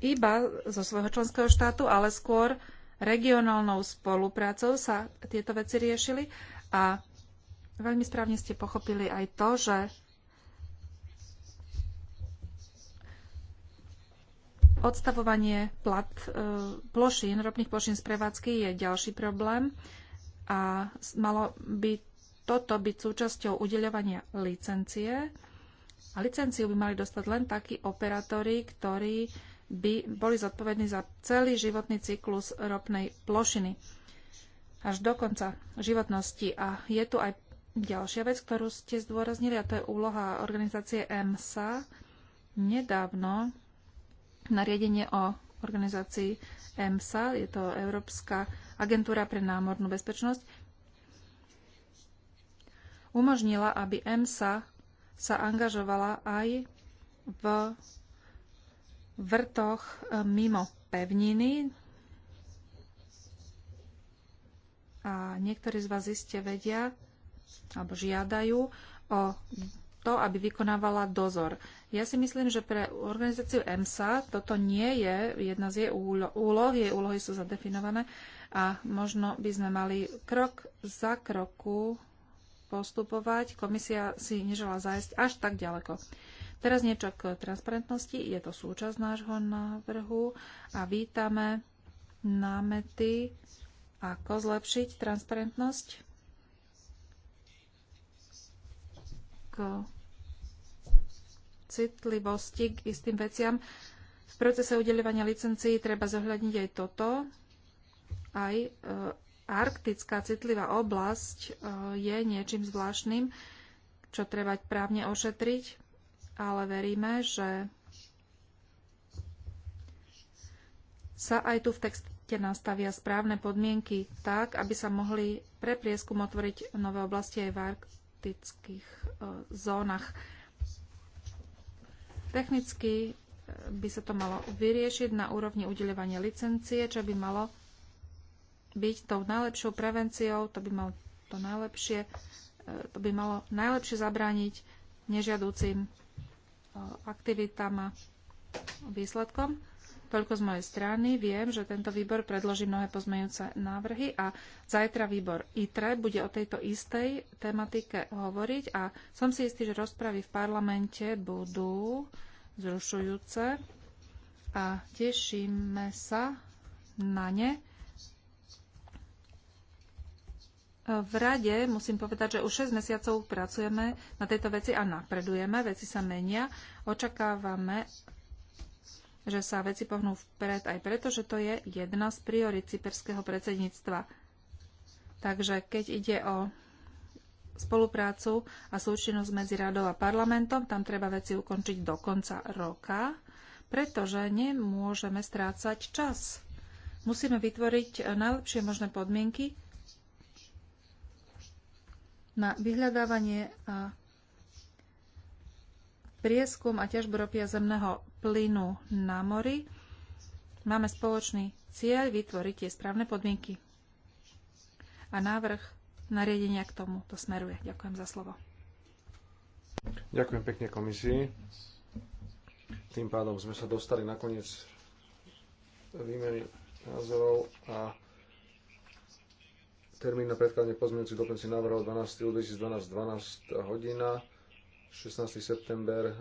iba zo svojho členského štátu, ale skôr regionálnou spoluprácou sa tieto veci riešili a Veľmi správne ste pochopili aj to, že odstavovanie plat, e, plošín, ropných plošín z prevádzky je ďalší problém a malo by toto byť súčasťou udeľovania licencie. A licenciu by mali dostať len takí operátori, ktorí by boli zodpovední za celý životný cyklus ropnej plošiny až do konca životnosti. A je tu aj Ďalšia vec, ktorú ste zdôraznili, a to je úloha organizácie EMSA, nedávno nariadenie o organizácii EMSA, je to Európska agentúra pre námornú bezpečnosť, umožnila, aby EMSA sa angažovala aj v vrtoch e, mimo pevniny. A niektorí z vás iste vedia, alebo žiadajú o to, aby vykonávala dozor. Ja si myslím, že pre organizáciu EMSA toto nie je jedna z jej úloh, jej úlohy sú zadefinované a možno by sme mali krok za kroku postupovať. Komisia si nežela zájsť až tak ďaleko. Teraz niečo k transparentnosti. Je to súčasť nášho návrhu a vítame námety, ako zlepšiť transparentnosť citlivosti k istým veciam. V procese udeľovania licencií treba zohľadniť aj toto. Aj e, arktická citlivá oblasť e, je niečím zvláštnym, čo treba právne ošetriť, ale veríme, že sa aj tu v texte nastavia správne podmienky tak, aby sa mohli pre prieskum otvoriť nové oblasti aj v Ark- politických e, zónach. Technicky e, by sa to malo vyriešiť na úrovni udeľovania licencie, čo by malo byť tou najlepšou prevenciou, to by malo to najlepšie, e, to by malo najlepšie zabrániť nežiadúcim aktivitám a výsledkom. Toľko z mojej strany. Viem, že tento výbor predloží mnohé pozmeňujúce návrhy a zajtra výbor ITRE bude o tejto istej tematike hovoriť a som si istý, že rozpravy v parlamente budú zrušujúce a tešíme sa na ne. V rade musím povedať, že už 6 mesiacov pracujeme na tejto veci a napredujeme, veci sa menia. Očakávame že sa veci pohnú vpred aj preto, že to je jedna z priorit cyperského predsedníctva. Takže keď ide o spoluprácu a súčinnosť medzi radou a parlamentom, tam treba veci ukončiť do konca roka, pretože nemôžeme strácať čas. Musíme vytvoriť najlepšie možné podmienky na vyhľadávanie a prieskum a ťažbu ropy a zemného plynu na mori. Máme spoločný cieľ vytvoriť tie správne podmienky. A návrh nariadenia k tomu to smeruje. Ďakujem za slovo. Ďakujem pekne komisii. Tým pádom sme sa dostali na koniec výmeny názorov a termín na predkladanie pozmeňujúcich doplňujúcich návrhov 12. júl 2012 12 hodina. 16. september e,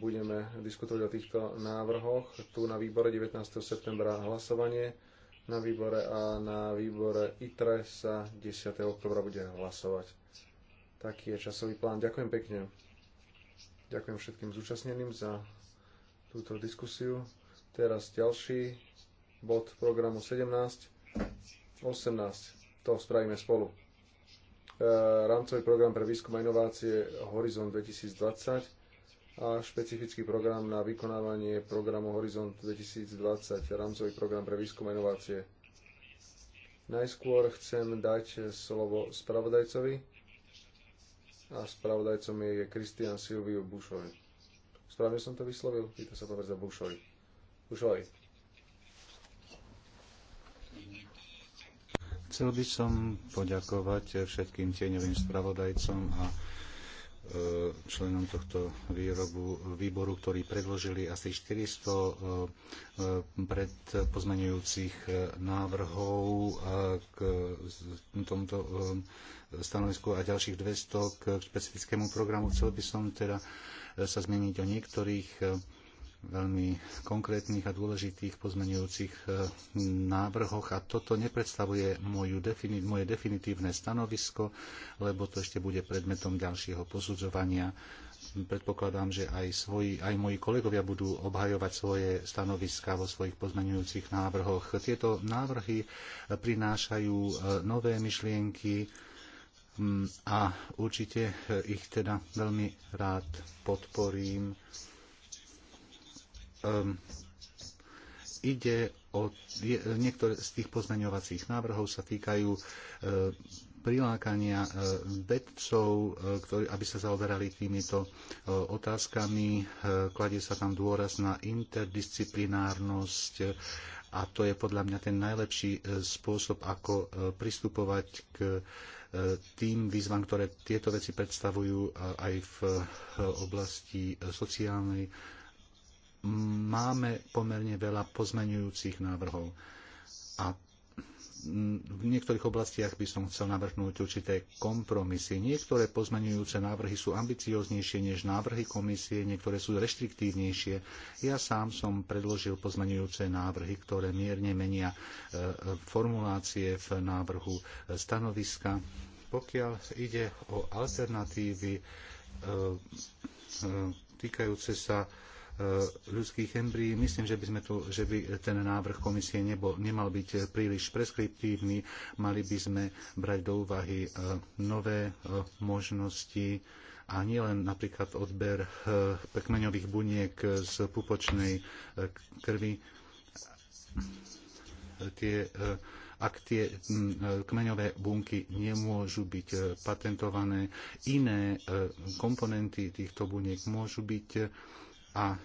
budeme diskutovať o týchto návrhoch. Tu na výbore 19. septembra hlasovanie na výbore a na výbore ITRE sa 10. oktobra bude hlasovať. Taký je časový plán. Ďakujem pekne. Ďakujem všetkým zúčastneným za túto diskusiu. Teraz ďalší bod programu 17. 18. To spravíme spolu. E, rámcový program pre výskum a inovácie Horizon 2020 a špecifický program na vykonávanie programu Horizon 2020, rámcový program pre výskum a inovácie. Najskôr chcem dať slovo spravodajcovi a spravodajcom je Kristian Silviu Bušovi. Správne som to vyslovil? Pýta sa pán Bušovi. Bušovi, Chcel by som poďakovať všetkým tieňovým spravodajcom a e, členom tohto výrobu, výboru, ktorí predložili asi 400 e, e, pred návrhov k tomto stanovisku a ďalších 200 k špecifickému programu. Chcel by som teda sa zmeniť o niektorých veľmi konkrétnych a dôležitých pozmenujúcich e, návrhoch a toto nepredstavuje moju defini- moje definitívne stanovisko, lebo to ešte bude predmetom ďalšieho posudzovania. Predpokladám, že aj, svoji, aj moji kolegovia budú obhajovať svoje stanoviská vo svojich pozmenujúcich návrhoch. Tieto návrhy e, prinášajú e, nové myšlienky, mm, a určite ich teda veľmi rád podporím um, ide o... Je, niektoré z tých pozmeňovacích návrhov sa týkajú e, prilákania e, vedcov, e, ktorý, aby sa zaoberali týmito e, otázkami. E, kladie sa tam dôraz na interdisciplinárnosť e, a to je podľa mňa ten najlepší spôsob, ako pristupovať k tým výzvam, ktoré tieto veci predstavujú aj v oblasti sociálnej máme pomerne veľa pozmenujúcich návrhov. A v niektorých oblastiach by som chcel navrhnúť určité kompromisy. Niektoré pozmenujúce návrhy sú ambicioznejšie než návrhy komisie, niektoré sú reštriktívnejšie. Ja sám som predložil pozmenujúce návrhy, ktoré mierne menia e, formulácie v návrhu e, stanoviska. Pokiaľ ide o alternatívy e, týkajúce sa E, ľudských embryí. Myslím, že by, sme tu, že by ten návrh komisie nebol, nemal byť príliš preskriptívny. Mali by sme brať do úvahy e, nové e, možnosti a nielen napríklad odber kmeňových buniek z pupočnej krvi. Tie ak tie kmeňové bunky nemôžu byť patentované, iné komponenty týchto buniek môžu byť a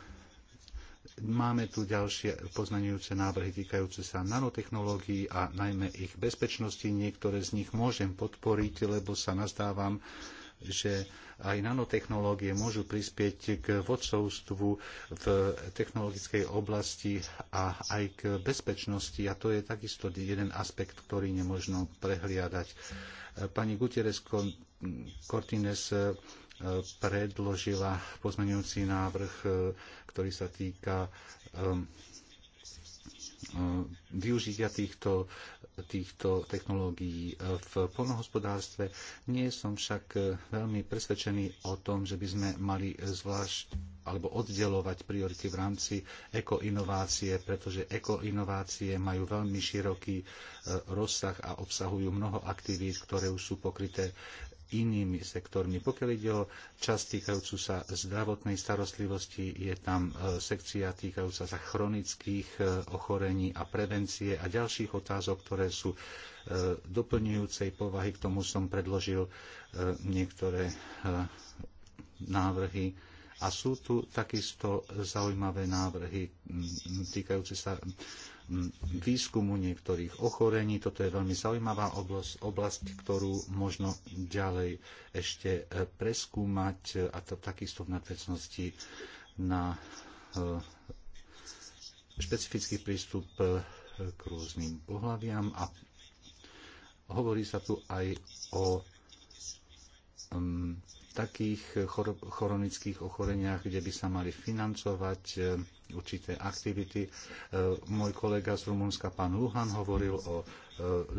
máme tu ďalšie poznaniujúce návrhy týkajúce sa nanotechnológií a najmä ich bezpečnosti. Niektoré z nich môžem podporiť, lebo sa nazdávam, že aj nanotechnológie môžu prispieť k vodcovstvu v technologickej oblasti a aj k bezpečnosti. A to je takisto jeden aspekt, ktorý nemožno prehliadať. Pani Gutierrez Cortines predložila pozmenujúci návrh, e, ktorý sa týka e, využitia týchto, týchto technológií e, v polnohospodárstve. Nie som však veľmi presvedčený o tom, že by sme mali zvlášť alebo oddelovať priority v rámci ekoinovácie, pretože ekoinovácie majú veľmi široký rozsah a obsahujú mnoho aktivít, ktoré už sú pokryté inými sektormi. Pokiaľ ide o časť týkajúcu sa zdravotnej starostlivosti, je tam e, sekcia týkajúca sa chronických e, ochorení a prevencie a ďalších otázok, ktoré sú e, doplňujúcej povahy. K tomu som predložil niektoré návrhy. A sú tu takisto zaujímavé návrhy týkajúce sa výskumu niektorých ochorení. Toto je veľmi zaujímavá oblasť, oblasť ktorú možno ďalej ešte e, preskúmať e, a to takisto v nadväznosti na e, špecifický prístup k rôznym pohľaviam a hovorí sa tu aj o um, takých chronických ochoreniach, kde by sa mali financovať eh, určité aktivity. Eh, môj kolega z Rumunska, pán Luhan, hovoril o eh,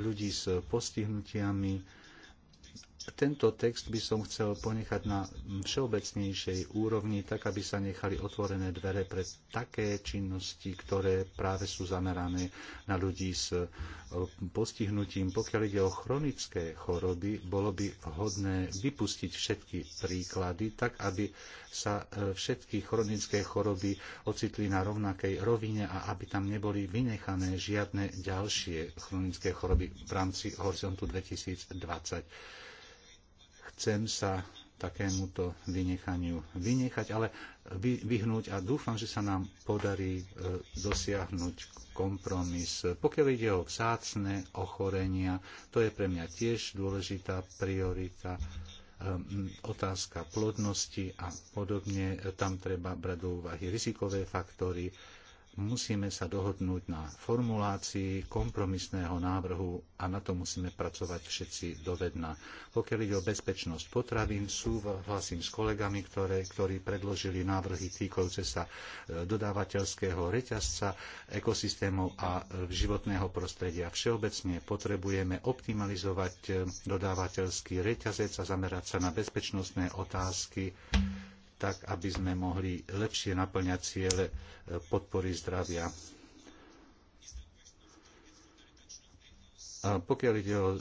ľudí s postihnutiami, tento text by som chcel ponechať na všeobecnejšej úrovni, tak aby sa nechali otvorené dvere pre také činnosti, ktoré práve sú zamerané na ľudí s e, postihnutím. Pokiaľ ide o chronické choroby, bolo by vhodné vypustiť všetky príklady, tak aby sa e, všetky chronické choroby ocitli na rovnakej rovine a aby tam neboli vynechané žiadne ďalšie chronické choroby v rámci horizontu 2020 chcem sa takémuto vynechaniu vynechať, ale vyhnúť a dúfam, že sa nám podarí e, dosiahnuť kompromis. Pokiaľ ide o vzácne ochorenia, to je pre mňa tiež dôležitá priorita ehm, otázka plodnosti a podobne. E, tam treba brať do úvahy rizikové faktory musíme sa dohodnúť na formulácii kompromisného návrhu a na to musíme pracovať všetci dovedna. Pokiaľ ide o bezpečnosť potravín, súhlasím s kolegami, ktoré, ktorí predložili návrhy týkajúce sa e, dodávateľského reťazca, ekosystémov a e, životného prostredia. Všeobecne potrebujeme optimalizovať e, dodávateľský reťazec a zamerať sa na bezpečnostné otázky tak aby sme mohli lepšie naplňať ciele e, podpory zdravia. A pokiaľ ide o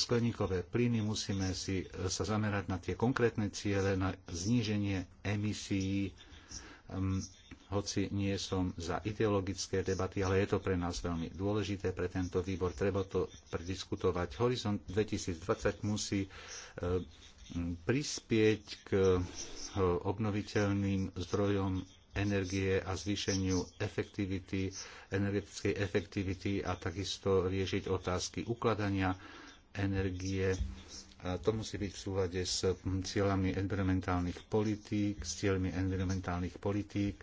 skleníkové plyny, musíme si e, sa zamerať na tie konkrétne ciele, na zníženie emisií. Hoci nie som za ideologické debaty, ale je to pre nás veľmi dôležité, pre tento výbor treba to prediskutovať. Horizont 2020 musí e, prispieť k eh, obnoviteľným zdrojom energie a zvýšeniu efektivity, energetickej efektivity a takisto riešiť otázky ukladania energie. A to musí byť v súlade s hm, cieľami environmentálnych politík, s cieľmi environmentálnych politík.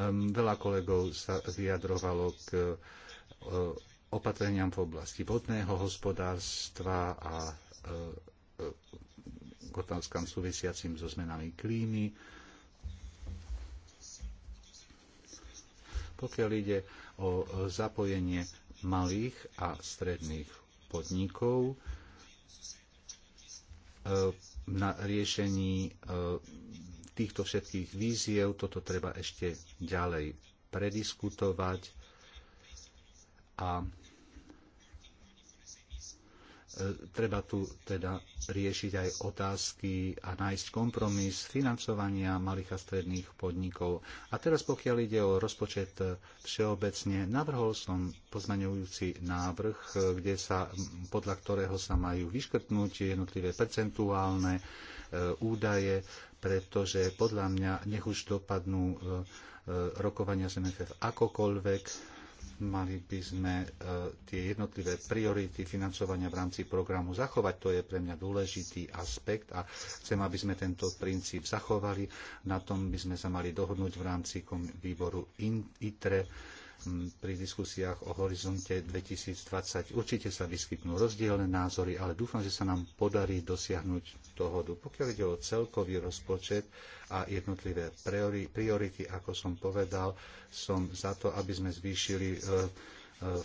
Ehm, veľa kolegov sa vyjadrovalo k eh, opatreniam v oblasti vodného hospodárstva a k e, e, otázkam súvisiacim so zmenami klímy. Pokiaľ ide o e, zapojenie malých a stredných podnikov na riešení týchto všetkých víziev, toto treba ešte ďalej prediskutovať a E, treba tu teda riešiť aj otázky a nájsť kompromis financovania malých a stredných podnikov. A teraz pokiaľ ide o rozpočet e, všeobecne, navrhol som pozmaňujúci návrh, e, kde sa, podľa ktorého sa majú vyškrtnúť jednotlivé percentuálne údaje, pretože podľa mňa nech už dopadnú rokovania z MFF akokoľvek, mali by sme e, tie jednotlivé priority financovania v rámci programu zachovať. To je pre mňa dôležitý aspekt a chcem, aby sme tento princíp zachovali. Na tom by sme sa mali dohodnúť v rámci výboru ITRE pri diskusiách o horizonte 2020. Určite sa vyskytnú rozdielne názory, ale dúfam, že sa nám podarí dosiahnuť dohodu. Pokiaľ ide o celkový rozpočet a jednotlivé priority, ako som povedal, som za to, aby sme zvýšili e, e,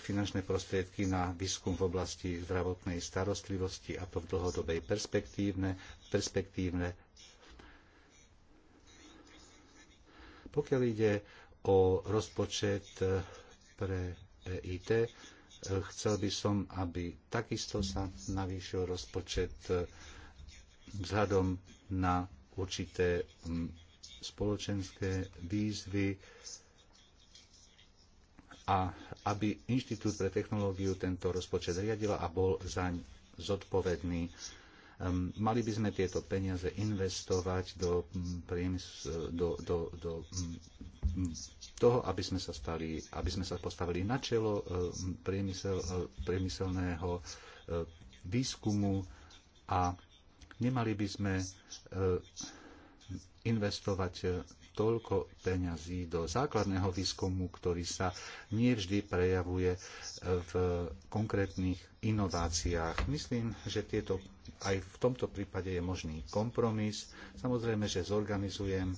finančné prostriedky na výskum v oblasti zdravotnej starostlivosti a to v dlhodobej perspektívne, perspektívne pokiaľ ide o rozpočet e, pre e IT. E, chcel by som, aby takisto sa navýšil rozpočet vzhľadom na určité spoločenské výzvy a aby Inštitút pre technológiu tento rozpočet riadila a bol zaň zodpovedný. Mali by sme tieto peniaze investovať do, do, do, do toho, aby sme sa, stali, aby sme sa postavili na čelo e, priemysel, e, priemyselného e, výskumu a nemali by sme investovať toľko peňazí do základného výskumu, ktorý sa nie vždy prejavuje v konkrétnych inováciách. Myslím, že tieto, aj v tomto prípade je možný kompromis. Samozrejme, že zorganizujem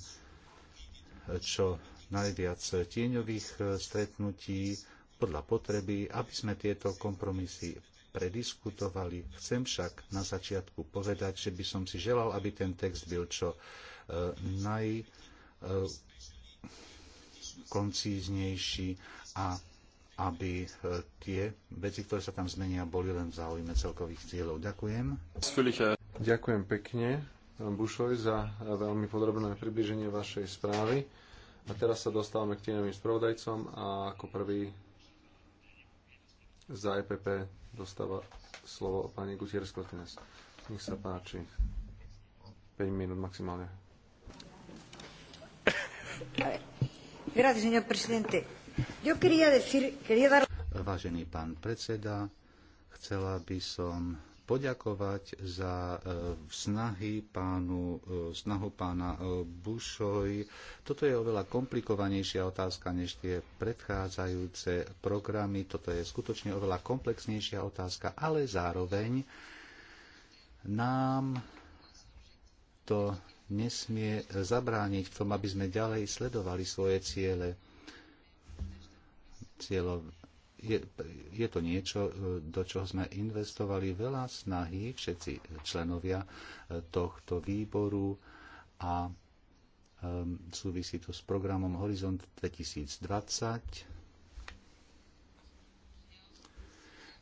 čo najviac tieňových e, stretnutí podľa potreby, aby sme tieto kompromisy prediskutovali. Chcem však na začiatku povedať, že by som si želal, aby ten text byl čo e, najkoncíznejší e, a aby tie veci, ktoré sa tam zmenia, boli len v záujme celkových cieľov. Ďakujem. Ďakujem pekne Bušoj za veľmi podrobné približenie vašej správy. A teraz sa dostávame k tieňovým spravodajcom a ako prvý za EPP dostáva slovo pani Gutierrez Cortines. Nech sa páči. 5 minút maximálne. Vážený pán predseda, chcela by som poďakovať za e, snahy pánu, e, snahu pána e, Bušoj. Toto je oveľa komplikovanejšia otázka než tie predchádzajúce programy. Toto je skutočne oveľa komplexnejšia otázka, ale zároveň nám to nesmie zabrániť v tom, aby sme ďalej sledovali svoje ciele je, je to niečo, e, do čoho sme investovali veľa snahy, všetci členovia e, tohto výboru a e, súvisí to s programom Horizont 2020.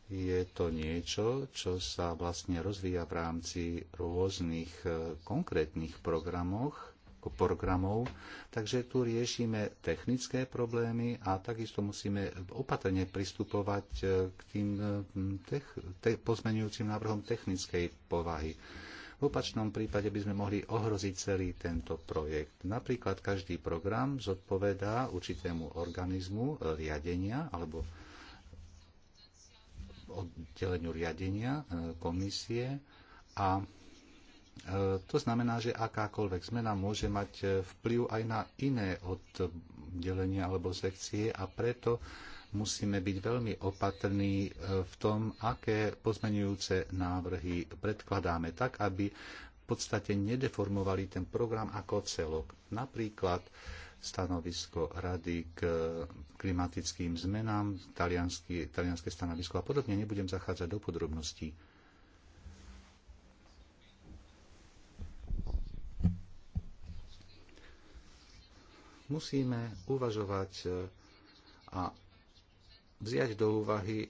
je to niečo, čo sa vlastne rozvíja v rámci rôznych konkrétnych programoch programov. Takže tu riešime technické problémy a takisto musíme opatrne pristupovať e, k tým tech, te, pozmenujúcim návrhom technickej povahy. V opačnom prípade by sme mohli ohroziť celý tento projekt. Napríklad každý program zodpovedá určitému organizmu e, riadenia alebo oddeleniu riadenia e, komisie a E, to znamená, že akákoľvek zmena môže mať e, vplyv aj na iné oddelenia alebo sekcie a preto musíme byť veľmi opatrní e, v tom, aké pozmenujúce návrhy predkladáme, tak aby v podstate nedeformovali ten program ako celok. Napríklad stanovisko rady k klimatickým zmenám, talianské stanovisko a podobne. Nebudem zachádzať do podrobností. musíme uvažovať e, a vziať do úvahy e,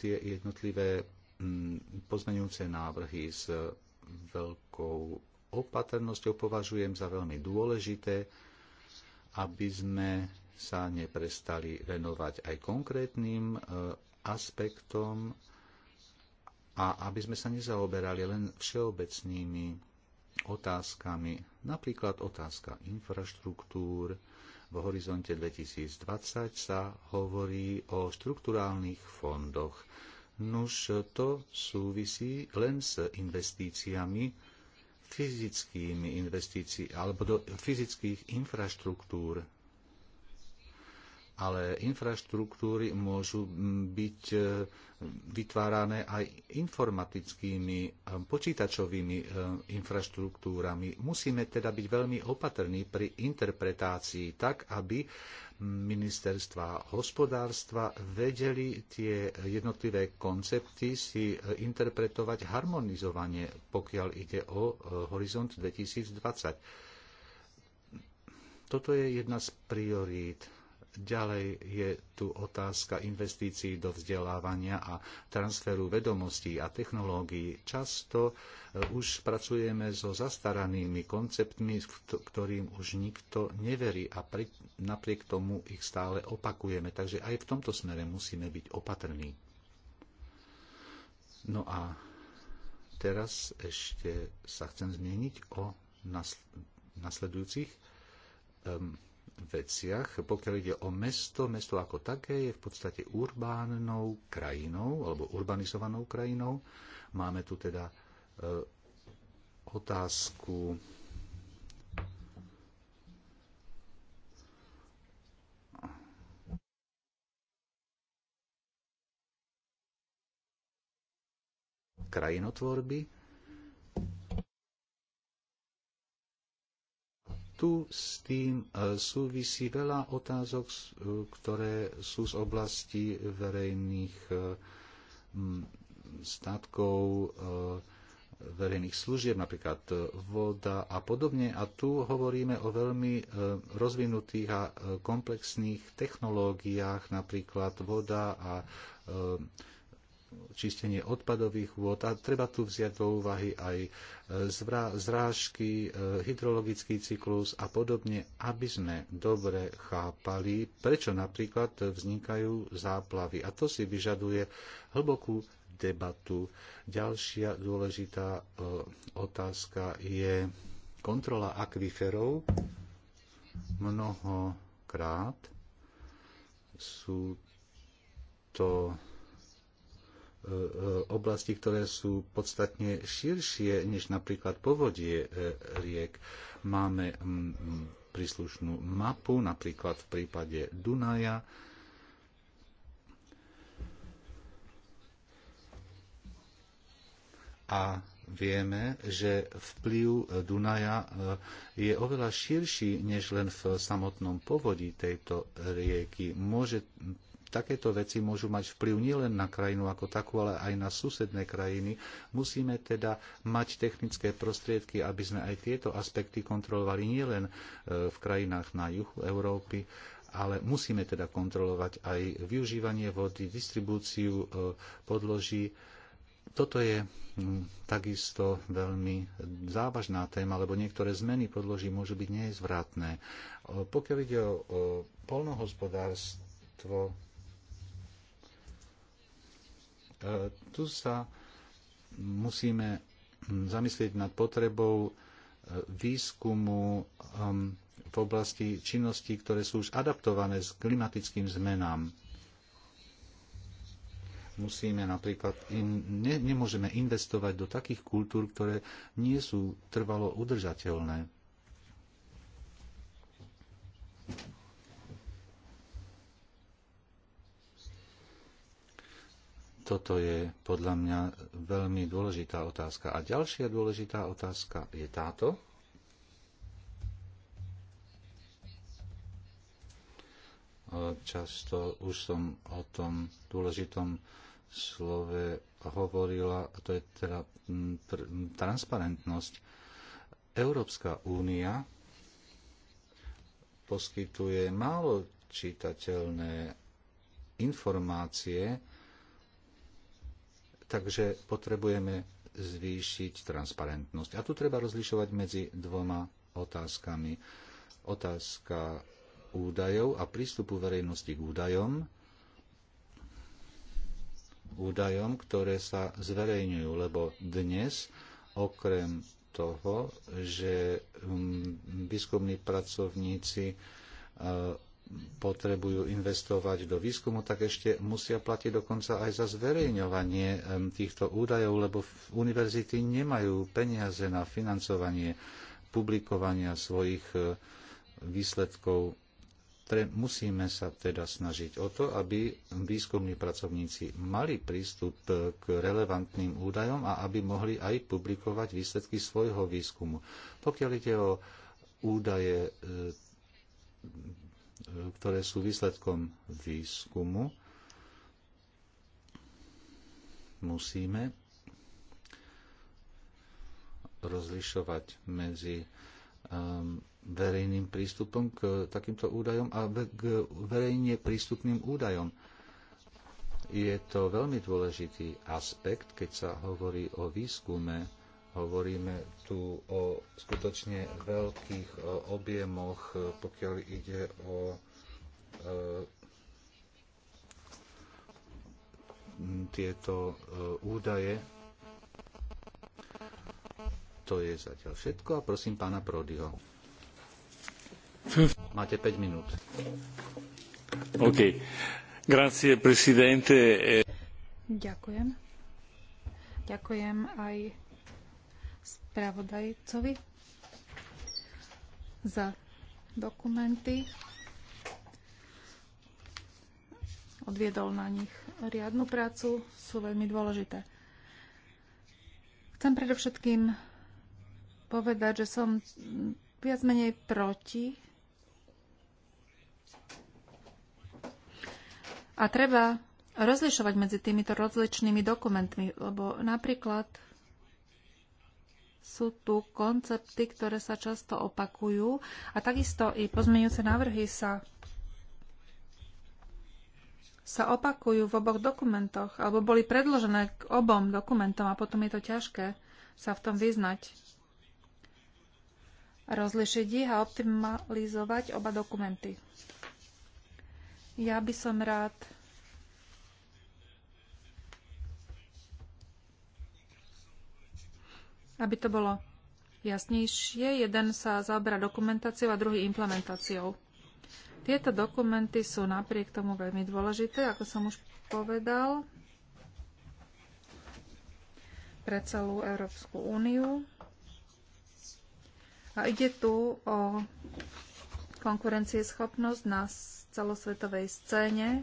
tie jednotlivé mm, pozmeňujúce návrhy s veľkou opatrnosťou považujem za veľmi dôležité, aby sme sa neprestali venovať aj konkrétnym e, aspektom a aby sme sa nezaoberali len všeobecnými otázkami, napríklad otázka infraštruktúr. V horizonte 2020 sa hovorí o štruktúrálnych fondoch. Nuž to súvisí len s investíciami, fyzickými investícií alebo do fyzických infraštruktúr ale infraštruktúry môžu mm, byť e, vytvárané aj informatickými, e, počítačovými e, infraštruktúrami. Musíme teda byť veľmi opatrní pri interpretácii, tak aby ministerstva hospodárstva vedeli tie jednotlivé koncepty si interpretovať harmonizovanie, pokiaľ ide o horizont 2020. Toto je jedna z priorít Ďalej je tu otázka investícií do vzdelávania a transferu vedomostí a technológií. Často e, už pracujeme so zastaranými konceptmi, ktorým už nikto neverí a pri, napriek tomu ich stále opakujeme. Takže aj v tomto smere musíme byť opatrní. No a teraz ešte sa chcem zmieniť o nasledujúcich um, veciach. Pokiaľ ide o mesto, mesto ako také je v podstate urbánnou krajinou alebo urbanizovanou krajinou. Máme tu teda e, otázku krajinotvorby tu s tým e, súvisí veľa otázok, e, ktoré sú z oblasti verejných e, statkov, verejných služieb, napríklad voda a podobne. A tu hovoríme o veľmi rozvinutých a komplexných technológiách, napríklad voda a čistenie odpadových vôd a treba tu vziať do úvahy aj e, zrážky, e, hydrologický cyklus a podobne, aby sme dobre chápali, prečo napríklad vznikajú záplavy. A to si vyžaduje hlbokú debatu. Ďalšia dôležitá e, otázka je kontrola akviferov. Mnohokrát sú to E, e, oblasti, ktoré sú podstatne širšie než napríklad povodie e, riek. Máme mm, mm, príslušnú mapu, napríklad v prípade Dunaja. A vieme, že vplyv Dunaja je oveľa širší než len v samotnom povodí tejto rieky. Môže takéto veci môžu mať vplyv nielen na krajinu ako takú, ale aj na susedné krajiny. Musíme teda mať technické prostriedky, aby sme aj tieto aspekty kontrolovali nielen e, v krajinách na juhu Európy, ale musíme teda kontrolovať aj využívanie vody, distribúciu e, podloží. Toto je mm, takisto veľmi závažná téma, lebo niektoré zmeny podloží môžu byť nezvratné. E, pokiaľ ide o polnohospodárstvo, E, tu sa musíme zamyslieť nad potrebou e, výskumu v oblasti činností, ktoré sú už adaptované s klimatickým zmenám. Musíme napríklad, ne, nemôžeme investovať do takých kultúr, ktoré nie sú trvalo udržateľné. Toto je podľa mňa veľmi dôležitá otázka. A ďalšia dôležitá otázka je táto. E, často už som o tom dôležitom slove hovorila, a to je teda transparentnosť. Európska únia poskytuje málo čitateľné informácie, Takže potrebujeme zvýšiť transparentnosť. A tu treba rozlišovať medzi dvoma otázkami. Otázka údajov a prístupu verejnosti k údajom, údajom, ktoré sa zverejňujú, lebo dnes okrem toho, že mm, výskumní pracovníci e, potrebujú investovať do výskumu, tak ešte musia platiť dokonca aj za zverejňovanie týchto údajov, lebo univerzity nemajú peniaze na financovanie publikovania svojich e, výsledkov. Musíme sa teda snažiť o to, aby výskumní pracovníci mali prístup e, k relevantným údajom a aby mohli aj publikovať výsledky svojho výskumu. Pokiaľ ide o údaje e, ktoré sú výsledkom výskumu, musíme rozlišovať medzi um, verejným prístupom k takýmto údajom a k verejne prístupným údajom. Je to veľmi dôležitý aspekt, keď sa hovorí o výskume Hovoríme tu o skutočne veľkých e, objemoch, e, pokiaľ ide o e, tieto údaje. To je zatiaľ všetko a prosím pána Prodyho. Máte 5 minút. OK. Grazie, presidente. Ďakujem. Ďakujem aj spravodajcovi za dokumenty. Odviedol na nich riadnu prácu, sú veľmi dôležité. Chcem predovšetkým povedať, že som viac menej proti a treba rozlišovať medzi týmito rozličnými dokumentmi, lebo napríklad sú tu koncepty, ktoré sa často opakujú a takisto i pozmeňujúce návrhy sa sa opakujú v oboch dokumentoch, alebo boli predložené k obom dokumentom a potom je to ťažké sa v tom vyznať. Rozlišiť ich a optimalizovať oba dokumenty. Ja by som rád Aby to bolo jasnejšie, jeden sa zaoberá dokumentáciou a druhý implementáciou. Tieto dokumenty sú napriek tomu veľmi dôležité, ako som už povedal, pre celú Európsku úniu. A ide tu o konkurencieschopnosť na celosvetovej scéne.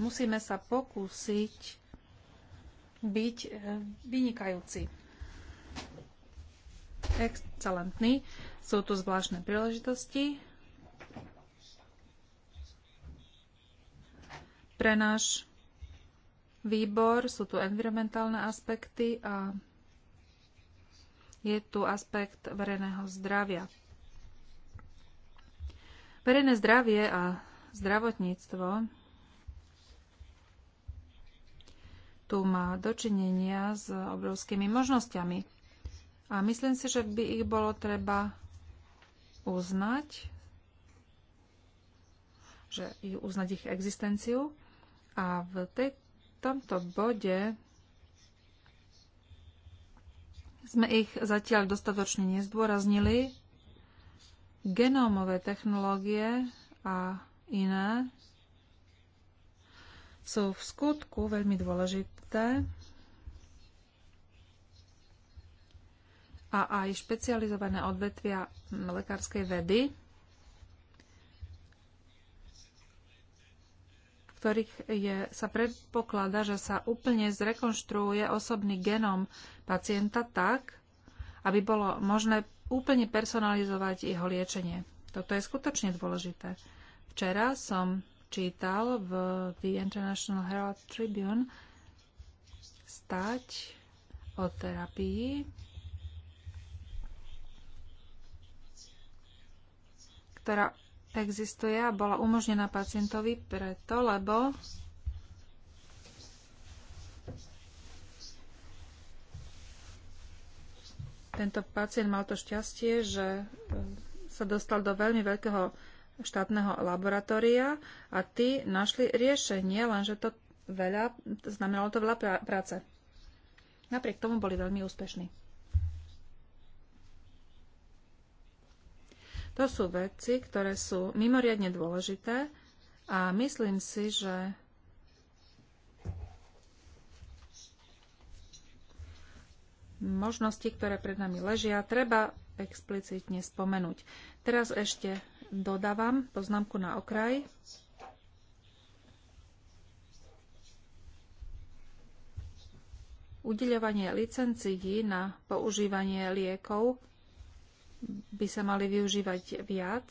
Musíme sa pokúsiť byť e, vynikajúci, Excelentní. Sú tu zvláštne príležitosti pre náš výbor. Sú tu environmentálne aspekty a je tu aspekt verejného zdravia. Verejné zdravie a zdravotníctvo tu má dočinenia s obrovskými možnosťami. A myslím si, že by ich bolo treba uznať, že uznať ich existenciu. A v tej, tomto bode sme ich zatiaľ dostatočne nezdôraznili. Genómové technológie a iné sú v skutku veľmi dôležité a aj špecializované odvetvia lekárskej vedy, v ktorých je, sa predpokladá, že sa úplne zrekonštruuje osobný genom pacienta tak, aby bolo možné úplne personalizovať jeho liečenie. Toto je skutočne dôležité. Včera som čítal v The International Herald Tribune stať o terapii, ktorá existuje a bola umožnená pacientovi preto, lebo tento pacient mal to šťastie, že sa dostal do veľmi veľkého štátneho laboratória a tí našli riešenie, lenže to veľa, znamenalo to veľa práce. Napriek tomu boli veľmi úspešní. To sú veci, ktoré sú mimoriadne dôležité a myslím si, že možnosti, ktoré pred nami ležia, treba explicitne spomenúť. Teraz ešte dodávam poznámku na okraj. Udeľovanie licencií na používanie liekov by sa mali využívať viac.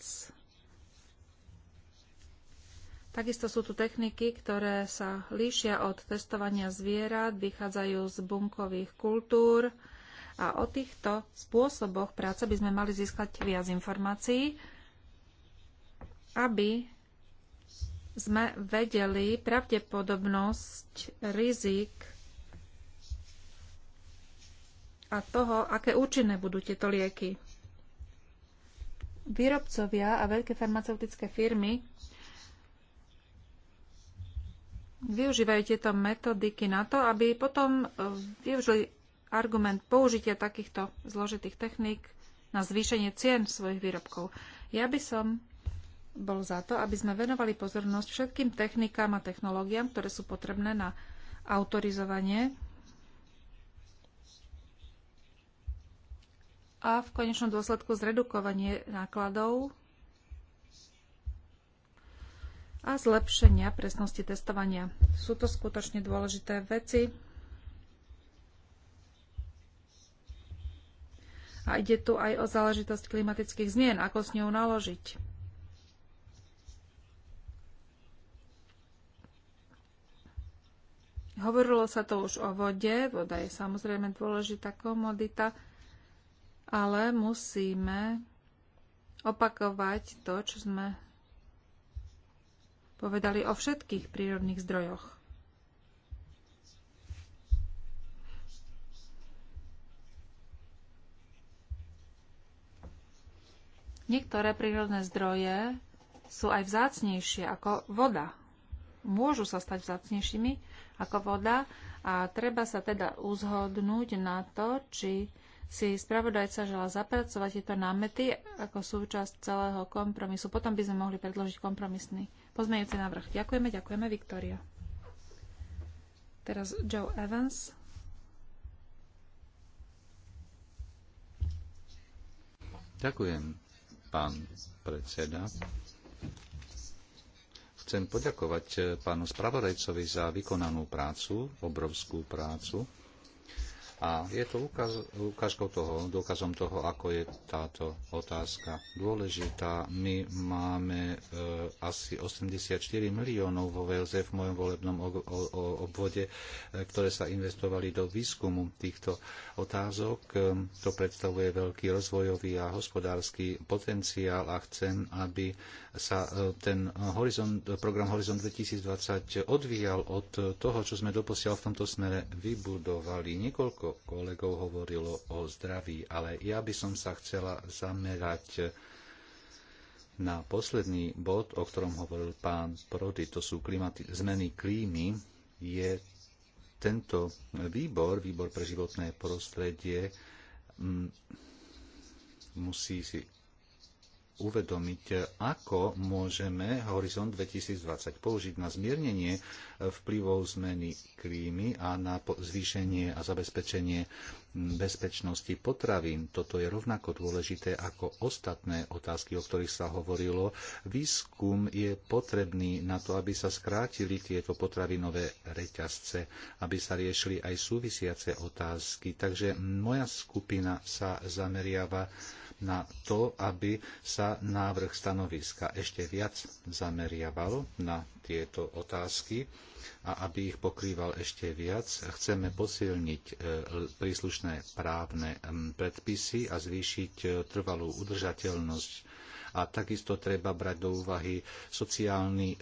Takisto sú tu techniky, ktoré sa líšia od testovania zvierat, vychádzajú z bunkových kultúr a o týchto spôsoboch práce by sme mali získať viac informácií aby sme vedeli pravdepodobnosť rizik a toho, aké účinné budú tieto lieky. Výrobcovia a veľké farmaceutické firmy využívajú tieto metodiky na to, aby potom e, využili argument použitia takýchto zložitých techník na zvýšenie cien svojich výrobkov. Ja by som bol za to, aby sme venovali pozornosť všetkým technikám a technológiám, ktoré sú potrebné na autorizovanie a v konečnom dôsledku zredukovanie nákladov a zlepšenia presnosti testovania. Sú to skutočne dôležité veci. A ide tu aj o záležitosť klimatických zmien, ako s ňou naložiť. Hovorilo sa to už o vode, voda je samozrejme dôležitá komodita, ale musíme opakovať to, čo sme povedali o všetkých prírodných zdrojoch. Niektoré prírodné zdroje sú aj vzácnejšie ako voda. Môžu sa stať vzácnejšími, ako voda a treba sa teda uzhodnúť na to, či si spravodajca žela zapracovať tieto námety ako súčasť celého kompromisu. Potom by sme mohli predložiť kompromisný pozmeňujúci návrh. Ďakujeme, ďakujeme, Viktória. Teraz Joe Evans. Ďakujem, pán predseda. Chcem poďakovať eh, pánu spravodajcovi za vykonanú prácu, obrovskú prácu. A je to ukaz, ukážkou toho, dôkazom toho, ako je táto otázka dôležitá. My máme e, asi 84 miliónov vo VLZ v mojom volebnom o, o, o obvode, e, ktoré sa investovali do výskumu týchto otázok. E, to predstavuje veľký rozvojový a hospodársky potenciál a chcem, aby sa e, ten horizont, program Horizon 2020 odvíjal od toho, čo sme doposiaľ v tomto smere vybudovali. Niekoľko kolegov hovorilo o zdraví, ale ja by som sa chcela zamerať na posledný bod, o ktorom hovoril pán Prody, to sú klimaty, zmeny klímy, je tento výbor, výbor pre životné prostredie, mm, musí si uvedomiť, ako môžeme Horizont 2020 použiť na zmiernenie vplyvov zmeny klímy a na zvýšenie a zabezpečenie bezpečnosti potravín. Toto je rovnako dôležité ako ostatné otázky, o ktorých sa hovorilo. Výskum je potrebný na to, aby sa skrátili tieto potravinové reťazce, aby sa riešili aj súvisiace otázky. Takže moja skupina sa zameriava na to, aby sa návrh stanoviska ešte viac zameriaval na tieto otázky a aby ich pokrýval ešte viac. Chceme posilniť e, príslušné právne predpisy a zvýšiť e, trvalú udržateľnosť a takisto treba brať do úvahy sociálny e,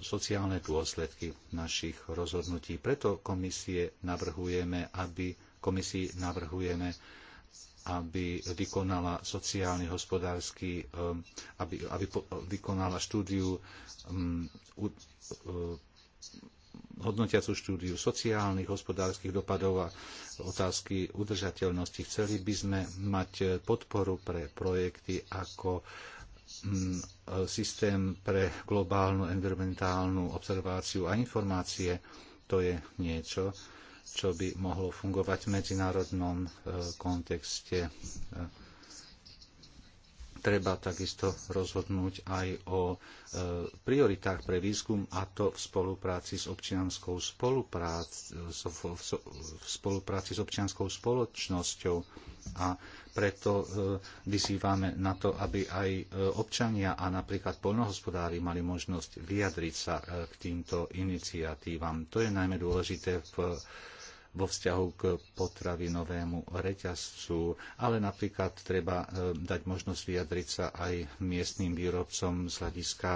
sociálne dôsledky našich rozhodnutí. Preto komisie navrhujeme, aby komisii navrhujeme, aby vykonala sociálny, hospodársky, um, aby, aby vykonala štúdiu, um, uh, hodnotiacu štúdiu sociálnych, hospodárskych dopadov a otázky udržateľnosti. Chceli by sme mať podporu pre projekty ako um, systém pre globálnu environmentálnu observáciu a informácie. To je niečo, čo by mohlo fungovať v medzinárodnom e, kontexte. E, treba takisto rozhodnúť aj o e, prioritách pre výskum a to v spolupráci s občianskou v spolupráci s občianskou spoločnosťou a preto vyzývame na to, aby aj občania a napríklad poľnohospodári mali možnosť vyjadriť sa k týmto iniciatívam. To je najmä dôležité v vo vzťahu k potravinovému reťazcu, ale napríklad treba e, dať možnosť vyjadriť sa aj miestnym výrobcom z hľadiska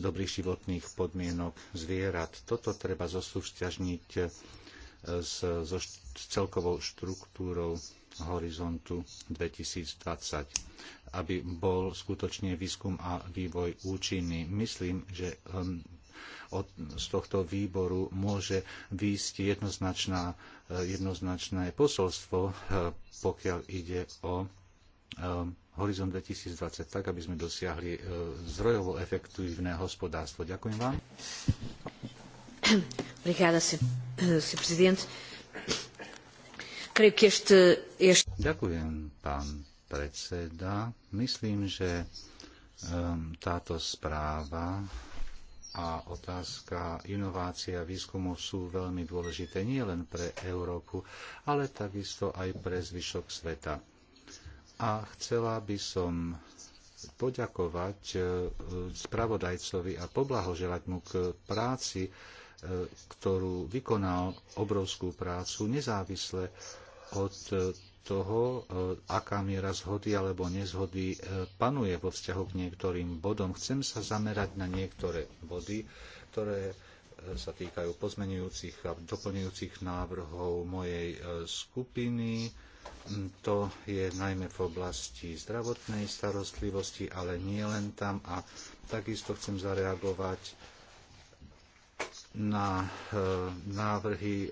dobrých životných podmienok zvierat. Toto treba zosúšťažniť e, so celkovou štruktúrou horizontu 2020, aby bol skutočne výskum a vývoj účinný. Myslím, že od, z tohto výboru môže výjsť jednoznačná, eh, jednoznačné posolstvo, eh, pokiaľ ide o eh, Horizon 2020, tak aby sme dosiahli zdrojovo efektívne hospodárstvo. Ďakujem vám. Obrigada, Sr. Presidente. Ďakujem, pán predseda. Myslím, že táto správa a otázka inovácia a výskumu sú veľmi dôležité nielen pre Európu, ale takisto aj pre zvyšok sveta. A chcela by som poďakovať e, spravodajcovi a poblahoželať mu k práci, e, ktorú vykonal obrovskú prácu nezávisle od toho, e, aká miera zhody alebo nezhody e, panuje vo vzťahu k niektorým bodom. Chcem sa zamerať na niektoré body, ktoré e, sa týkajú pozmenujúcich a doplňujúcich návrhov mojej skupiny. Mm, to je najmä v oblasti zdravotnej starostlivosti, ale nie len tam. A takisto chcem zareagovať na návrhy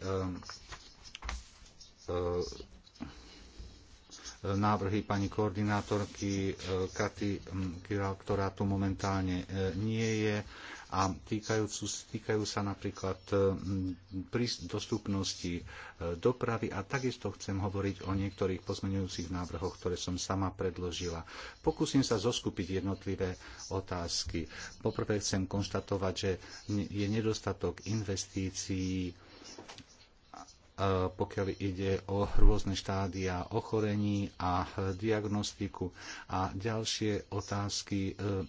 návrhy pani koordinátorky e, Katy Kiral, ktorá tu momentálne e, nie je a týkajú, týkajú sa napríklad e, dostupnosti dopravy a takisto chcem hovoriť o niektorých pozmenujúcich návrhoch, ktoré som sama predložila. Pokúsim sa zoskupiť jednotlivé otázky. Poprvé chcem konštatovať, že je nedostatok investícií E, pokiaľ ide o rôzne štádia ochorení a diagnostiku. A ďalšie otázky e,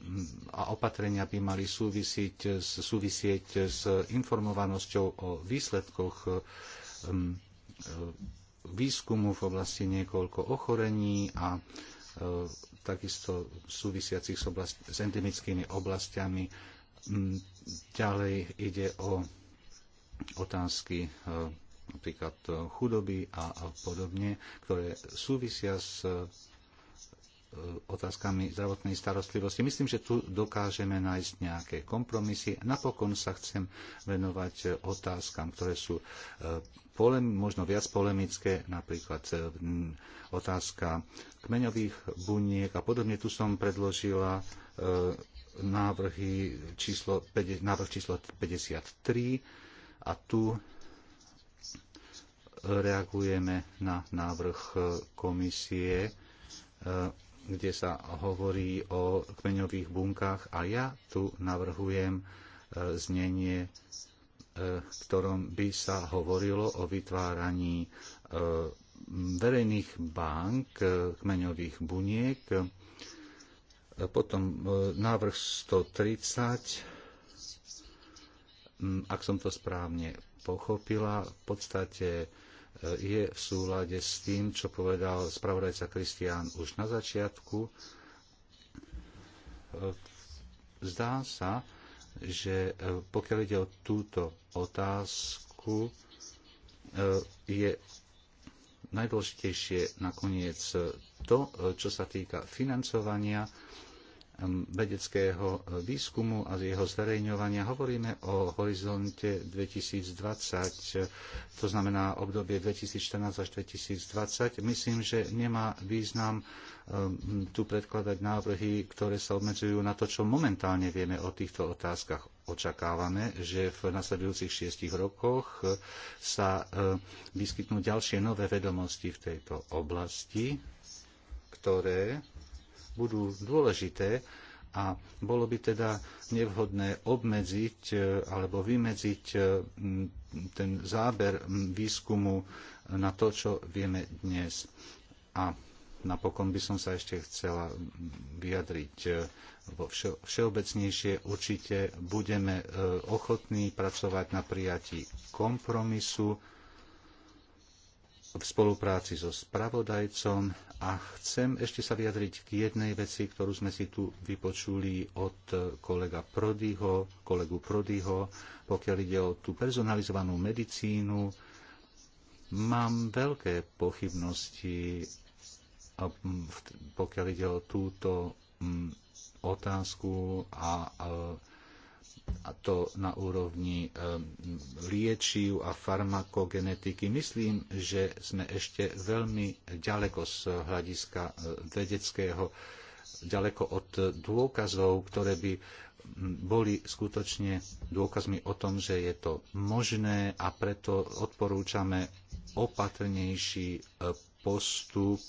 a opatrenia by mali súvisieť, súvisieť s informovanosťou o výsledkoch e, výskumu v oblasti niekoľko ochorení a takisto súvisiacich s, oblast, s endemickými oblastiami. Ďalej ide o otázky napríklad e, chudoby a podobne, ktoré súvisia s e, otázkami zdravotnej starostlivosti. Myslím, že tu dokážeme nájsť nejaké kompromisy. Napokon sa chcem venovať otázkam, ktoré sú e, polem, možno viac polemické, napríklad otázka kmeňových buniek a podobne. Tu som predložila návrhy číslo, návrh číslo 53 a tu reagujeme na návrh e, komisie, e, kde sa hovorí o kmeňových bunkách a ja tu navrhujem e, znenie, v ktorom by sa hovorilo o vytváraní verejných bank, kmeňových buniek, potom návrh 130, mm, ak som to správne pochopila, v podstate je v súlade s tým, čo povedal spravodajca Kristián už na začiatku. Zdá sa, že e, pokiaľ ide o túto otázku, e, je najdôležitejšie nakoniec to, e, čo sa týka financovania vedeckého e, výskumu a jeho zverejňovania. Hovoríme o horizonte 2020, e, to znamená obdobie 2014 až 2020. Myslím, že nemá význam tu predkladať návrhy, ktoré sa obmedzujú na to, čo momentálne vieme o týchto otázkach. Očakávame, že v nasledujúcich šiestich rokoch e, sa vyskytnú ďalšie nové vedomosti v tejto oblasti, ktoré budú dôležité a bolo by teda nevhodné obmedziť e, alebo vymedziť e, ten záber výskumu na to, čo vieme dnes. A napokon by som sa ešte chcela vyjadriť e, vo všeobecnejšie. Určite budeme ochotní pracovať na prijatí kompromisu v spolupráci so spravodajcom a chcem ešte sa vyjadriť k jednej veci, ktorú sme si tu vypočuli od kolega Prodyho, kolegu Prodyho, pokiaľ ide o tú personalizovanú medicínu. Mám veľké pochybnosti, pokiaľ ide o túto mm, otázku a, a a to na úrovni liečiv a farmakogenetiky. Myslím, že sme ešte veľmi ďaleko z hľadiska eh, vedeckého, ďaleko od dôkazov, ktoré by hm, boli skutočne dôkazmi o tom, že je to možné a preto odporúčame opatrnejší eh, postup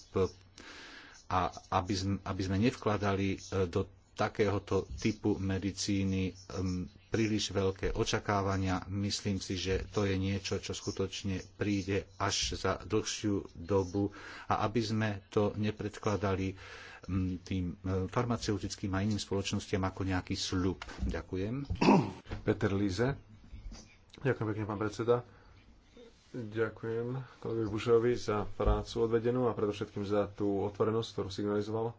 a aby sme, aby sme nevkladali eh, do takéhoto typu medicíny príliš veľké očakávania. Myslím si, že to je niečo, čo skutočne príde až za dlhšiu dobu a aby sme to nepredkladali tým farmaceutickým a iným spoločnostiam ako nejaký sľub. Ďakujem. Peter Líze. Ďakujem pekne, pán predseda. Ďakujem kolegovi Bušovi za prácu odvedenú a predovšetkým za tú otvorenosť, ktorú signalizoval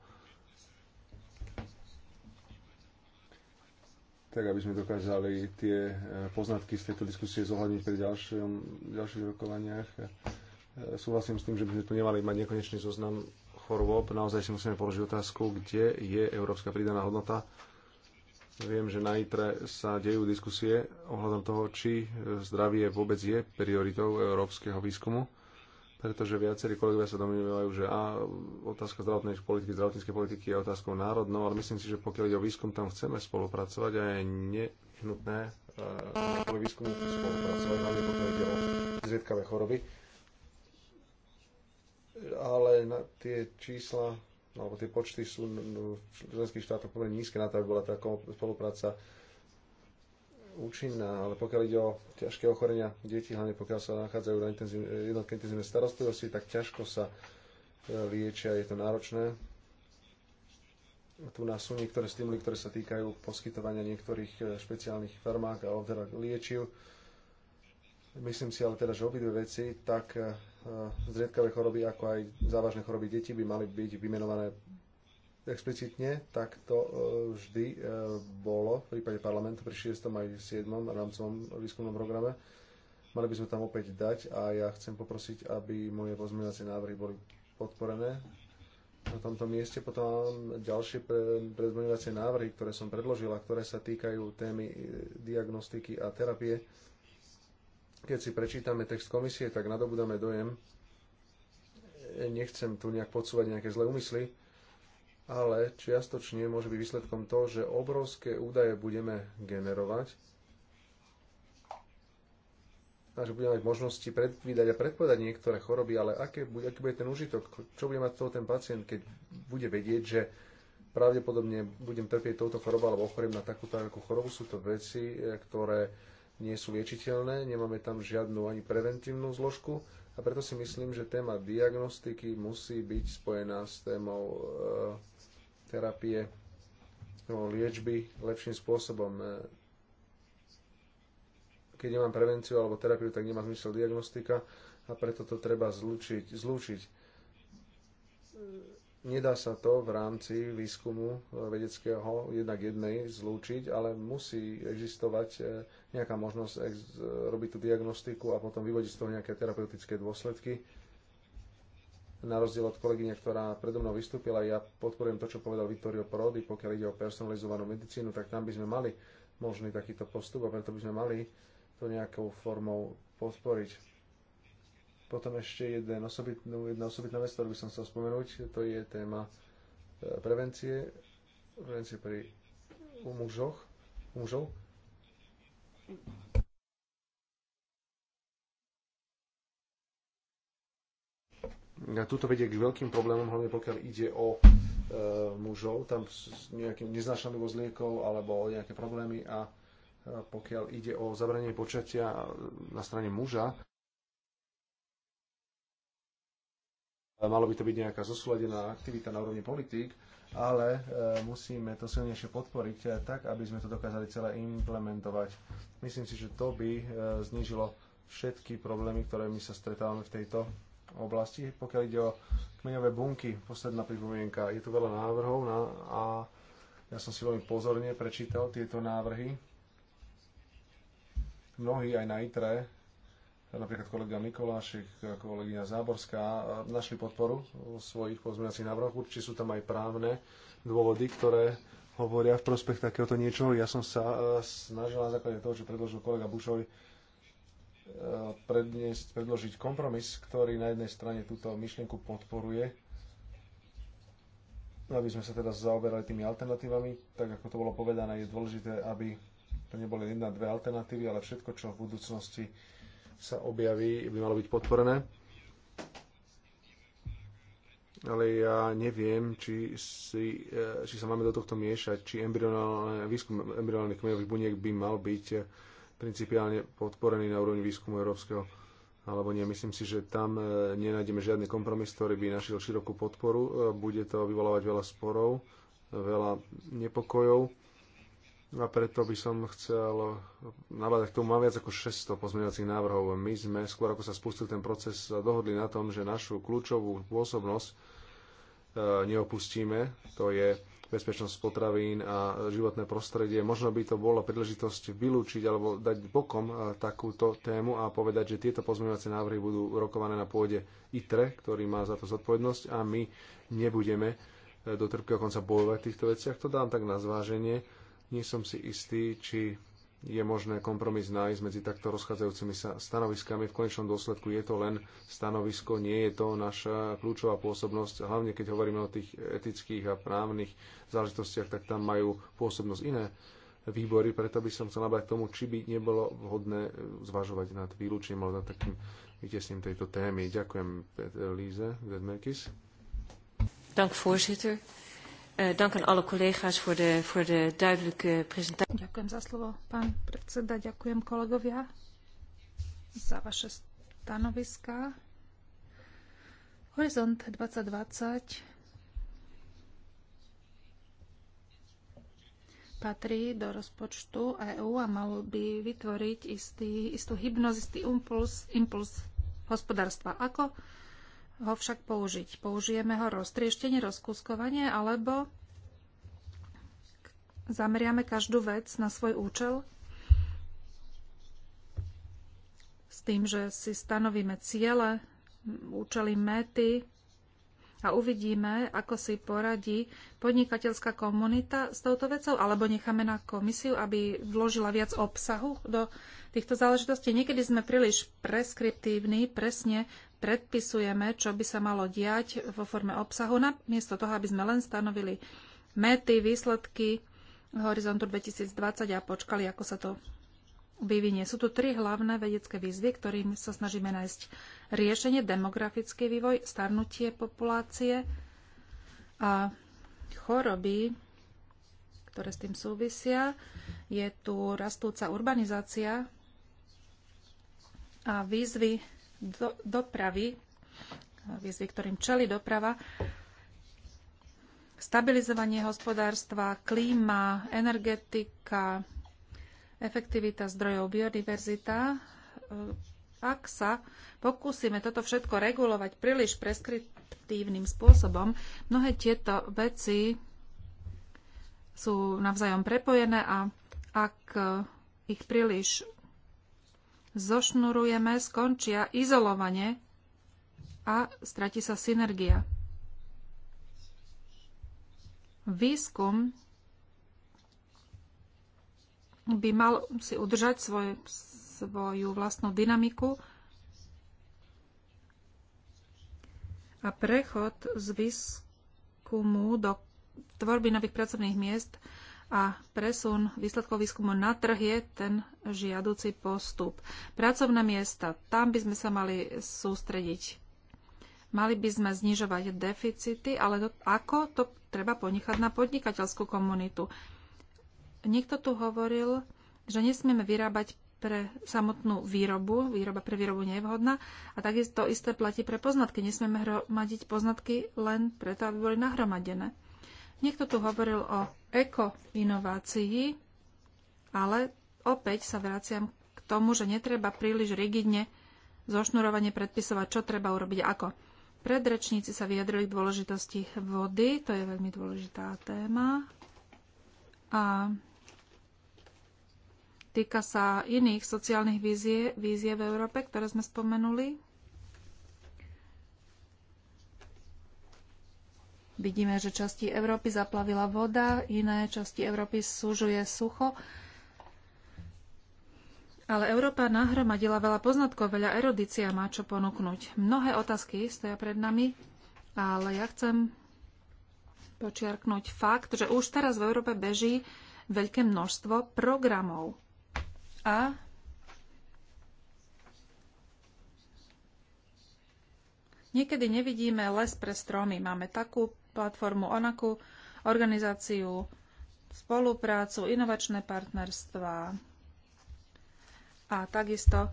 tak aby sme dokázali tie e, poznatky z tejto diskusie zohľadniť pri ďalšom, ďalších rokovaniach. E, súhlasím s tým, že by sme tu nemali mať nekonečný zoznam chorôb. Naozaj si musíme položiť otázku, kde je európska pridaná hodnota. Viem, že na ITRE sa dejú diskusie ohľadom toho, či e, zdravie vôbec je prioritou európskeho výskumu pretože viacerí kolegovia sa domnívajú, že a, otázka zdravotnej politiky, zdravotníckej politiky je otázkou národnou, ale myslím si, že pokiaľ ide o výskum, tam chceme spolupracovať a je nehnutné uh, e, o výskumu spolupracovať, hlavne pokiaľ ide o zriedkavé choroby. Ale na tie čísla, alebo tie počty sú v členských štátoch pomerne nízke na to, aby bola tá spolupráca účinná, ale pokiaľ ide o ťažké ochorenia detí, hlavne pokiaľ sa nachádzajú na intenzívne, jednotke intenzívnej starostlivosti, tak ťažko sa e, liečia, je to náročné. Tu nás sú niektoré stimuly, ktoré sa týkajú poskytovania niektorých e, špeciálnych farmák a teda liečiv. Myslím si ale teda, že obidve veci, tak e, zriedkavé choroby, ako aj závažné choroby detí by mali byť vymenované explicitne, tak to e, vždy e, bolo v prípade parlamentu pri 6. aj 7. rámcovom výskumnom programe. Mali by sme tam opäť dať a ja chcem poprosiť, aby moje pozmeňovacie návrhy boli podporené na tomto mieste. Potom mám ďalšie pozmeňovacie návrhy, ktoré som predložila, ktoré sa týkajú témy e, diagnostiky a terapie. Keď si prečítame text komisie, tak nadobudáme dojem, nechcem tu nejak podsúvať nejaké zlé úmysly, ale čiastočne môže byť výsledkom to, že obrovské údaje budeme generovať a že budeme mať možnosti predvídať a predpovedať niektoré choroby, ale aké bude, aký bude ten užitok, čo bude mať toho ten pacient, keď bude vedieť, že pravdepodobne budem trpieť touto chorobou alebo ochorím na takúto takú chorobu. Sú to veci, e, ktoré nie sú liečiteľné, nemáme tam žiadnu ani preventívnu zložku a preto si myslím, že téma diagnostiky musí byť spojená s témou e, terapie alebo no, liečby lepším spôsobom. E, keď nemám prevenciu alebo terapiu, tak nemá zmysel diagnostika a preto to treba zlučiť. zlúčiť. E, nedá sa to v rámci výskumu e, vedeckého jednak jednej zlúčiť, ale musí existovať nejaká možnosť robiť tú diagnostiku a potom vyvodiť z toho nejaké terapeutické dôsledky na rozdiel od kolegyne, ktorá predo mnou vystúpila, ja podporujem to, čo povedal Vittorio Prodi, pokiaľ ide o personalizovanú medicínu, tak tam by sme mali možný takýto postup a preto by sme mali to nejakou formou podporiť. Potom ešte jeden osobitnú, no, jedna osobitná vec, ktorú by som chcel spomenúť, to je téma e, prevencie, prevencie pri u mužoch, u mužov A tuto vedie k veľkým problémom, hlavne pokiaľ ide o e, mužov, tam nejakým neznášaným vozliekov alebo nejaké problémy a e, pokiaľ ide o zabranie počatia na strane muža, e, malo by to byť nejaká zosúladená aktivita na úrovni politík, ale e, musíme to silnejšie podporiť e, tak, aby sme to dokázali celé implementovať. Myslím si, že to by znížilo všetky problémy, ktoré my sa stretávame v tejto oblasti. Pokiaľ ide o kmeňové bunky, posledná pripomienka, je tu veľa návrhov na, a ja som si veľmi pozorne prečítal tieto návrhy. Mnohí aj na ITRE, napríklad kolega Mikolášek, kolegyňa Záborská, našli podporu vo svojich pozmeňacích návrhoch. Určite sú tam aj právne dôvody, ktoré hovoria v prospech takéhoto niečoho. Ja som sa e, snažil na základe toho, čo predložil kolega Bušovi, Eh, predniesť, predložiť kompromis, ktorý na jednej strane túto myšlienku podporuje, aby sme sa teda zaoberali tými alternatívami. Tak ako to bolo povedané, je dôležité, aby to neboli jedna, dve alternatívy, ale všetko, čo v budúcnosti sa objaví, by malo byť podporené. Ale ja neviem, či, si, eh, či sa máme do tohto miešať, či embryonálny, výskum embryonálnych kmeňových buniek by mal byť eh, principiálne podporený na úrovni výskumu európskeho alebo nie. Myslím si, že tam e, nenájdeme žiadny kompromis, ktorý by našiel širokú podporu. E, bude to vyvolávať veľa sporov, e, veľa nepokojov a preto by som chcel nabádať k tomu, mám viac ako 600 pozmeňovacích návrhov. My sme, skôr ako sa spustil ten proces, dohodli na tom, že našu kľúčovú pôsobnosť neopustíme. To je bezpečnosť potravín a životné prostredie. Možno by to bolo príležitosť vylúčiť alebo dať bokom eh, takúto tému a povedať, že tieto pozmeňovacie návrhy budú rokované na pôde ITRE, ktorý má za to zodpovednosť a my nebudeme eh, do trpkého konca bojovať v týchto veciach. To dám tak na zváženie. Nie som si istý, či je možné kompromis nájsť medzi takto rozchádzajúcimi sa stanoviskami. V konečnom dôsledku je to len stanovisko, nie je to naša kľúčová pôsobnosť. Hlavne keď hovoríme o tých etických a právnych záležitostiach, tak tam majú pôsobnosť iné výbory, preto by som chcel nabrať tomu, či by nebolo vhodné zvažovať nad výlučným alebo nad takým vytesním tejto témy. Ďakujem, Líze Vedmerkis. Dank, voorzitter. Eh, dank aan alle collega's voor de, voor de duidelijke presentatie. Ďakujem za slovo, pán predseda. Ďakujem kolegovia za vaše stanoviská. Horizont 2020 patrí do rozpočtu EÚ a mal by vytvoriť istý, istú hybnosť, istý impuls, impuls hospodárstva. Ako ho však použiť? Použijeme ho roztrieštenie, rozkuskovanie alebo zameriame každú vec na svoj účel? S tým, že si stanovíme ciele, účely, mety, a uvidíme, ako si poradí podnikateľská komunita s touto vecou, alebo necháme na komisiu, aby vložila viac obsahu do týchto záležitostí. Niekedy sme príliš preskriptívni, presne predpisujeme, čo by sa malo diať vo forme obsahu, namiesto toho, aby sme len stanovili mety, výsledky horizontu 2020 a počkali, ako sa to vyvinie. Sú tu tri hlavné vedecké výzvy, ktorým sa snažíme nájsť riešenie, demografický vývoj, starnutie populácie a choroby, ktoré s tým súvisia. Je tu rastúca urbanizácia a výzvy do, dopravy, výzvy, ktorým čeli doprava, stabilizovanie hospodárstva, klíma, energetika, efektivita zdrojov, biodiverzita. Ak sa pokúsime toto všetko regulovať príliš preskriptívnym spôsobom, mnohé tieto veci sú navzájom prepojené a ak ich príliš zošnurujeme, skončia izolovanie a strati sa synergia. Výskum by mal si udržať svoj, svoju vlastnú dynamiku a prechod z výskumu do tvorby nových pracovných miest a presun výsledkov výskumu na trh je ten žiaduci postup. Pracovné miesta, tam by sme sa mali sústrediť. Mali by sme znižovať deficity, ale to, ako to treba ponechať na podnikateľskú komunitu. Niekto tu hovoril, že nesmieme vyrábať pre samotnú výrobu, výroba pre výrobu nie je vhodná a takisto isté platí pre poznatky. Nesmieme hromadiť poznatky len preto, aby boli nahromadené. Niekto tu hovoril o ekoinovácii, ale opäť sa vraciam k tomu, že netreba príliš rigidne zošnurovanie predpisovať, čo treba urobiť ako. Predrečníci sa vyjadrili k dôležitosti vody, to je veľmi dôležitá téma. A týka sa iných sociálnych vízie, vízie v Európe, ktoré sme spomenuli. Vidíme, že časti Európy zaplavila voda, iné časti Európy súžuje sucho. Ale Európa nahromadila veľa poznatkov, veľa erodícia má čo ponúknuť. Mnohé otázky stoja pred nami, ale ja chcem počiarknúť fakt, že už teraz v Európe beží veľké množstvo programov. A niekedy nevidíme les pre stromy. Máme takú platformu ONAKU, organizáciu, spoluprácu, inovačné partnerstva a takisto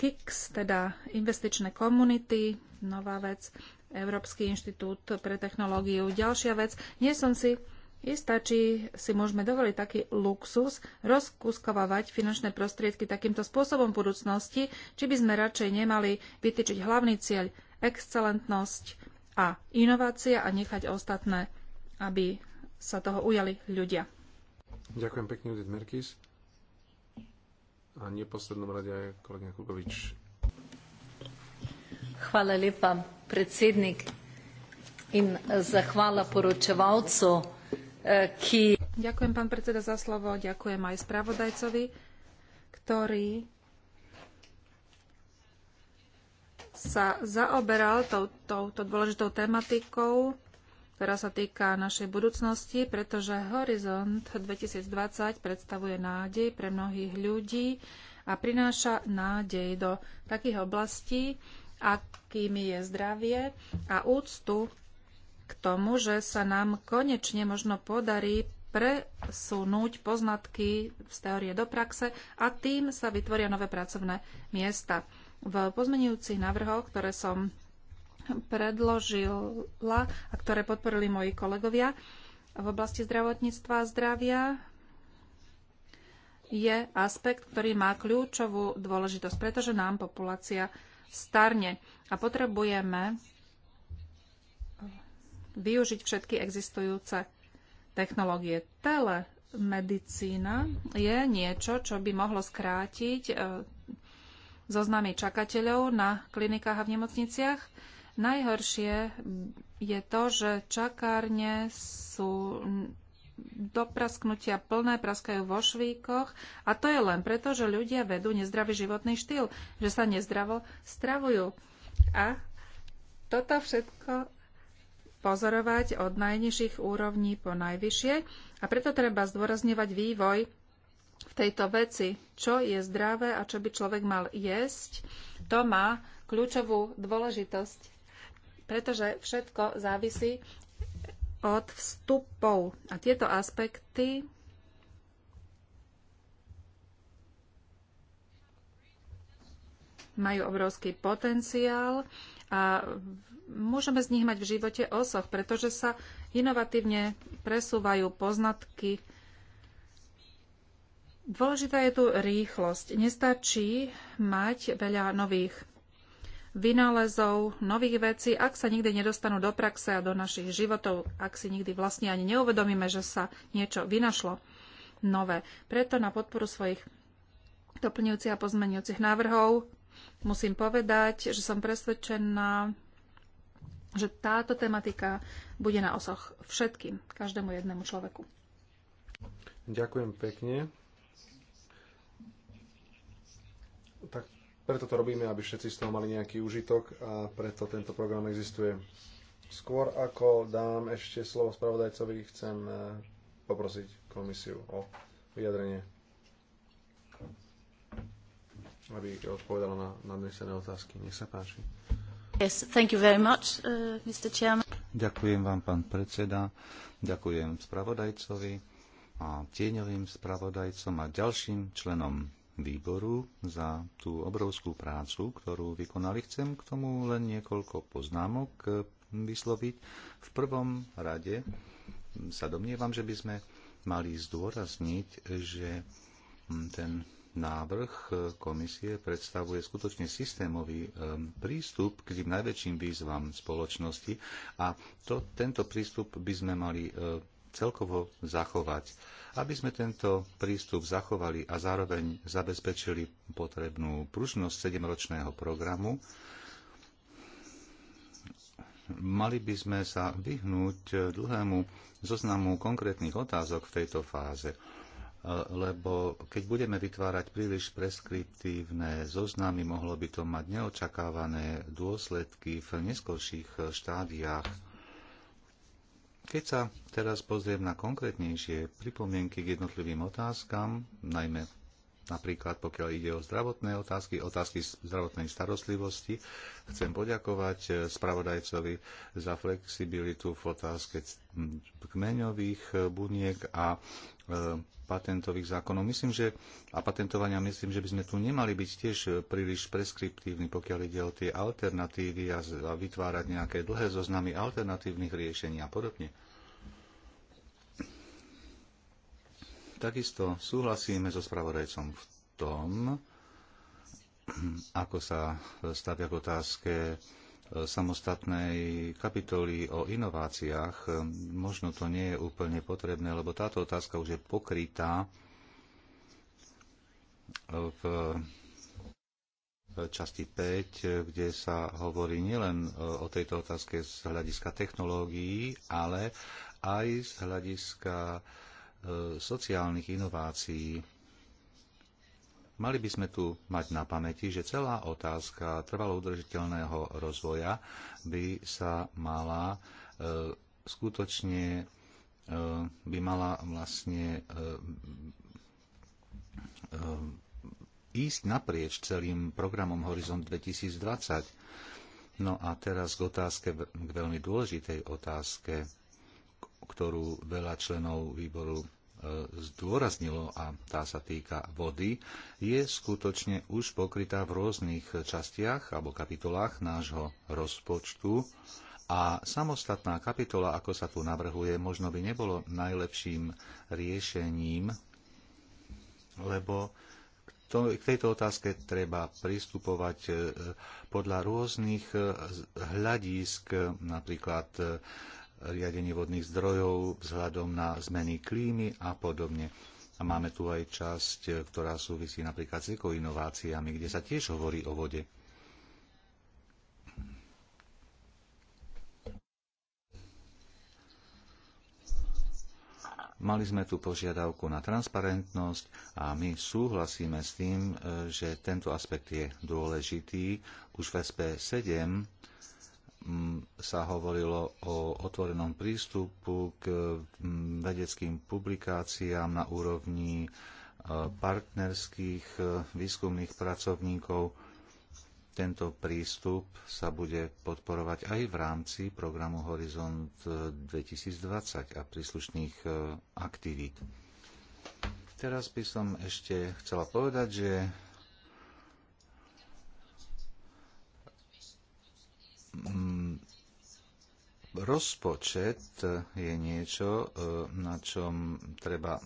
KIX, teda investičné komunity, nová vec, Európsky inštitút pre technológiu. Ďalšia vec, nie som si istá, či si môžeme dovoliť taký luxus rozkuskovávať finančné prostriedky takýmto spôsobom v budúcnosti, či by sme radšej nemali vytýčiť hlavný cieľ excelentnosť a inovácia a nechať ostatné, aby sa toho ujali ľudia. Ďakujem pekne, Judith Merkis. A neposlednom rade aj kolega Kukovič. Hvala lepa, predsednik. In zahvala poročevalcu, eh, ki... Ďakujem, pán predseda, za slovo. Ďakujem aj spravodajcovi, ktorý sa zaoberal tou, touto dôležitou tematikou, ktorá sa týka našej budúcnosti, pretože Horizont 2020 predstavuje nádej pre mnohých ľudí a prináša nádej do takých oblastí, akými je zdravie a úctu k tomu, že sa nám konečne možno podarí presunúť poznatky z teórie do praxe a tým sa vytvoria nové pracovné miesta. V pozmenujúcich návrhoch, ktoré som predložila a ktoré podporili moji kolegovia v oblasti zdravotníctva a zdravia, je aspekt, ktorý má kľúčovú dôležitosť, pretože nám populácia starne a potrebujeme využiť všetky existujúce technológie. Telemedicína je niečo, čo by mohlo skrátiť e, zoznamy čakateľov na klinikách a v nemocniciach. Najhoršie je to, že čakárne sú do prasknutia plné, praskajú vo švíkoch a to je len preto, že ľudia vedú nezdravý životný štýl, že sa nezdravo stravujú. A toto všetko pozorovať od najnižších úrovní po najvyššie a preto treba zdôrazňovať vývoj v tejto veci, čo je zdravé a čo by človek mal jesť, to má kľúčovú dôležitosť, pretože všetko závisí od vstupov. A tieto aspekty majú obrovský potenciál a môžeme z nich mať v živote osoch, pretože sa inovatívne presúvajú poznatky Dôležitá je tu rýchlosť. Nestačí mať veľa nových vynálezov, nových vecí, ak sa nikdy nedostanú do praxe a do našich životov, ak si nikdy vlastne ani neuvedomíme, že sa niečo vynašlo nové. Preto na podporu svojich doplňujúcich a pozmenujúcich návrhov musím povedať, že som presvedčená, že táto tematika bude na osoch všetkým, každému jednému človeku. Ďakujem pekne. tak preto to robíme, aby všetci z toho mali nejaký užitok a preto tento program existuje. Skôr ako dám ešte slovo spravodajcovi, chcem eh, poprosiť komisiu o vyjadrenie, aby odpovedala na nadnesené otázky. Nech sa páči. Yes, thank you very much, uh, eh, Mr. Chairman. Ďakujem vám, pán predseda. Ďakujem spravodajcovi a tieňovým spravodajcom a ďalším členom výboru za tú obrovskú prácu, ktorú vykonali. Chcem k tomu len niekoľko poznámok eh, vysloviť. V prvom rade sa domnievam, že by sme mali zdôrazniť, že hm, ten návrh eh, komisie predstavuje skutočne systémový eh, prístup k tým najväčším výzvam spoločnosti a to, tento prístup by sme mali celkovo zachovať. Aby sme tento prístup zachovali a zároveň zabezpečili potrebnú pružnosť 7-ročného programu, mali by sme sa vyhnúť dlhému zoznamu konkrétnych otázok v tejto fáze lebo keď budeme vytvárať príliš preskriptívne zoznamy, mohlo by to mať neočakávané dôsledky v neskorších štádiách keď sa teraz pozriem na konkrétnejšie pripomienky k jednotlivým otázkam, najmä napríklad pokiaľ ide o zdravotné otázky, otázky zdravotnej starostlivosti. Chcem poďakovať eh, spravodajcovi za flexibilitu v otázke kmeňových eh, buniek a eh, patentových zákonov. Myslím, že a patentovania, myslím, že by sme tu nemali byť tiež príliš preskriptívni, pokiaľ ide o tie alternatívy a, a vytvárať nejaké dlhé zoznamy alternatívnych riešení a podobne. Takisto súhlasíme so spravodajcom v tom, ako sa stavia k otázke e, samostatnej kapitoly o inováciách. Možno to nie je úplne potrebné, lebo táto otázka už je pokrytá e, v časti 5, e, kde sa hovorí nielen o tejto otázke z hľadiska technológií, ale aj z hľadiska E, sociálnych inovácií. Mali by sme tu mať na pamäti, že celá otázka trvalo udržiteľného rozvoja by sa mala e, skutočne e, by mala vlastne ísť naprieč celým programom Horizont 2020. No a teraz k otázke, k veľmi dôležitej otázke ktorú veľa členov výboru e, zdôraznilo, a tá sa týka vody, je skutočne už pokrytá v rôznych častiach alebo kapitolách nášho rozpočtu. A samostatná kapitola, ako sa tu navrhuje, možno by nebolo najlepším riešením, lebo k tejto otázke treba pristupovať e, podľa rôznych e, hľadísk, napríklad riadenie vodných zdrojov vzhľadom na zmeny klímy a podobne. A máme tu aj časť, e, ktorá súvisí napríklad s ekoinováciami, kde sa tiež hovorí o vode. Mali sme tu požiadavku na transparentnosť a my súhlasíme s tým, e, že tento aspekt je dôležitý. Už v SP7 sa hovorilo o otvorenom prístupu k vedeckým publikáciám na úrovni e, partnerských e, výskumných pracovníkov. Tento prístup sa bude podporovať aj v rámci programu Horizont 2020 e, a príslušných aktivít. Teraz by som ešte chcela povedať, že Mm, rozpočet je niečo, e, na čom treba,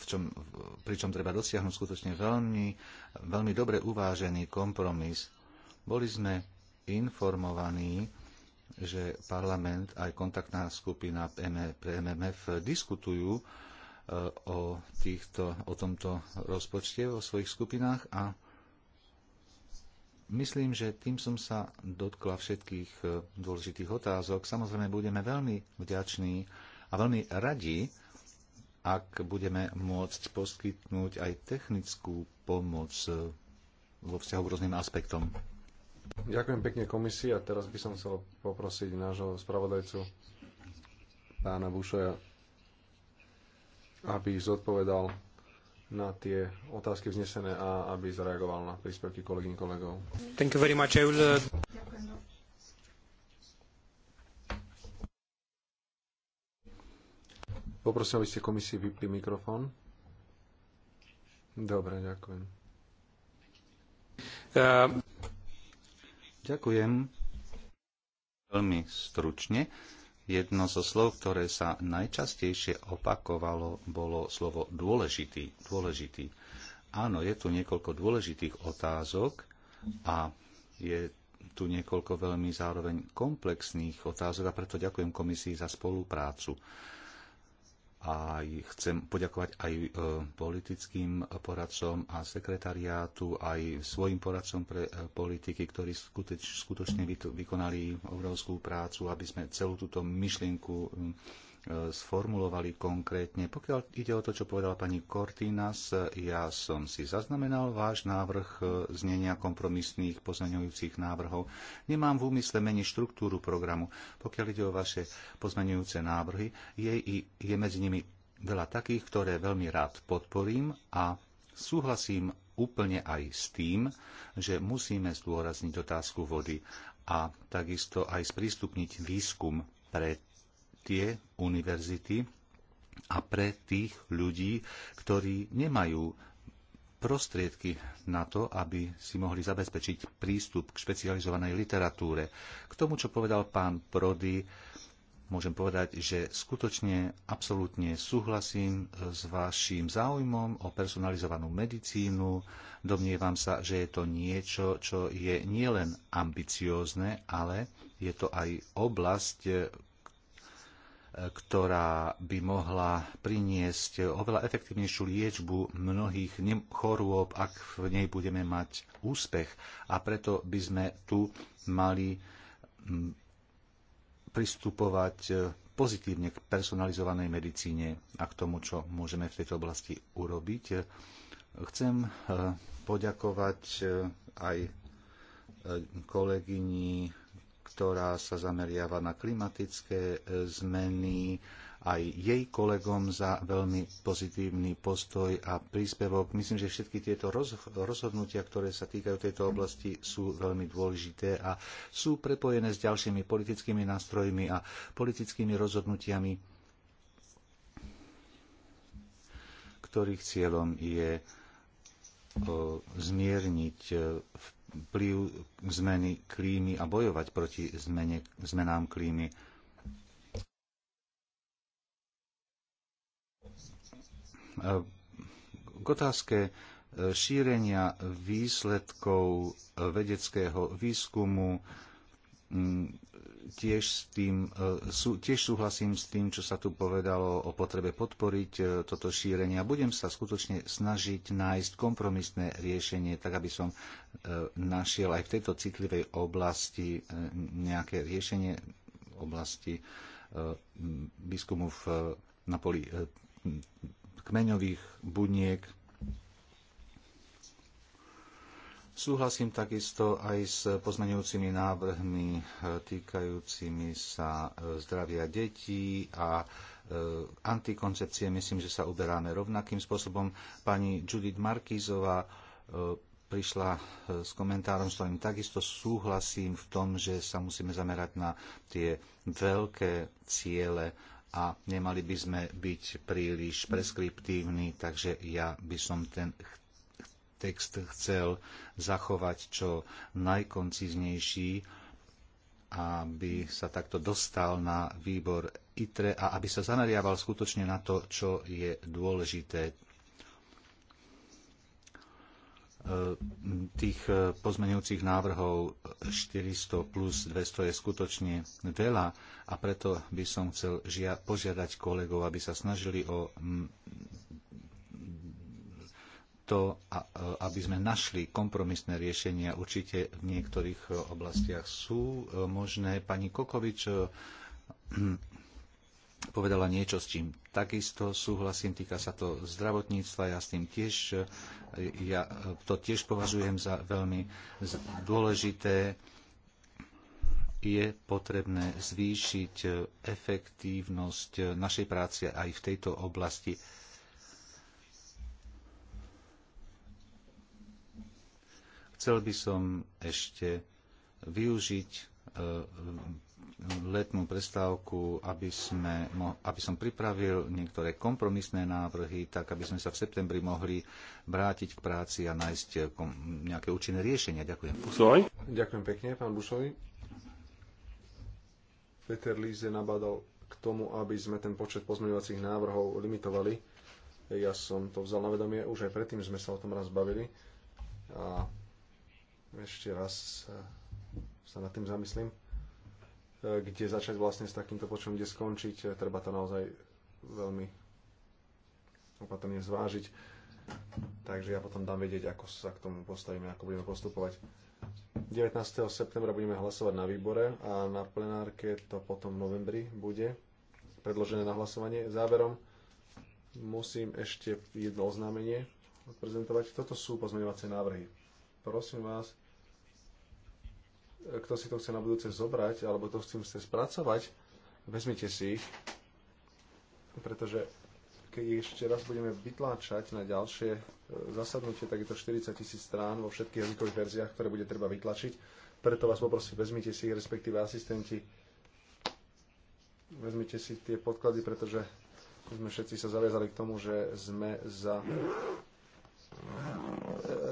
v čom, pri čom treba dosiahnuť skutočne veľmi, veľmi dobre uvážený kompromis. Boli sme informovaní, že parlament aj kontaktná skupina e, pre MMF diskutujú e, o, týchto, o tomto rozpočte vo svojich skupinách a Myslím, že tým som sa dotkla všetkých e, dôležitých otázok. Samozrejme, budeme veľmi vďační a veľmi radi, ak budeme môcť poskytnúť aj technickú pomoc e, vo vzťahu k rôznym aspektom. Ďakujem pekne komisii a teraz by som chcel poprosiť nášho spravodajcu, pána Bušoja, aby zodpovedal na tie otázky vznesené a aby zareagoval na príspevky kolegyň kolegov. Thank you very much. I will... Uh, Poprosím, aby ste komisii vypli mikrofón. Dobre, ďakujem. Uh... Ďakujem veľmi stručne. Uh, Jedno zo slov, ktoré sa najčastejšie opakovalo, bolo slovo dôležitý. dôležitý. Áno, je tu niekoľko dôležitých otázok a je tu niekoľko veľmi zároveň komplexných otázok a preto ďakujem komisii za spoluprácu a chcem poďakovať aj e, politickým poradcom a sekretariátu, aj svojim poradcom pre e, politiky, ktorí skutočne vykonali obrovskú prácu, aby sme celú túto myšlienku E, sformulovali konkrétne. Pokiaľ ide o to, čo povedala pani Cortinas, e, ja som si zaznamenal váš návrh e, znenia kompromisných pozmeňujúcich návrhov. Nemám v úmysle meniť štruktúru programu. Pokiaľ ide o vaše pozmeňujúce návrhy, je, je medzi nimi veľa takých, ktoré veľmi rád podporím a súhlasím úplne aj s tým, že musíme zdôrazniť otázku vody a takisto aj sprístupniť výskum pred tie univerzity a pre tých ľudí, ktorí nemajú prostriedky na to, aby si mohli zabezpečiť prístup k špecializovanej literatúre. K tomu, čo povedal pán Prody, môžem povedať, že skutočne absolútne súhlasím s vašim záujmom o personalizovanú medicínu. Domnievam sa, že je to niečo, čo je nielen ambiciózne, ale je to aj oblasť, ktorá by mohla priniesť oveľa efektívnejšiu liečbu mnohých chorôb, ak v nej budeme mať úspech. A preto by sme tu mali mm, pristupovať e, pozitívne k personalizovanej medicíne a k tomu, čo môžeme v tejto oblasti urobiť. E, chcem e, poďakovať aj kolegyni ktorá sa zameriava na klimatické e, zmeny, aj jej kolegom za veľmi pozitívny postoj a príspevok. Myslím, že všetky tieto rozhodnutia, ktoré sa týkajú tejto oblasti, sú veľmi dôležité a sú prepojené s ďalšími politickými nástrojmi a politickými rozhodnutiami, ktorých cieľom je e, zmierniť e, vplyv zmeny klímy a bojovať proti zmene, zmenám klímy. K otázke e, šírenia výsledkov vedeckého výskumu tiež, s tým, e, sú, tiež súhlasím s tým, čo sa tu povedalo o potrebe podporiť e, toto šírenie a budem sa skutočne snažiť nájsť kompromisné riešenie, tak aby som e, našiel aj v tejto citlivej oblasti nejaké riešenie oblasti výskumu v, na poli kmeňových buniek Súhlasím takisto aj s pozmenujúcimi návrhmi e, týkajúcimi sa e, zdravia detí a e, antikoncepcie. Myslím, že sa uberáme rovnakým spôsobom. Pani Judith Markízová prišla s komentárom, s ktorým takisto súhlasím v tom, že sa musíme zamerať na tie veľké ciele a nemali by sme byť príliš preskriptívni, takže ja by som ten text chcel zachovať čo najkonciznejší, aby sa takto dostal na výbor ITRE a aby sa zameriaval skutočne na to, čo je dôležité. E, tých e, pozmenujúcich návrhov 400 plus 200 je skutočne veľa a preto by som chcel požiadať kolegov, aby sa snažili o to, e, aby sme našli kompromisné riešenia. Určite v niektorých e, oblastiach sú e, možné. Pani Kokovič povedala niečo, s čím takisto súhlasím. Týka sa to zdravotníctva. Ja s tým tiež, ja to tiež považujem za veľmi dôležité. Je potrebné zvýšiť efektívnosť našej práce aj v tejto oblasti Chcel by som ešte využiť e, letnú prestávku, aby, sme, aby som pripravil niektoré kompromisné návrhy, tak aby sme sa v septembri mohli vrátiť k práci a nájsť e, nejaké účinné riešenia. Ďakujem. Ďakujem pekne, pán Bušovi. Peter Líze nabádal k tomu, aby sme ten počet pozmeňovacích návrhov limitovali. Ja som to vzal na vedomie, už aj predtým sme sa o tom raz bavili. A ešte raz eh, sa nad tým zamyslím, eh, kde začať vlastne s takýmto počom, kde skončiť. Eh, treba to naozaj veľmi opatrne zvážiť. Takže ja potom dám vedieť, ako sa k tomu postavíme, ako budeme postupovať. 19. septembra budeme hlasovať na výbore a na plenárke to potom v novembri bude predložené na hlasovanie. Záverom musím ešte jedno oznámenie odprezentovať. Toto sú pozmeňovacie návrhy. Prosím vás, kto si to chce na budúce zobrať, alebo to s tým chce spracovať, vezmite si ich, pretože keď ešte raz budeme vytláčať na ďalšie e, zasadnutie, tak je to 40 tisíc strán vo všetkých jazykových verziách, ktoré bude treba vytlačiť. Preto vás poprosím, vezmite si ich, respektíve asistenti, vezmite si tie podklady, pretože sme všetci sa zaviazali k tomu, že sme za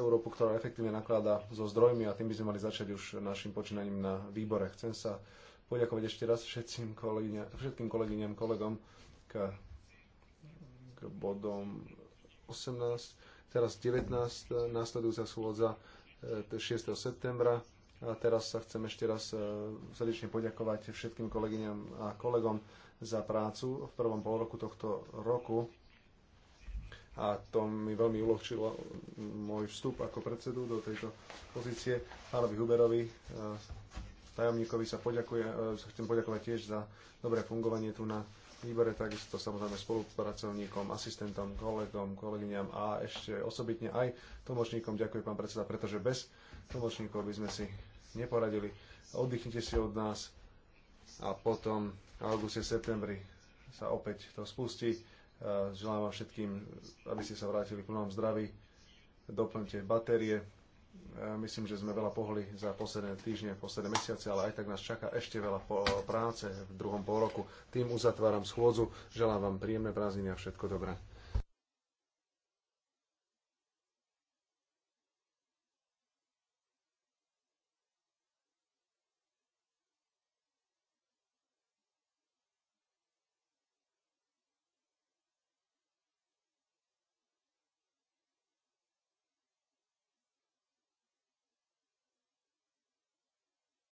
Európu, ktorá efektívne nakladá so zdrojmi a tým by sme mali začať už našim počínaním na výbore. Chcem sa poďakovať ešte raz všetkým, kolegyňa, všetkým kolegyňam, kolegom k, k bodom 18, teraz 19, následujúca schôdza 6. E, septembra. A teraz sa chcem ešte raz e, srdečne poďakovať všetkým kolegyňam a kolegom za prácu v prvom roku tohto roku a to mi veľmi uľahčilo môj vstup ako predsedu do tejto pozície. Pánovi Huberovi, e, tajomníkovi sa, poďakuje, e, sa chcem poďakovať tiež za dobré fungovanie tu na výbore, takisto samozrejme spolupracovníkom, asistentom, kolegom, kolegyňam a ešte osobitne aj tlmočníkom. Ďakujem pán predseda, pretože bez tlmočníkov by sme si neporadili. Oddychnite si od nás a potom v auguste, septembri sa opäť to spustí Želám vám všetkým, aby ste sa vrátili v plnom zdraví. Doplňte batérie. Myslím, že sme veľa pohli za posledné týždne, posledné mesiace, ale aj tak nás čaká ešte veľa práce v druhom pol roku. Tým uzatváram schôdzu. Želám vám príjemné prázdniny a všetko dobré.